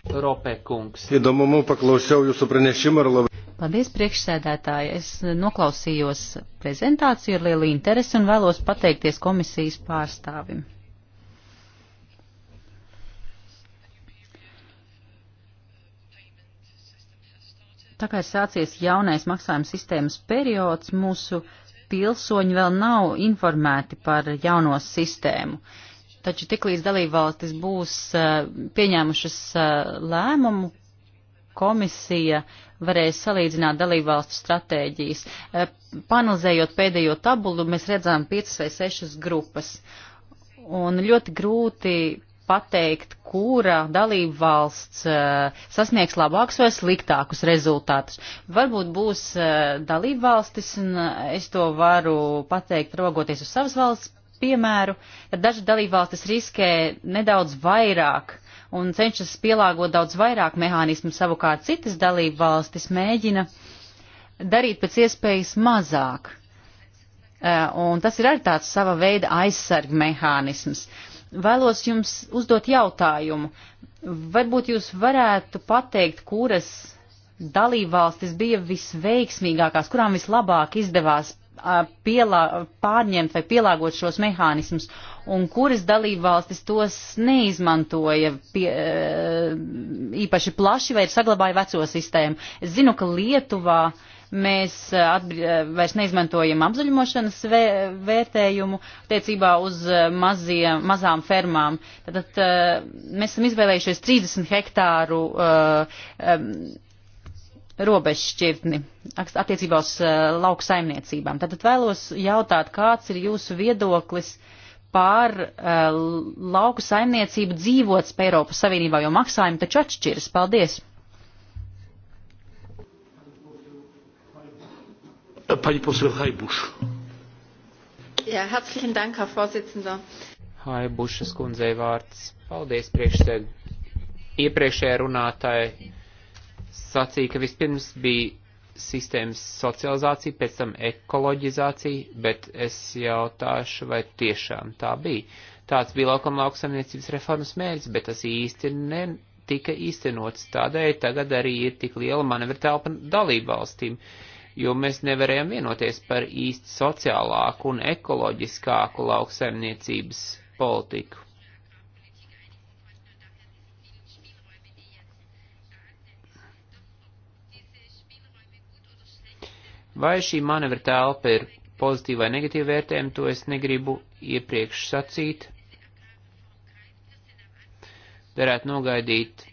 Ropē kungs. Iedomumu paklausiau jūsu pranešimā ar labu. Paldies, priekšsēdētāji. Es noklausījos prezentāciju ar lielu interesi un vēlos pateikties komisijas pārstāvim. Tā kā ir sācies jaunais maksājuma sistēmas periods, mūsu pilsoņi vēl nav informēti par jauno sistēmu. Taču tiklīdz dalībvalstis būs eh, pieņēmušas eh, lēmumu, komisija varēs salīdzināt dalībvalstu stratēģijas. Eh, Panalizējot pēdējo tabulu, mēs redzam 5 vai 6 grupas. Un ļoti grūti pateikt, kura dalība valsts uh, sasniegs labākus vai sliktākus rezultātus. Varbūt būs uh, eh, dalība valstis, un eh, es to varu pateikt, rogoties uz savas valsts piemēru, ja daži dalība valstis riskē nedaudz vairāk un cenšas pielāgot daudz vairāk mehānismu, savukārt citas dalība valstis mēģina darīt pēc iespējas mazāk. Uh, un tas ir arī tāds sava veida aizsarg mehānisms. Uh, vēlos jums uzdot jautājumu. Varbūt jūs varētu pateikt, kuras dalībvalstis bija visveiksmīgākās, kurām vislabāk izdevās pielā, pārņemt vai pielāgot šos mehānismus, un kuras dalībvalstis tos neizmantoja pie, e, īpaši plaši vai ir saglabāja veco sistēmu. Es zinu, ka Lietuvā uh, mēs eh, eh, vairs neizmantojam apzaļumošanas vē, vērtējumu attiecībā uz eh, maziem, mazām fermām. Tad mēs esam izvēlējušies 30 hektāru uh, um, robežšķirtni attiecībā uz uh, lauku saimniecībām. Tad vēlos jautāt, kāds ir jūsu viedoklis par uh, lauku saimniecību dzīvots pa Eiropas Savienībā, jo maksājumi taču atšķiras. Paldies! Pani poseł Haibusz. Jā, herzlichen Dank, Herr Vorsitzender. Haibušas kundzei vārds. Paldies, priekšsēd. Iepriekšējā runātāja sacīja, ka vispirms bija sistēmas socializācija, pēc tam ekoloģizācija, bet es jautāšu, vai tiešām tā bija. Tāds bija laukam lauksamniecības reformas mērķis, bet tas īsti netika īstenots. Tādēļ tagad arī ir tik liela manevra telpa dalību valstīm. Uh, jo mēs nevarējām vienoties par īsti sociālāku un ekoloģiskāku lauksaimniecības politiku. Vai šī manevra telpa ir pozitīva vai negatīva vērtējuma, to es negribu iepriekš sacīt. Darētu nogaidīt,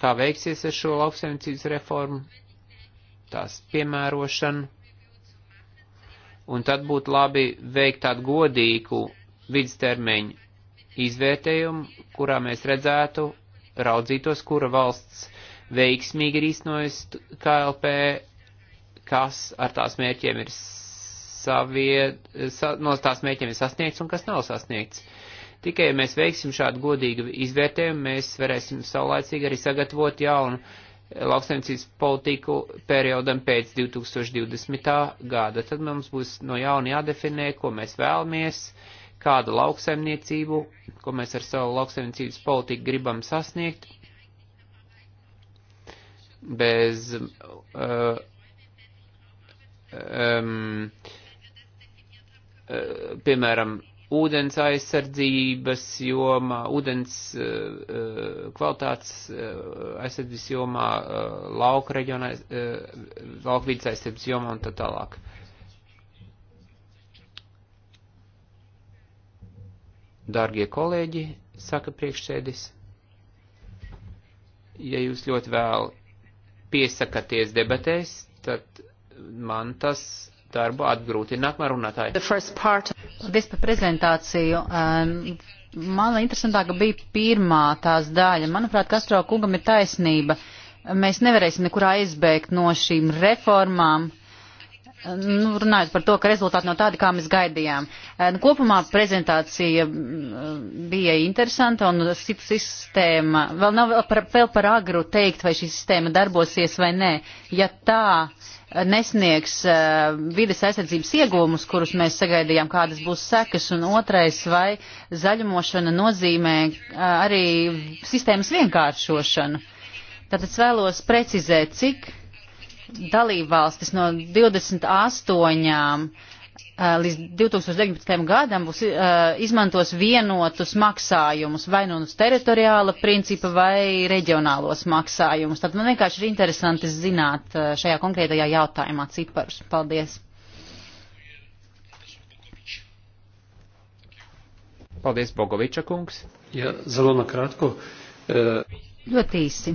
kā veiksies ar šo lauksaimniecības reformu tās piemērošanu. Un tad būtu labi veikt tādu godīgu vidstermiņu izvērtējumu, kurā mēs redzētu, raudzītos, kura valsts veiksmīgi ir īstenojusi KLP, kas ar tās mērķiem ir savied, sa, no tās mērķiem ir sasniegts un kas nav sasniegts. Tikai, ja mēs veiksim šādu godīgu izvērtējumu, mēs varēsim saulēcīgi arī sagatavot jaunu lauksaimniecības politiku periodam pēc 2020. gada. Tad mums būs no jauna jādefinē, ko mēs vēlamies, kādu lauksaimniecību, ko mēs ar savu lauksaimniecības politiku gribam sasniegt, bez uh, um, uh, piemēram ūdens aizsardzības jomā, ūdens uh, kvalitātes uh, aizsardzības jomā, uh, lauka reģiona, lauka vidas aizsardzības jomā un tā tālāk. Dārgie kolēģi, saka priekšsēdis, ja jūs ļoti vēl piesakaties debatēs, tad man tas darbu atgrūtināt man runātāju. Paldies par prezentāciju. Man interesantāka bija pirmā tās daļa. Manuprāt, Kastro kungam ir taisnība. Mēs nevarēsim nekur aizbēgt no šīm reformām. Uh, nu, runājot par to, ka rezultāti nav tādi, kā mēs gaidījām. Eh, nu, kopumā prezentācija mm, eh, bija interesanta un sistēma, vēl nav par, vēl par agru teikt, vai šī sistēma darbosies vai nē. Ja tā eh, nesniegs vides aizsardzības iegūmus, kurus mēs sagaidījām, kādas būs sekas, un otrais, vai zaļumošana nozīmē arī sistēmas vienkāršošanu. Tātad es vēlos precizēt, cik dalībvalstis no 28 eh, līdz 2019. gadam būs, eh, izmantos vienotus maksājumus, vai nu uz teritoriāla principa, vai reģionālos maksājumus. Tad man vienkārši ir interesanti zināt eh, šajā konkrētajā jautājumā ciparus. Paldies! Paldies, Bogoviča kungs! Ja, zelo na kratko. E... Ļoti īsi.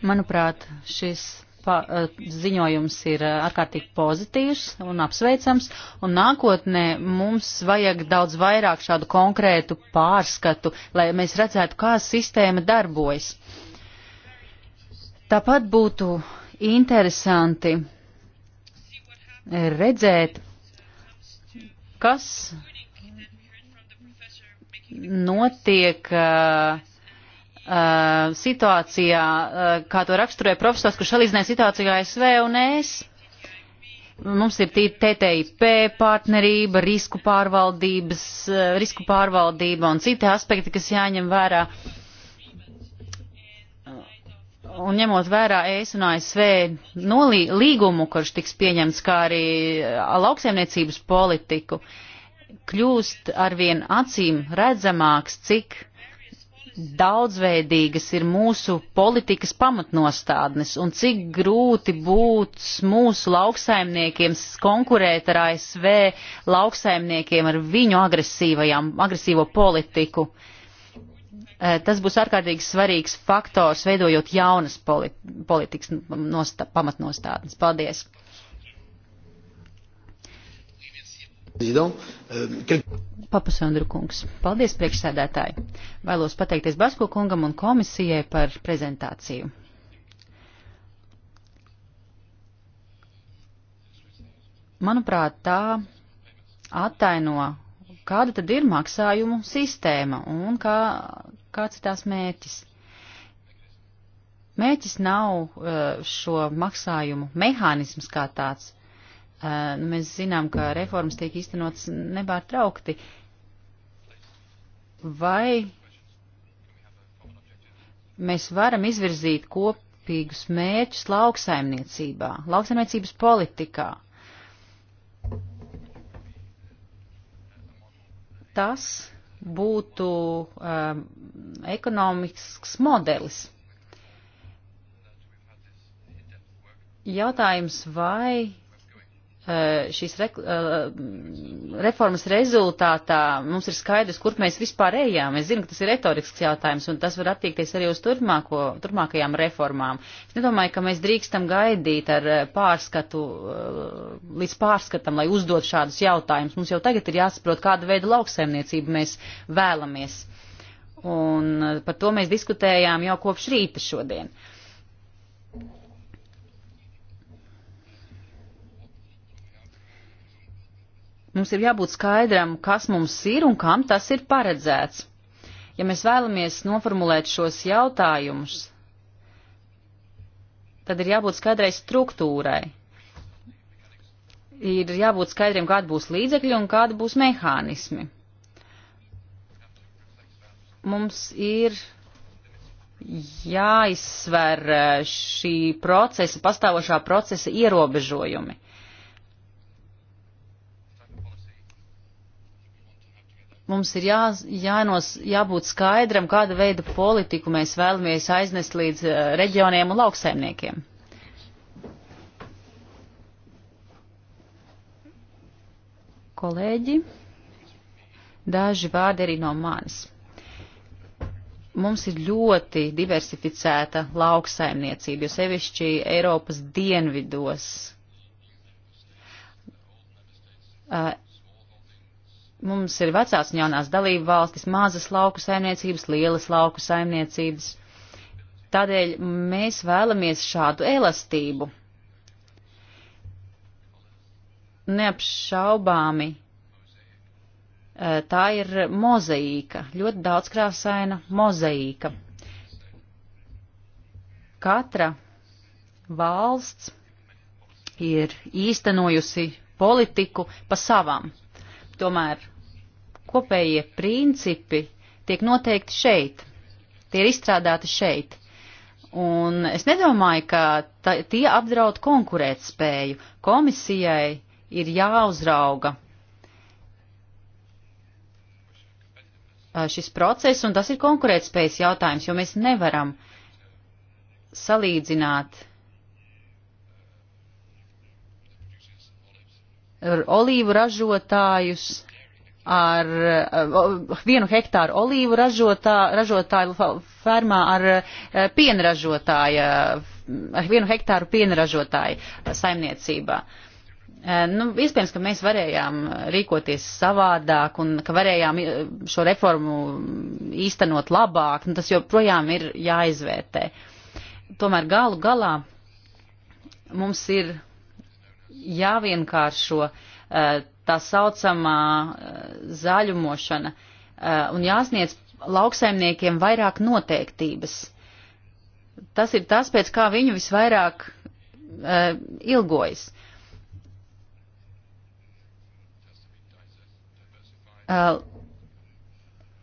Manuprāt, šis eh, ziņojums ir eh, ārkārtīgi pozitīvs un apsveicams, un nākotnē mums vajag daudz vairāk šādu konkrētu pārskatu, lai mēs redzētu, kā sistēma darbojas. Tāpat būtu interesanti redzēt, kas notiek uh, Uh, situācijā, uh, kā to raksturoja profesors, kurš salīdzināja situāciju ASV un ES. Mums ir TTIP partnerība, risku, pārvaldības, uh, risku pārvaldība un citi aspekti, kas jāņem vērā. Un ņemot vērā ES un ASV nolī, līgumu, kurš tiks pieņemts, kā arī lauksaimniecības politiku, kļūst arvien acīm redzamāks, cik daudzveidīgas ir mūsu politikas pamatnostādnes un cik grūti būs mūsu lauksaimniekiem konkurēt ar ASV lauksaimniekiem ar viņu agresīvo politiku. Eh, tas būs ārkārtīgi svarīgs faktors, veidojot jaunas politi politikas pamatnostādnes. Paldies! Euh, Papasandru kungs. Paldies, priekšsēdētāji. Vēlos pateikties Basko kungam un komisijai par prezentāciju. Manuprāt, tā attaino, kāda tad ir maksājumu sistēma un kā, kāds ir tās mērķis. Mērķis nav uh, šo maksājumu mehānisms kā tāds, Nu, mēs zinām, ka reformas tiek īstenotas nebārtraukti. Vai mēs varam izvirzīt kopīgus mērķus lauksaimniecībā, lauksaimniecības politikā? Tas būtu um, ekonomisks modelis. Jautājums, vai Eh, šīs re, eh, reformas rezultātā mums ir skaidrs, kur mēs vispār ejām. Es zinu, ka tas ir retorisks jautājums, un tas var attiekties arī uz turpmāko, turpmākajām reformām. Es nedomāju, ka mēs drīkstam gaidīt ar eh, pārskatu, līdz pārskatam, lai uzdot šādus jautājumus. Mums jau tagad ir jāsaprot, kāda veida lauksaimniecību mēs vēlamies. Un par to mēs diskutējām jau kopš rīta šodien. Uh, mums ir jābūt skaidram, kas mums ir un kam tas ir paredzēts. Ja mēs vēlamies noformulēt šos jautājumus, tad ir jābūt skaidrai struktūrai. Ir jābūt skaidriem, kāda būs līdzekļi un kāda būs mehānismi. Mums ir jāizsver eh, šī procesa, pastāvošā procesa ierobežojumi. Mums ir jā, jānos, jābūt skaidram, kāda veida politiku mēs vēlamies aiznest līdz eh, reģioniem un lauksaimniekiem. Kolēģi, daži vārdi arī no manis mums ir ļoti diversificēta lauksaimniecība, jo sevišķi Eiropas dienvidos. Eh, mums ir vecās un jaunās dalība valstis, mazas lauku saimniecības, lielas lauku saimniecības. Tādēļ mēs vēlamies šādu elastību. Neapšaubāmi eh, tā ir mozaīka, ļoti daudzkrāsaina mozaīka. Katra valsts ir īstenojusi politiku pa savam Tomēr kopējie principi tiek noteikti šeit, tie ir izstrādāti šeit. Un es nedomāju, ka ta, tie apdraud konkurētspēju. Komisijai ir jāuzrauga šis process, un tas ir konkurētspējas jautājums, jo mēs nevaram salīdzināt olīvu ražotājus ar vienu hektāru olīvu ražotā, ražotāju fermā ar e, pienražotāja, ar vienu hektāru pienražotāju e, saimniecībā. E, nu, iespējams, ka mēs varējām rīkoties savādāk un ka varējām šo reformu īstenot labāk, nu, tas joprojām ir jāizvērtē. Tomēr galu galā mums ir jāvienkāršo eh, tā saucamā eh, zaļumošana eh, un jāsniedz lauksaimniekiem vairāk noteiktības. Tas ir tas, pēc kā viņu visvairāk ilgojas.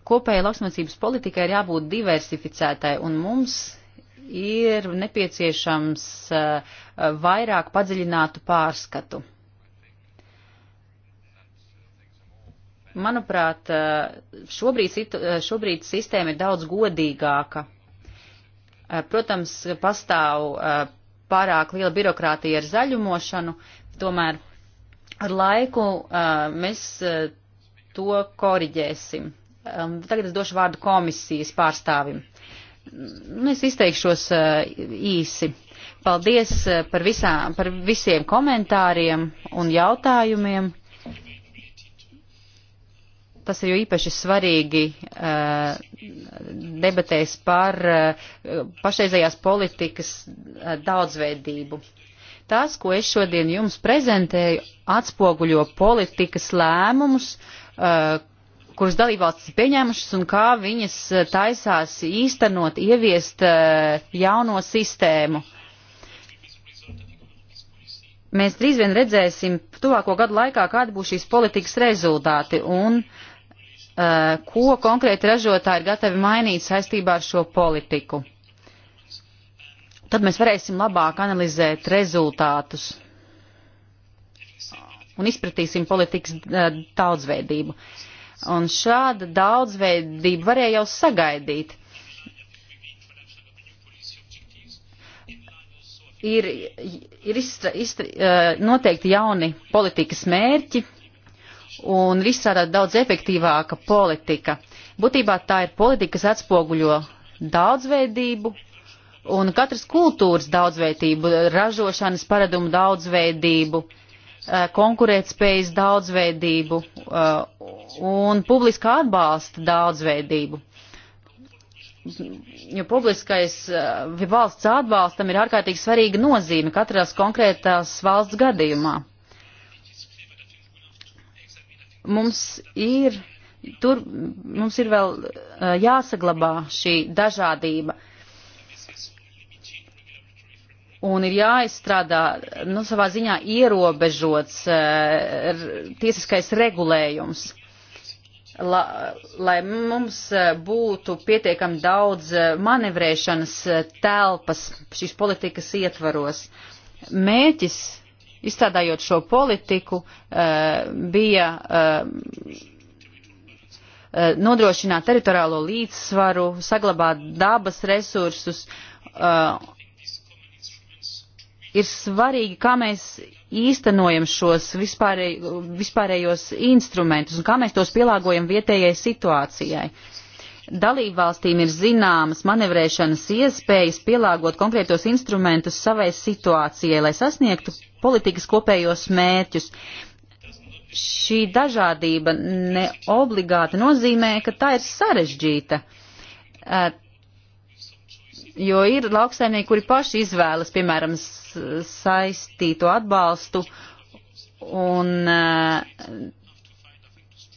Kopējai lauksamniecības politikai ir jābūt diversificētai, un mums ir nepieciešams eh, vairāk padziļinātu pārskatu. Manuprāt, eh, šobrīd, eh, šobrīd sistēma ir daudz godīgāka. Protams, pastāv pārāk liela birokrātija ar zaļumošanu, tomēr ar laiku mēs to koriģēsim. Um, tagad es došu vārdu komisijas pārstāvim. Es izteikšos eh, īsi. Paldies eh, par, visā, par visiem komentāriem un jautājumiem. Tas ir jo īpaši svarīgi uh, debatēs par uh, pašreizējās politikas uh, daudzveidību. Tas, ko es šodien jums prezentēju, atspoguļo politikas lēmumus, uh, kurus dalībvalstis ir pieņēmušas un kā viņas eh, taisās īstenot, ieviest eh, jauno sistēmu. Mēs drīz vien redzēsim tuvāko gadu laikā, kādi būs šīs politikas rezultāti un uh, ko konkrēti ražotāji ir gatavi mainīt saistībā ar šo politiku. Tad mēs varēsim labāk analizēt rezultātus un izpratīsim politikas uh, daudzveidību. Uh, Un šāda daudzveidība varēja jau sagaidīt. Ir, ir izstra, izstra, uh, noteikti jauni politikas mērķi un ir izstrādāta daudz efektīvāka politika. Būtībā tā ir politika, kas atspoguļo daudzveidību un katras kultūras daudzveidību, ražošanas paradumu daudzveidību Eh, konkurētspējas daudzveidību eh, un publiskā atbalsta daudzveidību. Jo publiskais eh, valsts atbalstam ir ārkārtīgi svarīga nozīme katrās konkrētās valsts gadījumā. Mums ir, tur, mums ir vēl jāsaglabā šī dažādība. Uh, un ir jāizstrādā nu, savā ziņā ierobežots uh, tiesiskais regulējums, la, lai mums eh, būtu pietiekami daudz eh, manevrēšanas telpas šīs politikas ietvaros. Mēķis, izstrādājot šo politiku, uh, bija uh, nodrošināt teritoriālo līdzsvaru, saglabāt dabas resursus, uh, ir svarīgi, kā mēs īstenojam šos vispārēj, vispārējos instrumentus un kā mēs tos pielāgojam vietējai situācijai. Dalībvalstīm ir zināmas manevrēšanas iespējas pielāgot konkrētos instrumentus savai situācijai, lai sasniegtu politikas kopējos mērķus. Šī dažādība neobligāti nozīmē, ka tā ir sarežģīta. Eh, jo ir lauksaimnieki, kuri paši izvēlas, piemēram, saistīto atbalstu, un eh,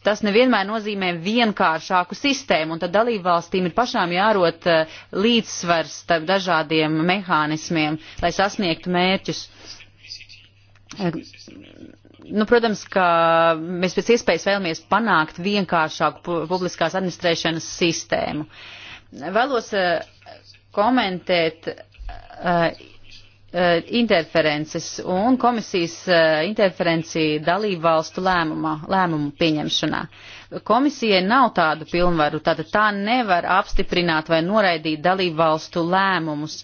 tas nevienmēr nozīmē vienkāršāku sistēmu, un tad dalībvalstīm ir pašām jārot eh, līdzsvars starp dažādiem mehānismiem, lai sasniegtu mērķus. Eh, nu, protams, ka mēs pēc iespējas vēlamies panākt vienkāršāku publiskās administrēšanas sistēmu. Vēlos komentēt uh, interferences un komisijas eh, interferenci dalību valstu lēmumā, lēmumu pieņemšanā. Komisijai nav tādu pilnvaru, tātad tā nevar apstiprināt vai noraidīt dalību valstu lēmumus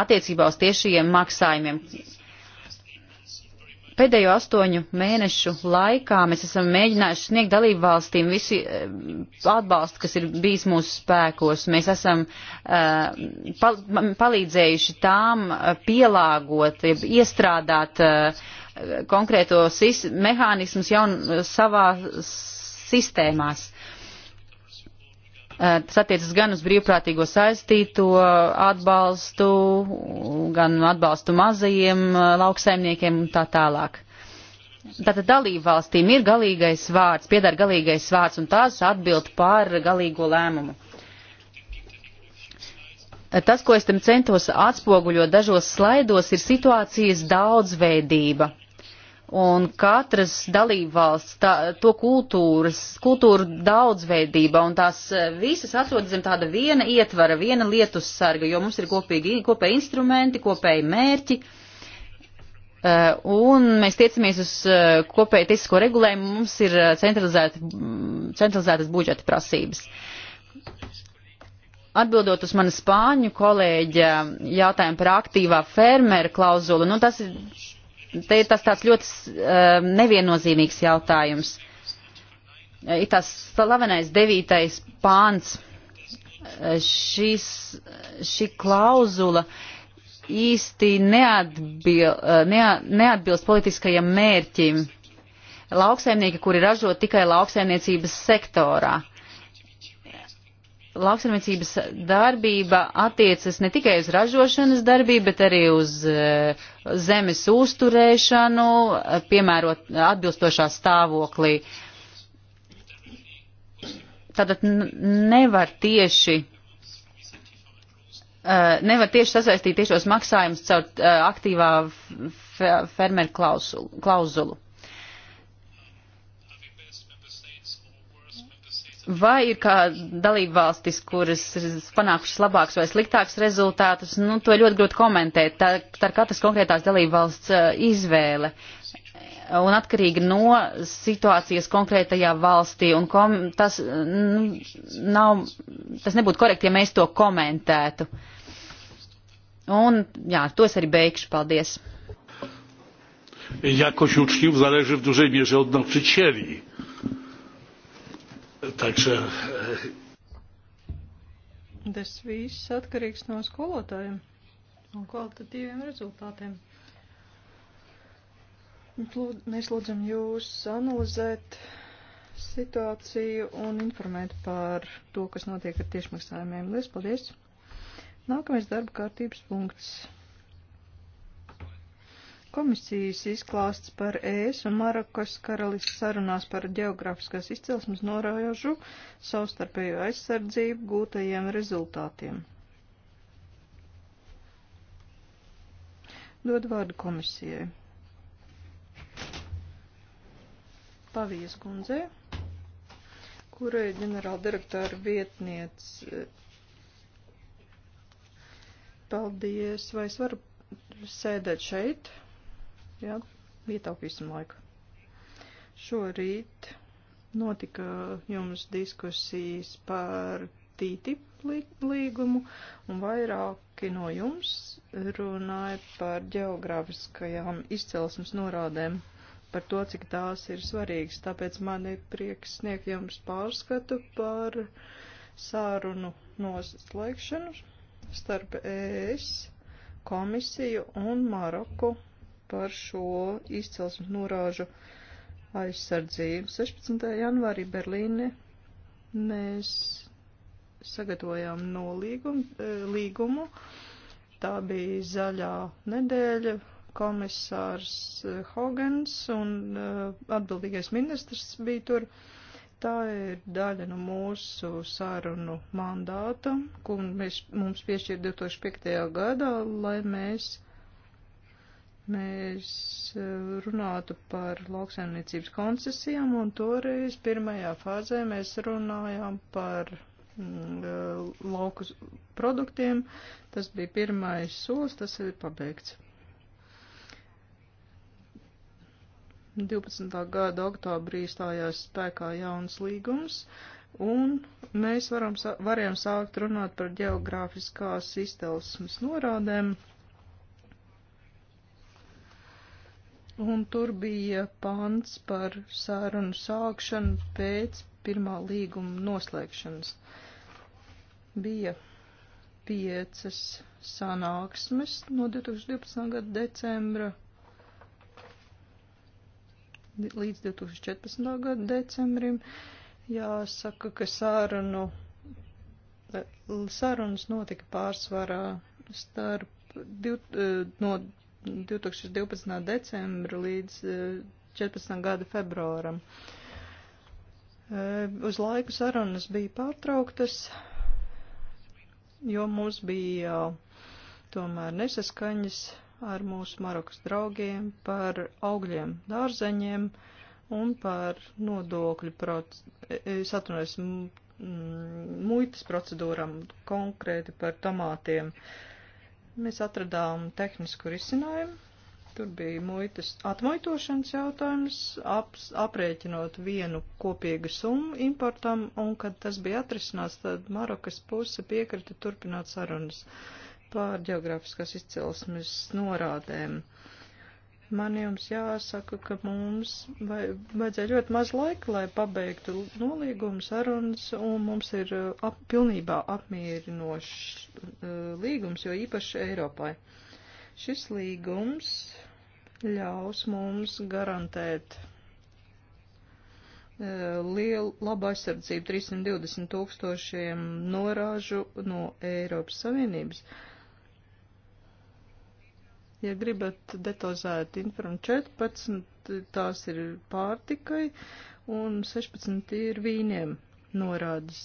attiecībā uz tiešajiem maksājumiem, Pēdējo astoņu mēnešu laikā mēs esam mēģinājuši sniegt dalību valstīm visu eh, atbalstu, kas ir bijis mūsu spēkos. Mēs esam uh, pal palīdzējuši tām eh, pielāgot, iestrādāt uh, konkrēto mehānismus jaun savā sistēmās. Eh, tas attiecas gan uz brīvprātīgo saistīto atbalstu, gan atbalstu mazajiem eh, lauksaimniekiem un tā tālāk. Tātad dalību valstīm ir galīgais vārds, piedara galīgais vārds, un tās atbild par galīgo lēmumu. Eh, tas, ko es tam centos atspoguļot dažos slaidos, ir situācijas daudzveidība un katras dalībvalsts, tā, to kultūras, kultūra daudzveidība un tās e, visas atrodas zem tāda viena ietvara, viena lietus sarga, jo mums ir kopīgi, kopēji instrumenti, kopēji mērķi. E, un mēs tiecamies uz e, kopēju tiesisko regulējumu, mums ir centralizētas budžeta prasības. Atbildot uz mani spāņu kolēģa jautājumu par aktīvā fermera klauzulu, nu tas ir te ir tas tāds ļoti um, neviennozīmīgs jautājums. Uh, ir tas slavenais devītais pāns. Uh, šis, šī klauzula īsti neatbil, uh, nea, neatbilst politiskajam mērķim. Lauksaimnieki, kuri ražo tikai lauksaimniecības sektorā. Uh, lauksaimniecības darbība attiecas ne tikai uz ražošanas darbību, bet arī uz eh, zemes uzturēšanu, eh, piemērot atbilstošā stāvoklī. Tātad nevar tieši, eh, nevar tieši sasaistīt tiešos maksājumus caur aktīvā fermeru klauzulu. Vai ir kā dalība valstis, kuras ir panākušas labākus vai sliktākus rezultātus, nu, to ļoti grūti komentēt. Tā, tā ir katras konkrētās dalība valsts eh, izvēle un atkarīgi no situācijas konkrētajā valstī, un kom, tas, nu, nav, tas nebūtu korekti, ja mēs to komentētu. Un, jā, to es arī beigšu. Paldies. Jakość uczniów zależy w dużej mierze od nauczycieli Taču. Eh, tas viss atkarīgs no skolotājiem un kvalitatīviem rezultātiem. Mēs lūdzam jūs analizēt situāciju un informēt par to, kas notiek ar tiešmaksājumiem. Lies, paldies! Nākamais darba kārtības punkts. Komisijas izklāsts par ES un Marokas karalists sarunās par geogrāfiskās izcelsmes norāžu savstarpējo aizsardzību gūtajiem rezultātiem. Dod vārdu komisijai. Pavijas kundzei, kurai ģenerāldirektora vietniece. Paldies, vai es varu sēdēt šeit? Jā, ietaupīsim laiku. Šorīt notika jums diskusijas par TTIP līgumu, un vairāki no jums runāja par geogrāfiskajām izcelsmes norādēm, par to, cik tās ir svarīgas. Tāpēc man ir prieks sniegt jums pārskatu par sārunu noslēgšanu starp ES komisiju un Maroku par šo izcelsmes norāžu aizsardzību. 16. janvārī Berlīne mēs sagatavojām nolīgumu, e, līgumu. Tā bija zaļā nedēļa, komisārs e, Hogans un e, atbildīgais ministrs bija tur. Tā ir daļa no mūsu sarunu mandāta, ko mēs, mums piešķīra 2005. gadā, lai mēs mēs eh, runātu par lauksaimniecības koncesijām, un toreiz pirmajā fāzē mēs runājām par mm, eh, laukus produktiem. Tas bija pirmais solis, tas ir pabeigts. 12. gada oktobrī stājās spēkā jauns līgums, un mēs varam, varējām sākt runāt par geogrāfiskās iztelsmes norādēm. un tur bija pants par sārunu sākšanu pēc pirmā līguma noslēgšanas. Bija piecas sanāksmes no 2012. gada decembra līdz 2014. gada decembrim. Jāsaka, ka sārunu, sarunas notika pārsvarā starp div, eh, no 2012. decembra līdz 14. Eh, gada februāram. Eh, uz laiku sarunas bija pārtrauktas, jo mums bija eh, tomēr nesaskaņas ar mūsu Marokas draugiem par augļiem, dārzeņiem un par nodokļu procesu, es atvainojos, muitas procedūram konkrēti par tomātiem. Uh, Mēs atradām tehnisku risinājumu. Tur bija muitas atmaitošanas jautājums, ap, aprēķinot vienu kopīgu summu importam, un kad tas bija atrisināts, tad Marokas puse piekrita turpināt sarunas pār geogrāfiskās izcelsmes norādēm. Uh, Man jums jāsaka, ka mums vajadzēja ļoti maz laika, lai pabeigtu nolīgumu sarunas, un mums ir uh, ap, pilnībā apmierinošs uh, līgums, jo īpaši Eiropai. Šis līgums ļaus mums garantēt uh, lielu labu aizsardzību 320 tūkstošiem norāžu no Eiropas Savienības. Uh, Ja gribat detalizēt informu 14, tās ir pārtikai un 16 ir vīniem norādes.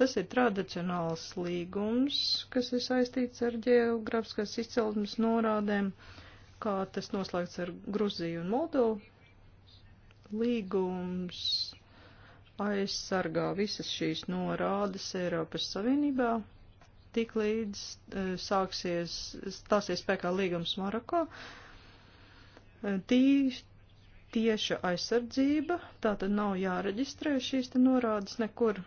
Tas ir tradicionāls līgums, kas ir saistīts ar geogrāfiskās izceltnes norādēm, kā tas noslēgts ar Gruziju un Moldovu. Līgums aizsargā visas šīs norādes Eiropas Savienībā tik līdz e, sāksies, stāsies spēkā līgums Maroko, e, tī, tieša aizsardzība, tā tad nav jāreģistrē šīs te norādes nekur.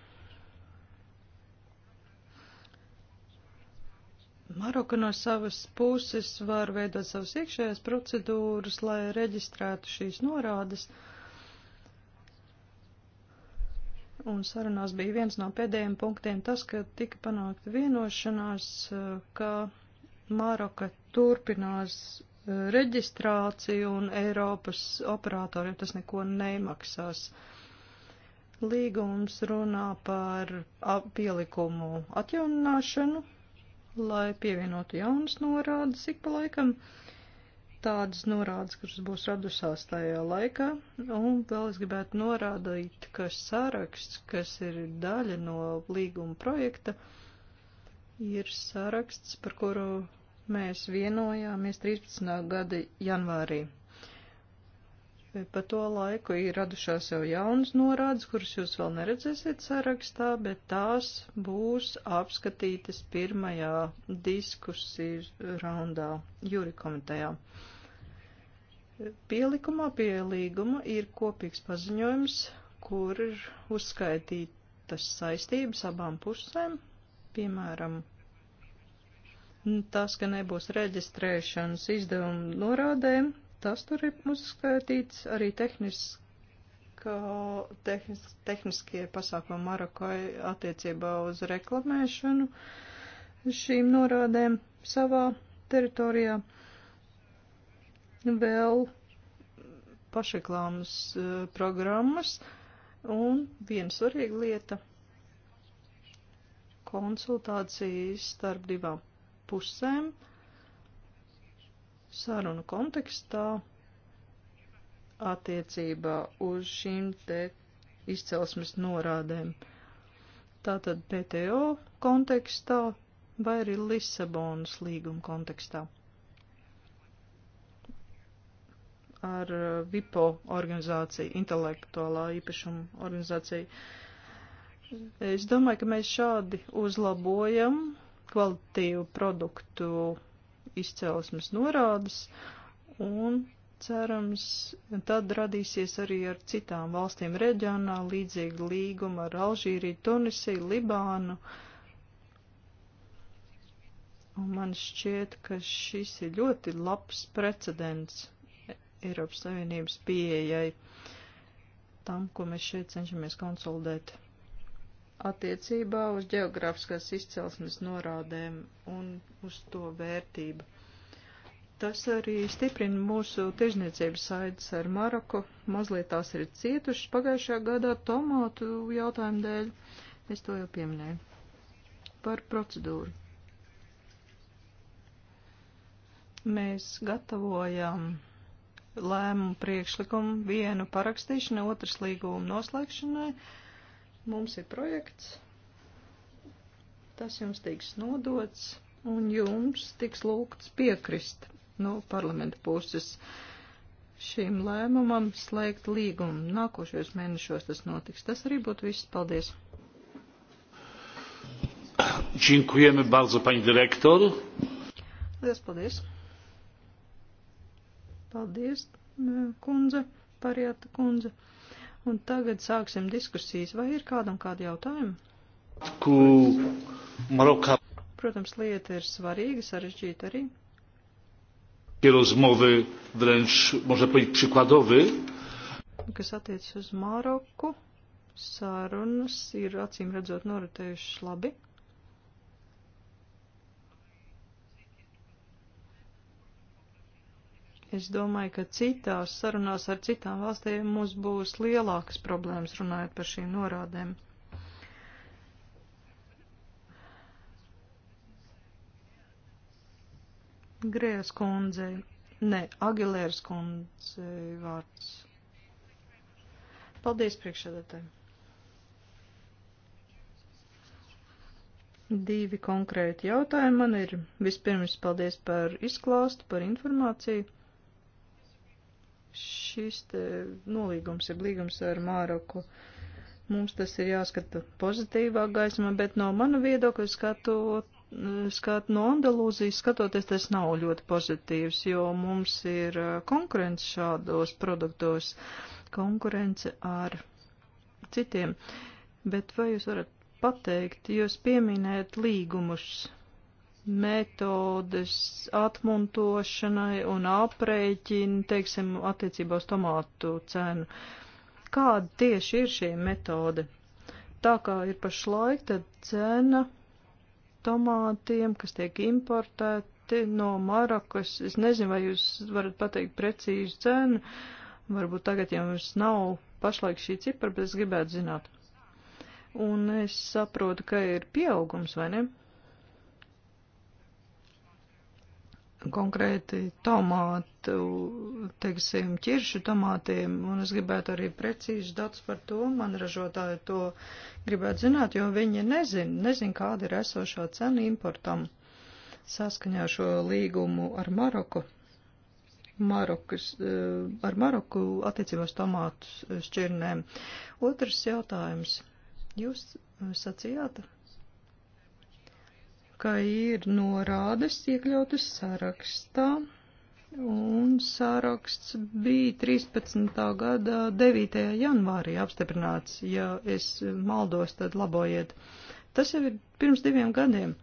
Maroka no savas puses var veidot savas iekšējās procedūras, lai reģistrētu šīs norādes. Uh, un sarunās bija viens no pēdējiem punktiem tas, ka tika panākta vienošanās, eh, ka Maroka turpinās eh, reģistrāciju un Eiropas operatoriem tas neko nemaksās. Līgums runā par pielikumu atjaunināšanu, lai pievienotu jaunas norādes ik pa laikam. Uh, tādas norādes, kuras būs radušās tajā laikā, un vēl es gribētu norādīt, ka saraksts, kas ir daļa no līguma projekta, ir saraksts, par kuru mēs vienojāmies 13. gada janvārī. Pa to laiku ir radušās jau jaunas norādes, kuras jūs vēl neredzēsiet sarakstā, bet tās būs apskatītas pirmajā diskusiju raundā jūri komitejā. Pielikumā pie līguma ir kopīgs paziņojums, kur ir uzskaitītas saistības abām pusēm, piemēram, tas, ka nebūs reģistrēšanas izdevuma norādēm, Tas tur ir uzskaitīts arī tehniski ka tehnis, tehniskie pasākumi Marokai attiecībā uz reklamēšanu šīm norādēm savā teritorijā vēl pašreklāmas e, programmas un viena svarīga lieta - konsultācijas starp divām pusēm sarunu kontekstā attiecībā uz šīm te izcelsmes norādēm. Tātad PTO kontekstā vai arī Lisabonas līguma kontekstā. Ar uh, VIPO organizāciju, intelektuālā īpašuma organizāciju. Es domāju, ka mēs šādi uzlabojam kvalitīvu produktu izcelsmes norādes un cerams, tad radīsies arī ar citām valstīm reģionā līdzīga līguma ar Alžīriju, Tunisiju, Libānu. Un man šķiet, ka šis ir ļoti labs precedents Eiropas Savienības pieejai tam, ko mēs šeit cenšamies konsolidēt attiecībā uz geogrāfiskās izcelsmes norādēm un uz to vērtību. Tas arī stiprina mūsu tirzniecības saites ar Maroku. Mazliet tās ir cietušas pagājušajā gadā tomātu jautājumu dēļ. Es to jau pieminēju. Par procedūru. Mēs gatavojam lēmumu priekšlikumu vienu parakstīšanai, otras līgumu noslēgšanai. Uh, Mums ir projekts, tas jums tiks nodots, un jums tiks lūgts piekrist no parlamenta puses šim lēmumam slēgt līgumu. Nākošajos mēnešos tas notiks. Tas arī būtu viss. Paldies! Dziękujemy bardzo, pani dyrektor. Paldies, paldies. Paldies, kundze, parieta kundze. Un tagad sāksim diskusijas. Vai ir kādam kādi jautājumi? Protams, lieta ir svarīga, sarežģīta arī. Rozmowy wręcz, można powiedzieć, przykładowy. Kas attiecas uz Maroku, sarunas ir acīm redzot noritējušas labi. Es domāju, ka citās sarunās ar citām valstīm mums būs lielākas problēmas runājot par šīm norādēm. Grējas kundze, ne, Agilēras kundze vārds. Paldies priekšsēdētājiem. Divi konkrēti jautājumi man ir. Vispirms paldies par izklāstu, par informāciju. Šis nolīgums, ja līgums ar Māroku, mums tas ir jāskata pozitīvā gaismā, bet no mana viedokļa skatot, skat, no Andalūzijas skatoties, tas nav ļoti pozitīvs, jo mums ir uh, konkurence šādos produktos, konkurence ar citiem. Bet vai jūs varat pateikt, jūs pieminējat līgumus metodes atmuntošanai un aprēķini, teiksim, attiecībā uz tomātu cenu. Kāda tieši ir šī metode? Tā kā ir pašlaik, tad cena tomātiem, kas tiek importēti no Marakas, es nezinu, vai jūs varat pateikt precīzu cenu, varbūt tagad jums nav pašlaik šī cipra, bet es gribētu zināt. Un es saprotu, ka ir pieaugums, vai ne? konkrēti tomātu, teiksim, ķiršu tomātiem, un es gribētu arī precīzi datus par to, man ražotāji to gribētu zināt, jo viņi nezin, nezin, kāda ir esošā cena importam saskaņā šo līgumu ar Maroku. Marokas, eh, ar Maroku attiecībās tomātu eh, šķirnēm. Otrs jautājums. Jūs eh, sacījāt, ka ir norādes iekļautas sarakstā, un saraksts bija 13. gada 9. janvārī apstiprināts, ja es maldos, tad labojiet. Tas jau ir pirms diviem gadiem.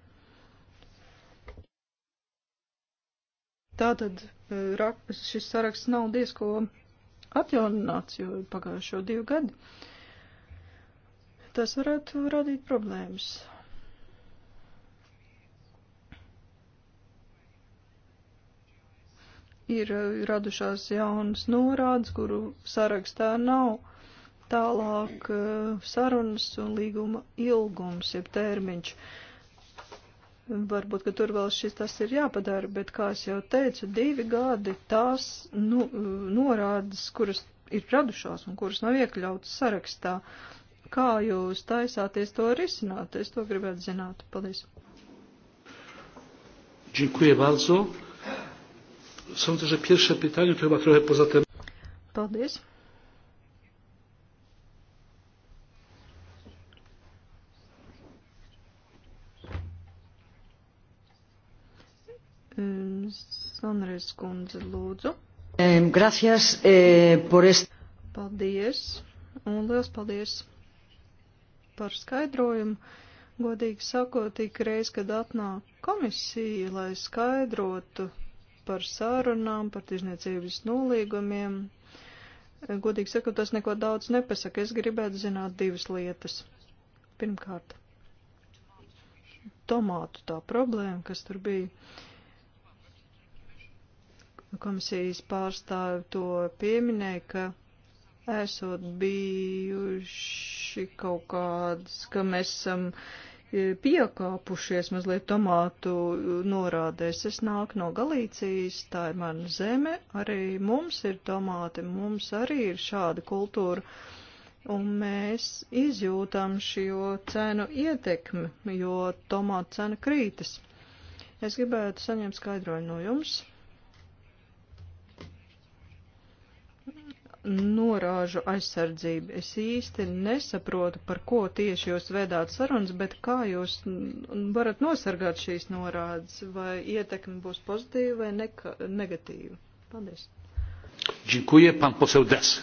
Tātad eh, šis saraksts nav diezko atjaunināts, jo pagājušo divu gadu tas varētu radīt problēmas. ir uh, radušās jaunas norādes, kuru sarakstā nav. Tālāk uh, sarunas un līguma ilgums, jeb termiņš. Varbūt, ka tur vēl šis tas ir jāpadara, bet, kā es jau teicu, divi gadi tās nu, uh, norādes, kuras ir radušās un kuras nav iekļautas sarakstā. Kā jūs taisāties to risināt? Es to gribētu zināt. Paldies. Dziękuję bardzo sądzę, że pierwsze pytanie to chyba trochę poza tym. Paldies. Mm, Sanres kundze, lūdzu. Gracias eh, por est. Paldies. Un liels paldies par skaidrojumu. Godīgi sakot, ik reiz, kad atnāk komisija, lai skaidrotu par sārunām, par tirzniecības nolīgumiem. Godīgi sakot, tas neko daudz nepasaka. Es gribētu zināt divas lietas. Pirmkārt, tomātu tā problēma, kas tur bija. Komisijas pārstāvi to pieminēja, ka esot bijuši kaut kādas, ka mēs esam. Um, piekāpušies mazliet tomātu norādēs. Es nāku no Galīcijas, tā ir mana zeme, arī mums ir tomāti, mums arī ir šāda kultūra, un mēs izjūtam šo cenu ietekmi, jo tomātu cena krītas. Es gribētu saņemt skaidrojumu no jums. norāžu aizsardzību. Es īsti nesaprotu, par ko tieši jūs vedāt sarunas, bet kā jūs varat nosargāt šīs norādes, vai ietekme būs pozitīva vai neka, negatīva. Paldies. Džinkuja, pan posev des.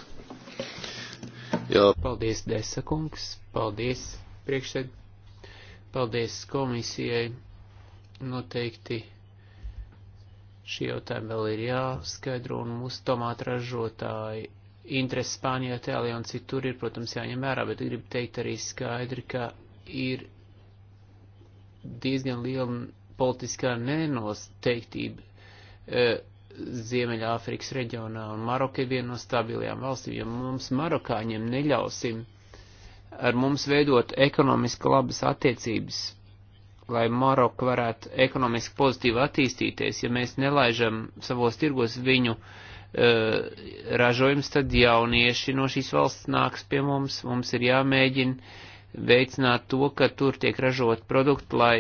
Jā. Paldies, Desa kungs. Paldies, priekšsēd. Paldies komisijai. Noteikti šie jautājumi vēl ir jāskaidro, un mūsu tomātu ražotāji interesi Spānijā, Itālijā un citur ir, protams, jāņem vērā, bet gribu teikt arī skaidri, ka ir diezgan liela politiskā nenosteiktība e, Ziemeļāfrikas reģionā, un Maroka ir viena no stabilajām valstīm, ja mums marokāņiem neļausim ar mums veidot ekonomiski labas attiecības, lai Maroka varētu ekonomiski pozitīvi attīstīties, ja mēs nelaižam savos tirgos viņu uh, Eh, ražojums, tad jaunieši no šīs valsts nāks pie mums. Mums ir jāmēģina veicināt to, ka tur tiek ražot produkti, lai,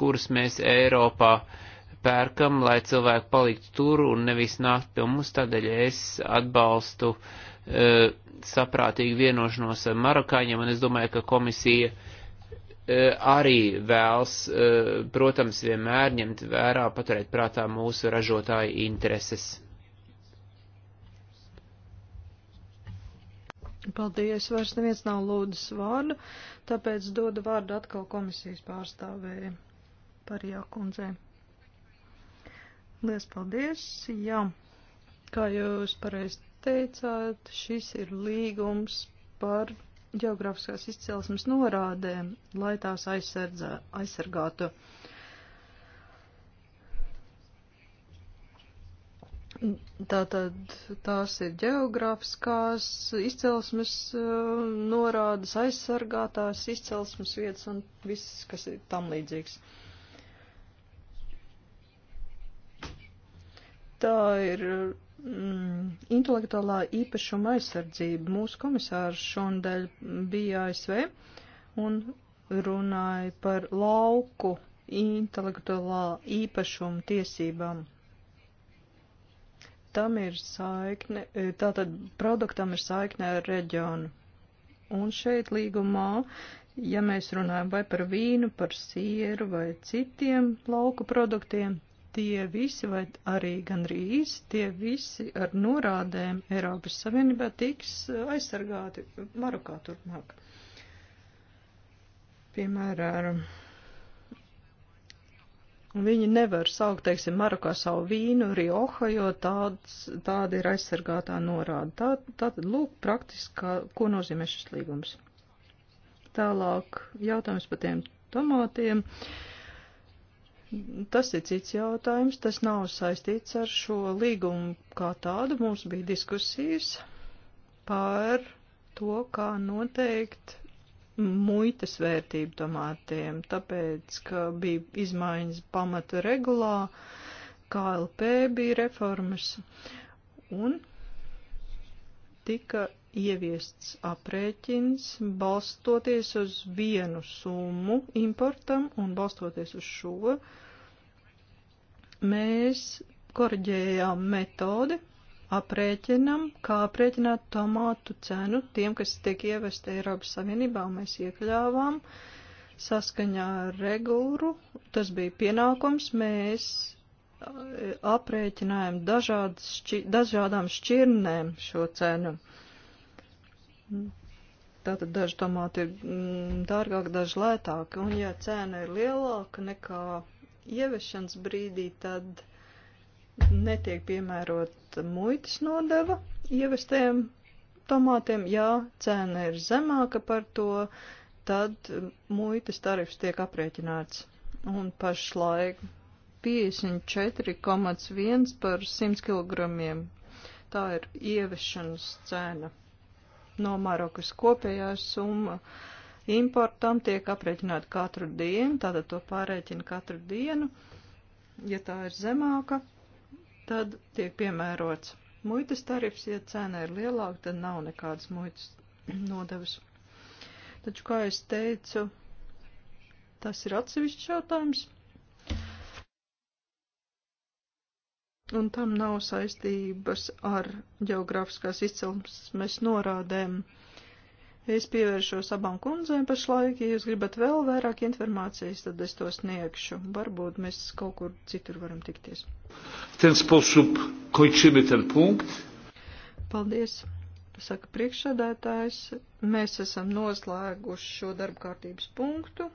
kurus mēs Eiropā pērkam, lai cilvēki paliktu tur un nevis nākt pie mums. Tādēļ es atbalstu e, saprātīgu vienošanos ar Marokāņiem, un es domāju, ka komisija eh, arī vēls, protams, vienmēr ņemt vērā, paturēt prātā mūsu ražotāju intereses. Paldies, vairs neviens nav lūdzis vārdu, tāpēc dodu vārdu atkal komisijas pārstāvēja par jākundzē. Lies paldies, jā, kā jūs pareizi teicāt, šis ir līgums par geogrāfiskās izcelsmes norādēm, lai tās aizsardzā, aizsargātu. Tātad tās ir geogrāfiskās izcelsmes eh, norādes, aizsargātās izcelsmes vietas un viss, kas ir tam līdzīgs. Tā ir mm, intelektuālā īpašuma aizsardzība. Mūsu komisārs šondēļ bija ASV un runāja par lauku intelektuālā īpašuma tiesībām tam ir saikne, e, tātad produktam ir saikne ar reģionu. Un šeit līgumā, ja mēs runājam vai par vīnu, par sieru vai citiem lauku produktiem, tie visi vai arī gandrīz tie visi ar norādēm Eiropas Savienībā tiks e, aizsargāti Marokā turpmāk. Piemēram, Viņi nevar saukt, teiksim, Marokā savu vīnu, Rioja, jo tāds, tāda ir aizsargātā norāda. Tā, tātad, lūk, praktiskā, ko nozīmē šis līgums. Tālāk jautājums par tiem tomātiem. Tas ir cits jautājums, tas nav saistīts ar šo līgumu kā tādu. Mums bija diskusijas par to, kā noteikt muitas vērtību tomātiem, tāpēc, ka bija izmaiņas pamata regulā, KLP bija reformas un tika ieviests aprēķins balstoties uz vienu summu importam un balstoties uz šo mēs korģējām metodi aprēķinam, kā aprēķināt tomātu cenu tiem, kas tiek ievesti Eiropas Savienībā, un mēs iekļāvām saskaņā ar regulu, tas bija pienākums, mēs eh, aprēķinājām šķi, dažādām šķirnēm šo cenu. Tātad daži tomāti ir mm, dārgāki, daži lētāki, un ja cena ir lielāka nekā ieviešanas brīdī, tad netiek piemērot muitas nodeva ievestiem tomātiem. Ja cena ir zemāka par to, tad muitas tarifs tiek aprēķināts. Un pašlaik 54,1 par 100 kg. Tā ir ieviešanas cena no Marokas kopējā summa. Importam tiek aprēķināta katru dienu, tātad to pārēķina katru dienu. Ja tā ir zemāka, tad tiek piemērots muitas tarifs, ja cena ir lielāka, tad nav nekādas muitas nodevas. Taču, kā es teicu, tas ir atsevišķs jautājums. Un tam nav saistības ar geogrāfiskās izcelsmes norādēm. Uh, Es pievēršos abām kundzēm pašlaik, ja jūs gribat vēl vairāk informācijas, tad es to sniegšu. Varbūt mēs kaut kur citur varam tikties. Sposub, Paldies, saka priekšsēdētājs. Mēs esam noslēguši šo darba kārtības punktu.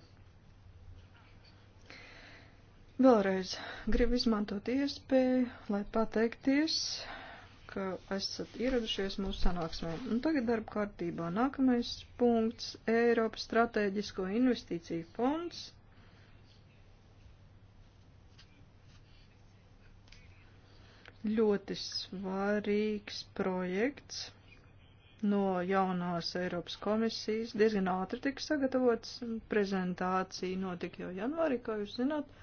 Vēlreiz gribu izmantot iespēju, lai pateikties ka esat ieradušies mūsu sanāksmē. Un tagad darba kārtībā nākamais punkts - Eiropas strateģisko investīciju fonds. Ļoti svarīgs projekts no jaunās Eiropas komisijas. Diezgan ātri tika sagatavots. Prezentācija notika jau janvārī, kā jūs zināt.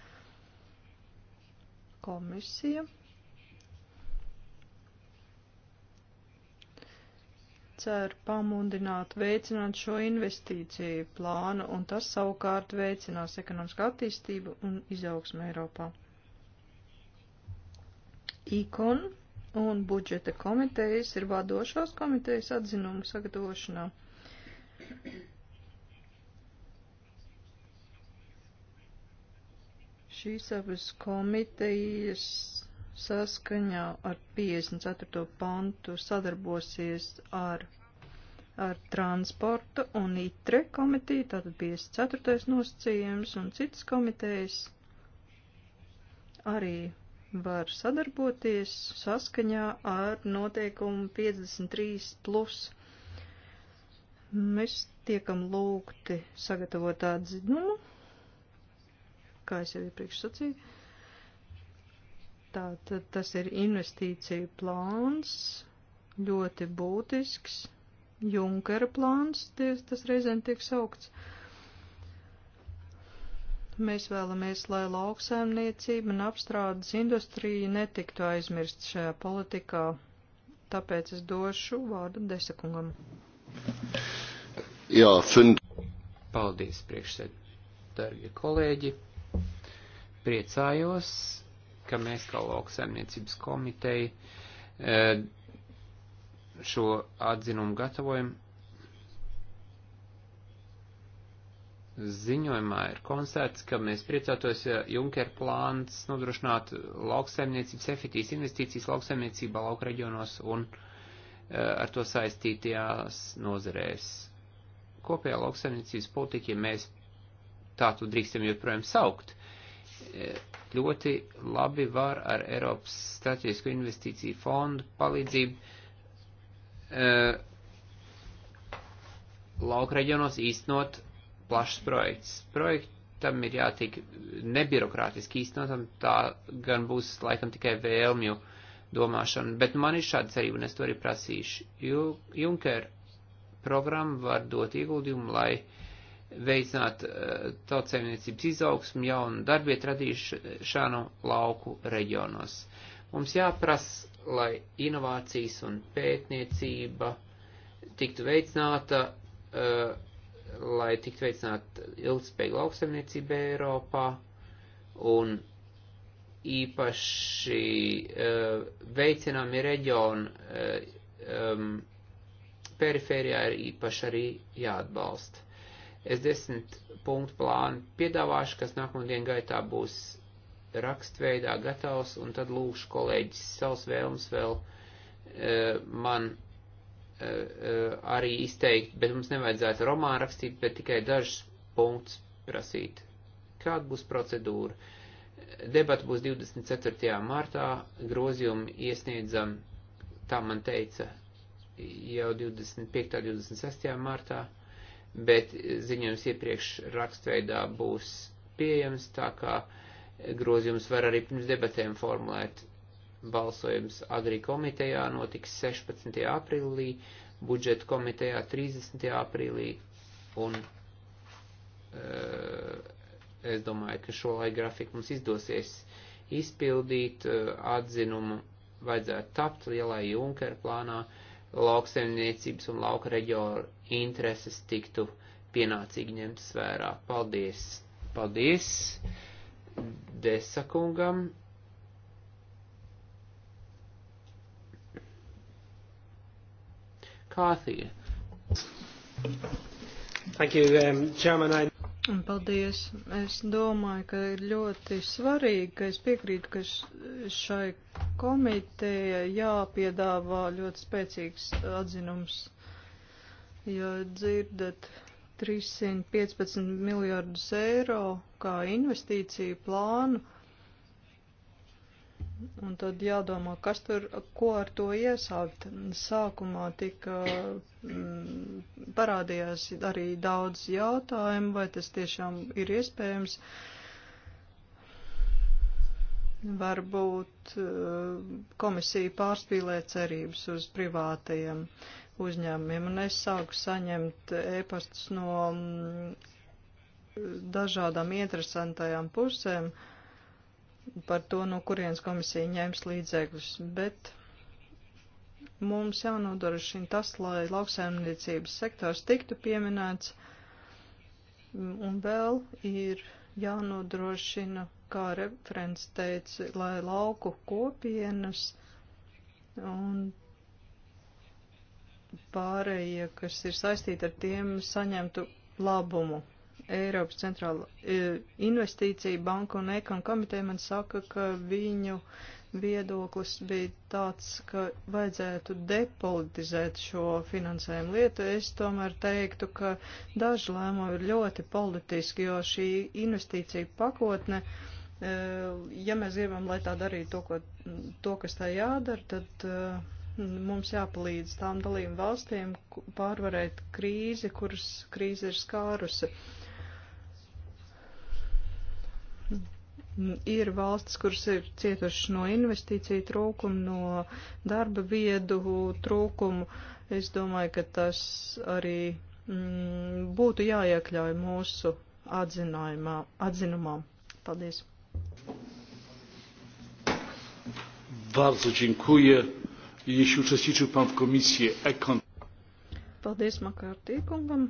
Komisija cer pamudināt, veicināt šo investīciju plānu, un tas savukārt veicinās ekonomiskā attīstību un izaugsmu Eiropā. IKON un budžeta komitejas ir vadošās komitejas atzinumu sagatavošanā. Šīs abas komitejas saskaņā ar 54. pantu sadarbosies ar, ar transporta un ITRE komiteju, tātad 54. nosacījums un citas komitejas arī var sadarboties saskaņā ar noteikumu 53 plus. Mēs tiekam lūgti sagatavot atzinumu, kā es jau iepriekš sacīju Tātad tas ir investīciju plāns, ļoti būtisks, Junkera plāns, ties, tas reizēm tiek saukts. Mēs vēlamies, lai lauksaimniecība un apstrādes industrija netiktu aizmirst šajā politikā, tāpēc es došu vārdu desakungam. Jā, fund. Paldies, priekšsēd, dargie kolēģi. Priecājos ka mēs kā lauksaimniecības komiteja e, šo atzinumu gatavojam. Ziņojumā ir konstatēts, ka mēs priecātos, ja Junker plāns nodrošinātu lauksaimniecības efektīvas investīcijas lauksaimniecībā laukreģionos un e, ar to saistītajās nozerēs. Kopējā lauksaimniecības politiķi mēs tā tu drīkstam joprojām saukt, ļoti labi var ar Eiropas strateģisko investīciju fondu palīdzību eh, lauka reģionos īstenot plašs projekts. Projektam ir jātiek nebirokrātiski īstenotam, tā gan būs laikam tikai vēlmju domāšana, bet man ir šāda cerība, un es to arī prasīšu. Junker programma var dot ieguldījumu, lai uh, veicināt eh, tautsēmniecības izaugsmu, jaunu darbietu radīšanu lauku reģionos. Mums jāprasa, lai inovācijas un pētniecība tiktu veicināta, eh, lai tiktu veicināta ilgspējīga lauksaimniecība Eiropā un īpaši eh, veicināmi reģioni perifērijā ir īpaši arī jāatbalsta Es desmit punktu plānu piedāvāšu, kas nākamdien gaitā būs rakstveidā gatavs, un tad lūkšu kolēģis savus vēlmes vēl e, man e, e, arī izteikt, bet mums nevajadzētu romānu rakstīt, bet tikai dažus punktus prasīt. Kāda būs procedūra? Debata būs 24. martā, grozījumi iesniedzam, tā man teica, jau 25. 26. martā bet ziņojums iepriekš rakstveidā būs pieejams, tā kā grozījums var arī pirms debatēm formulēt. Balsojums Agri komitejā notiks 16. aprīlī, budžeta komitejā 30. aprīlī, un uh, es domāju, ka šo laiku grafiku mums izdosies izpildīt, uh, atzinumu vajadzētu tapt lielai Junker plānā, lauksaimniecības un lauka reģionu intereses tiktu pienācīgi ņemtas vērā. Paldies! Paldies Desakungam! Kāthija! Thank you, um, Chairman. I... Paldies. Es domāju, ka ir ļoti svarīgi, ka es piekrītu, ka šai komitejai jāpiedāvā ļoti spēcīgs atzinums jo dzirdat 315 miljardus eiro kā investīciju plānu, un tad jādomā, kas tur, ko ar to iesākt. Sākumā tika m, mm, parādījās arī daudz jautājumu, vai tas tiešām ir iespējams. Varbūt mm, komisija pārspīlē cerības uz privātajiem uzņēmumiem, un es sāku saņemt ēpastus no mm, dažādām interesantajām pusēm par to, no kurienes komisija ņēms līdzekļus, bet mums jānodrošina tas, lai lauksaimniecības sektors tiktu pieminēts, mm, un vēl ir jānodrošina, kā referents teica, lai lauku kopienas un pārējie, kas ir saistīti ar tiem, saņemtu labumu. Eiropas centrāla e, investīcija banka un ekon komiteja man saka, ka viņu viedoklis bija tāds, ka vajadzētu depolitizēt šo finansējumu lietu. Es tomēr teiktu, ka daži lēmumi ir ļoti politiski, jo šī investīcija pakotne, e, ja mēs gribam, lai tā darītu to, ko, to kas tā jādara, tad e, Mums jāpalīdz tām dalību valstīm pārvarēt krīzi, kuras krīze ir skārusi. Ir valstis, kuras ir cietušas no investīciju trūkuma, no darba viedu trūkumu. Es domāju, ka tas arī mm, būtu jāiekļauj mūsu atzinājumā, atzinumā. Paldies! Bardzo dziękuję jeśli uczestniczył Pan w komisji ekon. Paldies Makārtī kungam.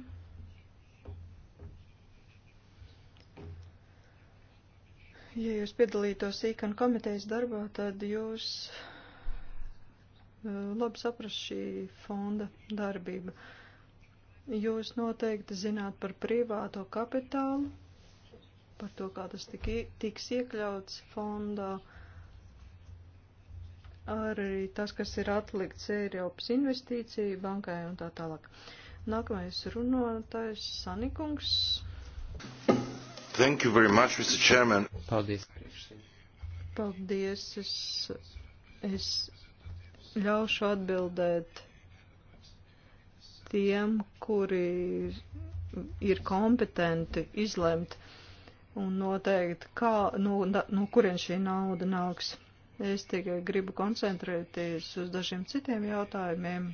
Ja jūs piedalītos īkan komitejas darbā, tad jūs eh, labi saprast šī fonda darbība. Jūs noteikti zināt par privāto kapitālu, par to, kā tas tik, tiks iekļauts fondā. Uh, arī tas, kas ir atlikts Eiropas investīciju bankai un tā tālāk. Nākamais runātājs Sanikungs. Thank you very much, Mr. Chairman. Paldies. Paldies. Es, es ļaušu atbildēt tiem, kuri ir kompetenti izlemt un noteikt, kā, nu, no, no kurien šī nauda nāks. Es tikai gribu koncentrēties uz dažiem citiem jautājumiem,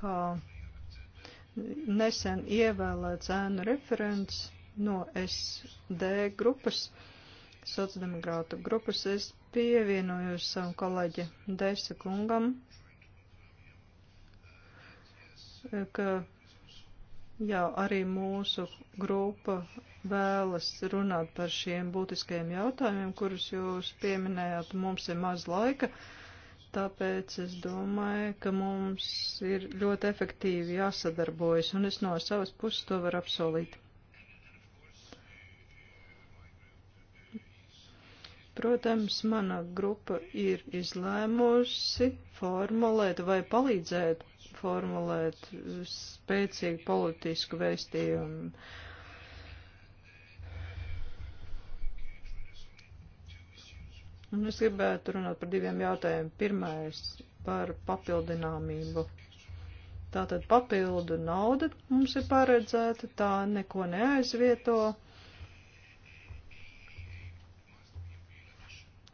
kā nesen ievēlēts ēnu referents no SD grupas, sociāldemokrātu grupas. Es pievienojos savam kolēģi Deisa kungam, ka Jā, arī mūsu grupa vēlas runāt par šiem būtiskajiem jautājumiem, kurus jūs pieminējāt. Mums ir maz laika, tāpēc es domāju, ka mums ir ļoti efektīvi jāsadarbojas, un es no savas puses to varu apsolīt. Protams, mana grupa ir izlēmusi formulēt vai palīdzēt formulēt spēcīgu politisku vēstījumu. Un es gribētu runāt par diviem jautājumiem. Pirmais par papildināmību. Tātad papildu nauda mums ir paredzēta, tā neko neaizvieto.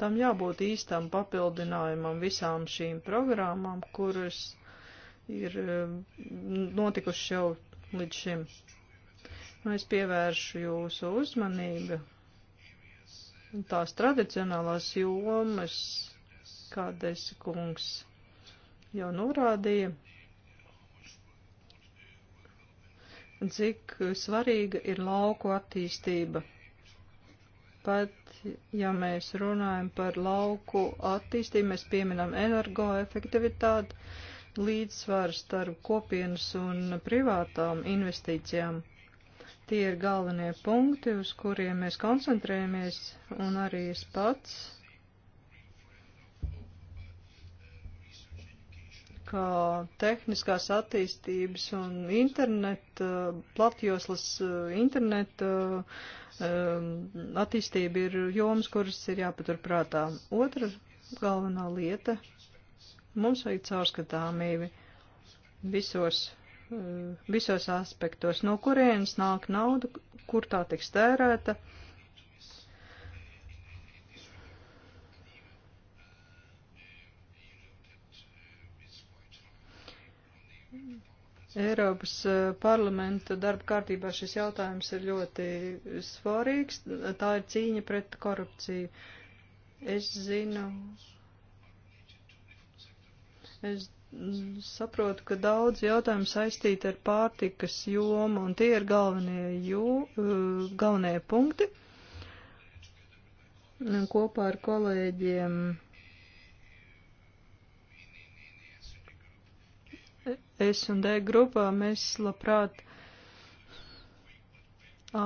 Tam jābūt īstam papildinājumam visām šīm programmām, kuras ir um, notikuši jau līdz šim. Nu, es pievēršu jūsu uzmanību tās tradicionālās jomas, kādas kungs jau norādīja, cik svarīga ir lauku attīstība. Pat, ja mēs runājam par lauku attīstību, mēs pieminam energoefektivitāti, līdzsvaru starp kopienas un privātām investīcijām. Tie ir galvenie punkti, uz kuriem mēs koncentrējamies, un arī es pats, kā tehniskās attīstības un interneta, eh, platjoslas eh, interneta eh, attīstība ir joms, kuras ir jāpaturprātā. Otra galvenā lieta Mums vajag caurskatāmību visos, eh, visos aspektos, no kurienes nāk nauda, kur tā tiks tērēta. Eiropas eh, parlamenta darba kārtībā šis jautājums ir ļoti svarīgs. Tā ir cīņa pret korupciju. Es zinu, Es saprotu, ka daudz jautājumu saistīti ar pārtikas jomu, un tie ir galvenie, jū, uh, galvenie punkti. Kopā ar kolēģiem S un D grupā mēs labprāt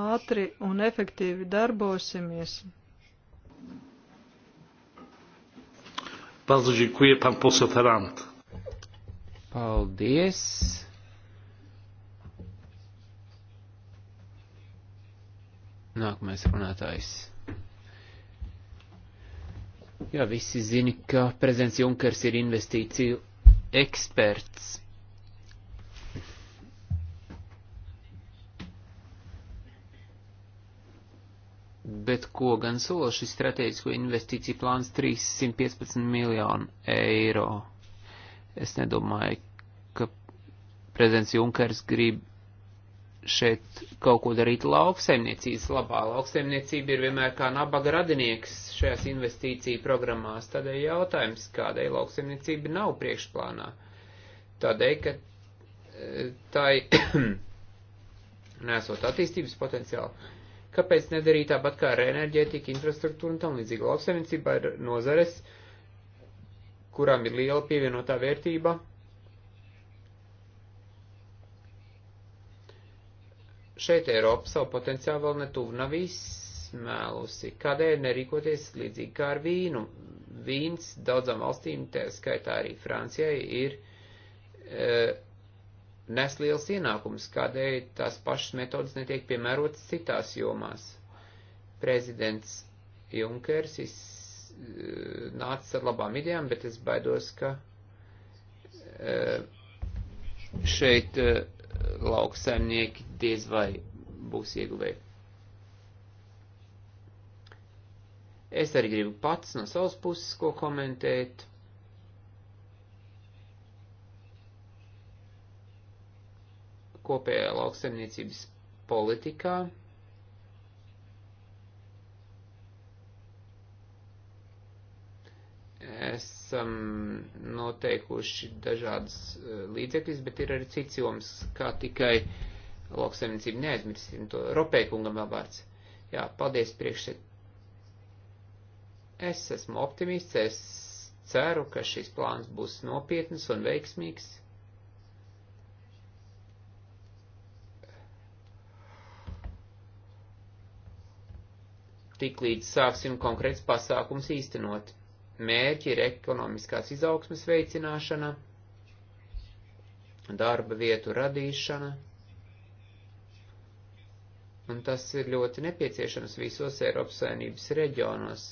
ātri un efektīvi darbosimies Bardzo dziękuję, pan poseł Ferrand. Paldies. Nākamais runātājs. Jā, visi zina, ka prezidents Junkers ir investīciju eksperts bet ko gan sola šis strateģisko investīciju plāns 315 miljonu eiro. Es nedomāju, ka prezidents Junkers grib šeit kaut ko darīt lauksaimniecības labā. Lauksaimniecība ir vienmēr kā nabaga radinieks šajās investīciju programmās. Tādēļ jautājums, kādēļ lauksaimniecība nav priekšplānā. Tādēļ, ka eh, tai nesot attīstības potenciālu Kāpēc nedarīt tāpat kā ar enerģētiku, infrastruktūru un tam līdzīgi? Lauksaimniecība ir nozares, kurām ir liela pievienotā vērtība. Šeit Eiropa savu potenciālu vēl netuvu nav izsmēlusi. Kādēļ nerīkoties līdzīgi kā ar vīnu? Vīns daudzām valstīm, tā skaitā arī Francijai, ir. Uh, e, nes liels ienākums, kādēļ tās pašas metodas netiek piemērotas citās jomās. Prezidents Junkers eh, nāca ar labām idejām, bet es baidos, ka eh, šeit eh, lauksaimnieki diez vai būs ieguvēji. Es arī gribu pats no savas puses ko komentēt. kopējā lauksaimniecības politikā. Esam noteikuši dažādas e, līdzekļas, bet ir arī cits joms, kā tikai lauksaimniecība neaizmirsīsim to. Ropēkungam vēl vārds. Jā, paldies priekšsēd. Es esmu optimists, es ceru, ka šis plāns būs nopietns un veiksmīgs tik līdz sāksim konkrēts pasākums īstenot. Mērķi ir ekonomiskās izaugsmes veicināšana, darba vietu radīšana, un tas ir ļoti nepieciešams visos Eiropas saimnības reģionos.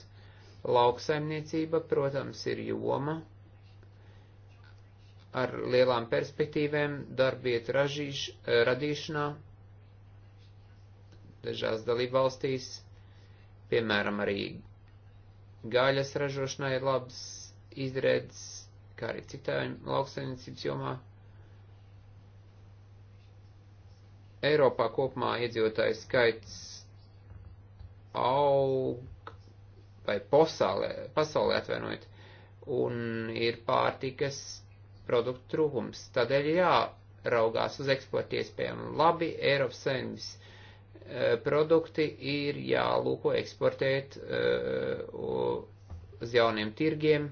Lauksaimniecība, protams, ir joma ar lielām perspektīvēm darbietu radīšanā dažās dalībvalstīs Piemēram, arī gaļas ražošanai ir labs izredzes, kā arī citām lauksaimniecības jomā. Eiropā kopumā iedzīvotāju skaits aug vai posālē, pasaulē atvainojiet, un ir pārtikas produktu trūkums. Tādēļ jāraugās uz eksporta iespējām. Labi, Eiropas saimnes Eh, produkti ir jālūko eksportēt eh, uz jauniem tirgiem.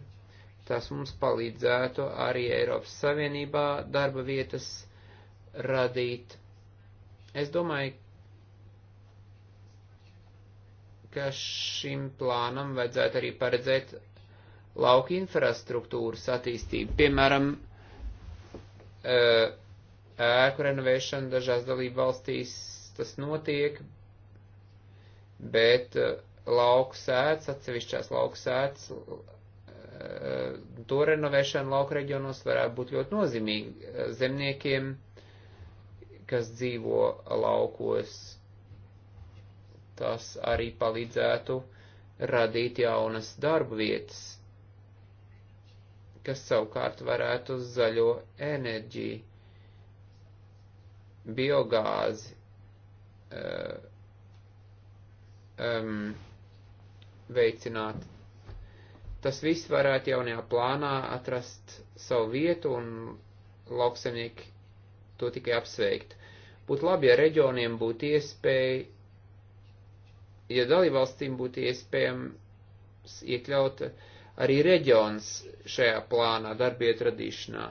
Tas mums palīdzētu arī Eiropas Savienībā darba vietas radīt. Es domāju, ka šim plānam vajadzētu arī paredzēt lauka infrastruktūras attīstību, piemēram, eh, ēku renovēšanu dažās dalību valstīs tas notiek, bet uh, lauku sēts, atsevišķās lauku sēts, uh, to renovēšana lauku reģionos varētu būt ļoti nozīmīga uh, zemniekiem, kas dzīvo laukos. Tas arī palīdzētu radīt jaunas darba vietas, kas savukārt varētu zaļo enerģiju, biogāzi Uh, um, veicināt. Tas viss varētu jaunajā plānā atrast savu vietu un lauksemnieki to tikai apsveikt. Būtu labi, ja reģioniem būtu iespēja, ja dalībvalstīm būtu iespējams iekļaut arī reģions šajā plānā darbietu radīšanā.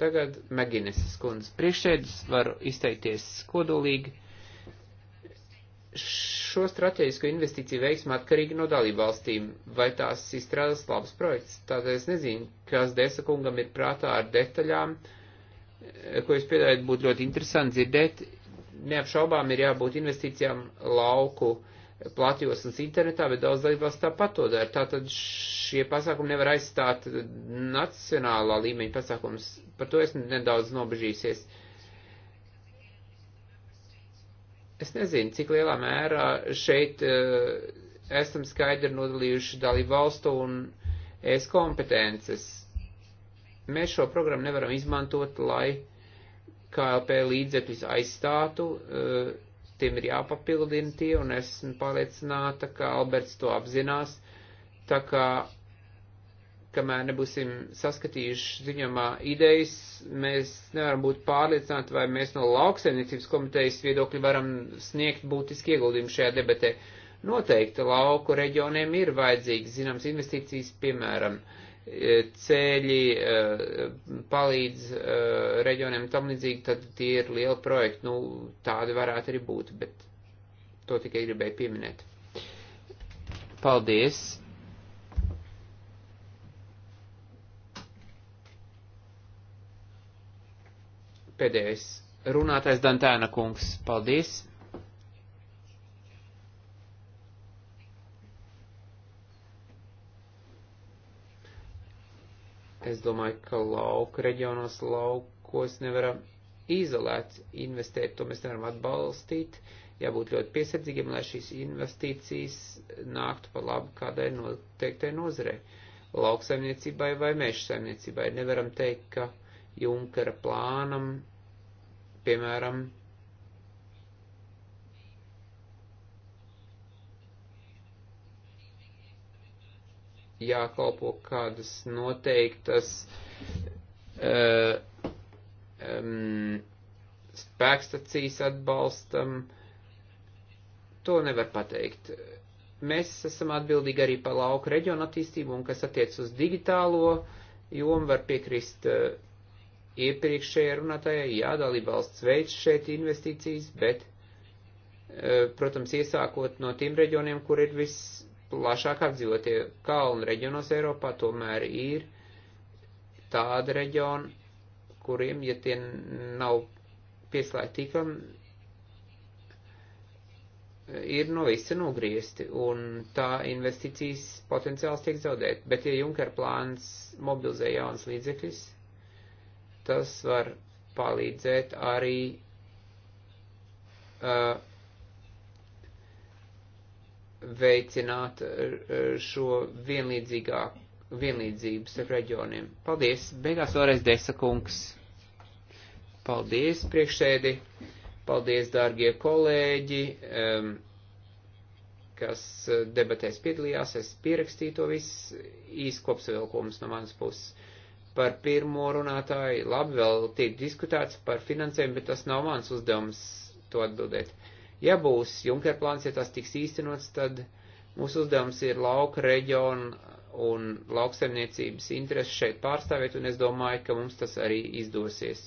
Tagad Meginesas kundzes priekšsēdus var izteikties kodolīgi. Šo strateģisko investīciju veiksmu atkarīgi no dalībvalstīm, vai tās izstrādās labs projekts. Tātad es nezinu, kas Desa kungam ir prātā ar detaļām, ko jūs piedāvājat, būtu ļoti interesanti dzirdēt. Neapšaubām ir jābūt investīcijām lauku platjosnes internetā, bet daudz dalībās tāpat to dara. Tātad šie pasākumi nevar aizstāt nacionālā līmeņa pasākums. Par to esmu nedaudz nobežīsies. Es nezinu, cik lielā mērā šeit uh, esam skaidri nodalījuši dalību valstu un es kompetences. Mēs šo programmu nevaram izmantot, lai KLP līdzekļus aizstātu. Uh, tiem ir jāpapildina tie, un esmu pārliecināta, ka Alberts to apzinās, tā kā, kamēr nebūsim saskatījuši ziņamā idejas, mēs nevaram būt pārliecināti, vai mēs no lauksaimniecības komitejas viedokļa varam sniegt būtiski ieguldījumu šajā debatē. Noteikti lauku reģioniem ir vajadzīgas zināmas investīcijas, piemēram, uh, ceļi eh, palīdz eh, reģioniem tam līdzīgi, tad tie ir lieli projekti. Nu, tādi varētu arī būt, bet to tikai gribēju pieminēt. Paldies! Pēdējais runātais Dantēna kungs. Paldies! Es domāju, ka lauka reģionos laukos nevaram izolēt investēt, to mēs nevaram atbalstīt. Jābūt ļoti piesardzīgiem, lai šīs investīcijas nāktu pa labu kādai noteiktai nozarei lauksaimniecībai vai meža saimniecībai. Nevaram teikt, ka Junkara plānam, piemēram, jākalpo kādas noteiktas uh, um, spēkstacijas atbalstam, to nevar pateikt. Mēs esam atbildīgi arī par lauku reģionu attīstību, un kas attiec uz digitālo jomu, var piekrist uh, iepriekšējai runātājai, jā, dalībvalsts veids šeit investīcijas, bet, uh, protams, iesākot no tiem reģioniem, kur ir viss plašāk apdzīvotie kalnu reģionos Eiropā tomēr ir tāda reģiona, kuriem, ja tie nav pieslēgti tikam, ir no visa nogriezti, un tā investīcijas potenciāls tiek zaudēt. Bet, ja Junker plāns mobilizē jaunas līdzekļus, tas var palīdzēt arī uh, veicināt eh, šo vienlīdzīgāku vienlīdzības ar reģioniem. Paldies! Beigās vēlreiz Desa kungs. Paldies, priekšsēdi! Paldies, dārgie kolēģi, um, kas debatēs piedalījās. Es pierakstīju to visu īskopsvilkums no manas puses. Par pirmo runātāju labi vēl tiek diskutēts par finansējumu, bet tas nav mans uzdevums to atbildēt. Uh, Ja būs Junker plāns, ja tas tiks īstenots, tad mūsu uzdevums ir lauka reģionu un lauksaimniecības intereses šeit pārstāvēt, un es domāju, ka mums tas arī izdosies.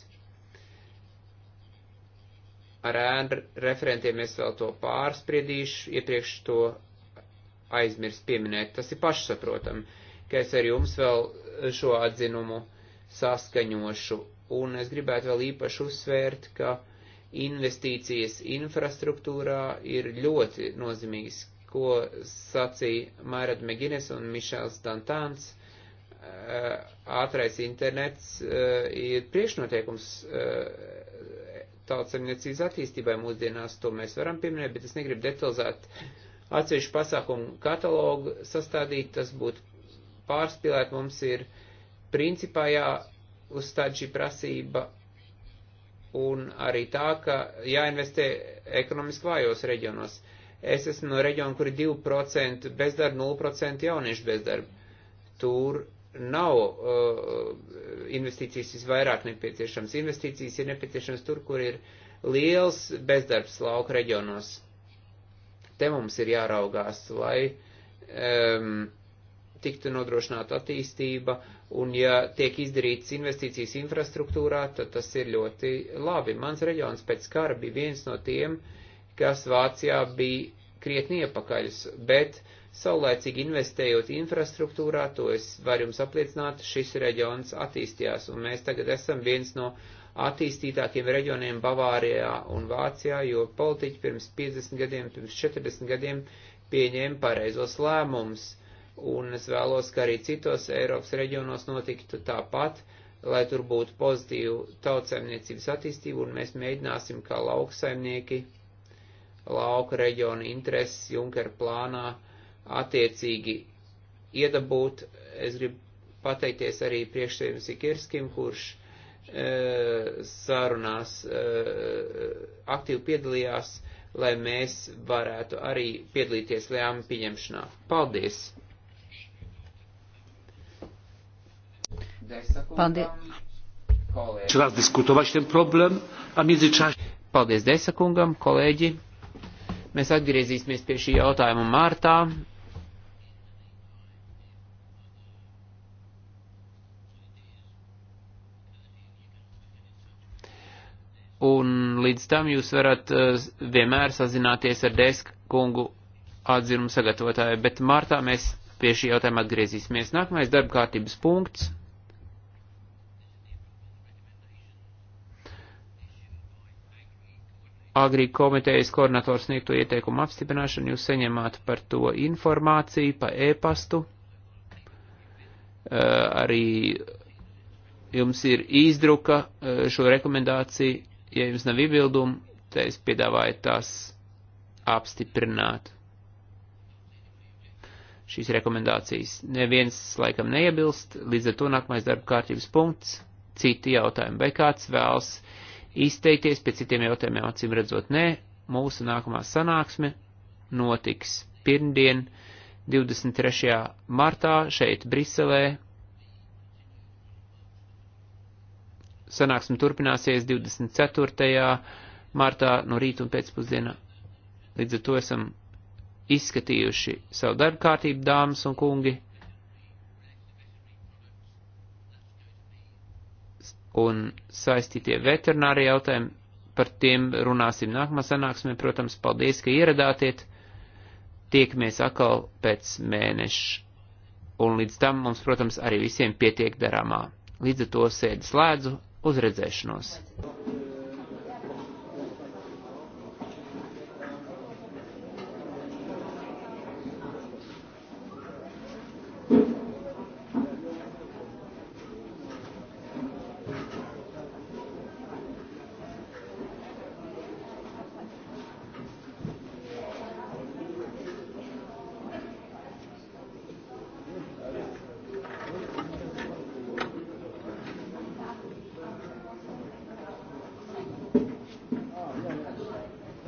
Ar ēnu referentiem es vēl to pārspriedīšu, iepriekš to aizmirst pieminēt. Tas ir pašsaprotam, ka es ar jums vēl šo atzinumu saskaņošu, un es gribētu vēl īpaši uzsvērt, ka investīcijas infrastruktūrā ir ļoti nozīmīgas, ko sacīja Mairad Megines un Mišels Dantāns. Eh, ātrais internets eh, ir priekšnoteikums eh, tautsemniecības attīstībai mūsdienās, to mēs varam pieminēt, bet es negribu detalizēt atsevišķu pasākumu katalogu sastādīt, tas būtu pārspīlēt, mums ir principā jāuzstāda šī prasība un arī tā, ka jāinvestē ekonomiski vājos reģionos. Es esmu no reģiona, kur ir 2% bezdarba, 0% jauniešu bezdarba. Tur nav uh, investīcijas visvairāk nepieciešams. Investīcijas ir nepieciešams tur, kur ir liels bezdarbs lauka reģionos. Te mums ir jāraugās, lai um, tiktu nodrošināta attīstība, Un ja tiek izdarīts investīcijas infrastruktūrā, tad tas ir ļoti labi. Mans reģions pēc kara bija viens no tiem, kas Vācijā bija krietni iepakaļs, bet saulēcīgi investējot infrastruktūrā, to es varu jums apliecināt, šis reģions attīstījās, un mēs tagad esam viens no attīstītākiem reģioniem Bavārijā un Vācijā, jo politiķi pirms 50 gadiem, pirms 40 gadiem pieņēma pareizos lēmumus un es vēlos, ka arī citos Eiropas reģionos notiktu tāpat, lai tur būtu pozitīva tautsaimniecības attīstība, un mēs mēģināsim kā lauksaimnieki lauka reģiona intereses Junker plānā attiecīgi iedabūt. Es gribu pateikties arī priekšsēdim Sikirskim, kurš e, sarunās e, aktīvi piedalījās, lai mēs varētu arī piedalīties lēmumu pieņemšanā. Paldies! Paldies. Kolēģi. Raz diskutovāt šiem problēmu, a miedzečāši. Paldies Desakungam, kolēģi. Mēs atgriezīsimies pie šī jautājuma martā. Un līdz tam jūs varat eh, vienmēr sazināties ar Deskungu atzinumu sagatavotāju, bet martā mēs pie šī jautājuma atgriezīsimies. Nākamais darba kārtības punkts. agrī komitejas koordinatoru sniegto ieteikumu apstiprināšanu, jūs saņemāt par to informāciju pa e-pastu. Uh, arī jums ir izdruka uh, šo rekomendāciju, ja jums nav iebildumu, te es piedāvāju tās apstiprināt. Šīs rekomendācijas neviens laikam neiebilst, līdz ar to nākamais darba kārtības punkts, citi jautājumi, vai kāds vēlas izteikties, pie citiem jautājumiem acīm redzot nē, mūsu nākamā sanāksme notiks pirmdien 23. martā šeit Briselē. Sanāksme turpināsies 24. martā no rīta un pēcpusdienā. Līdz ar to esam izskatījuši savu darbu kārtību, dāmas un kungi. un saistītie veterinārie jautājumi. Par tiem runāsim nākamā sanāksmē. Protams, paldies, ka ieradāties. Tiekamies atkal pēc mēneša. Un līdz tam mums, protams, arī visiem pietiek darāmā. Līdz ar to sēdi slēdzu uz redzēšanos.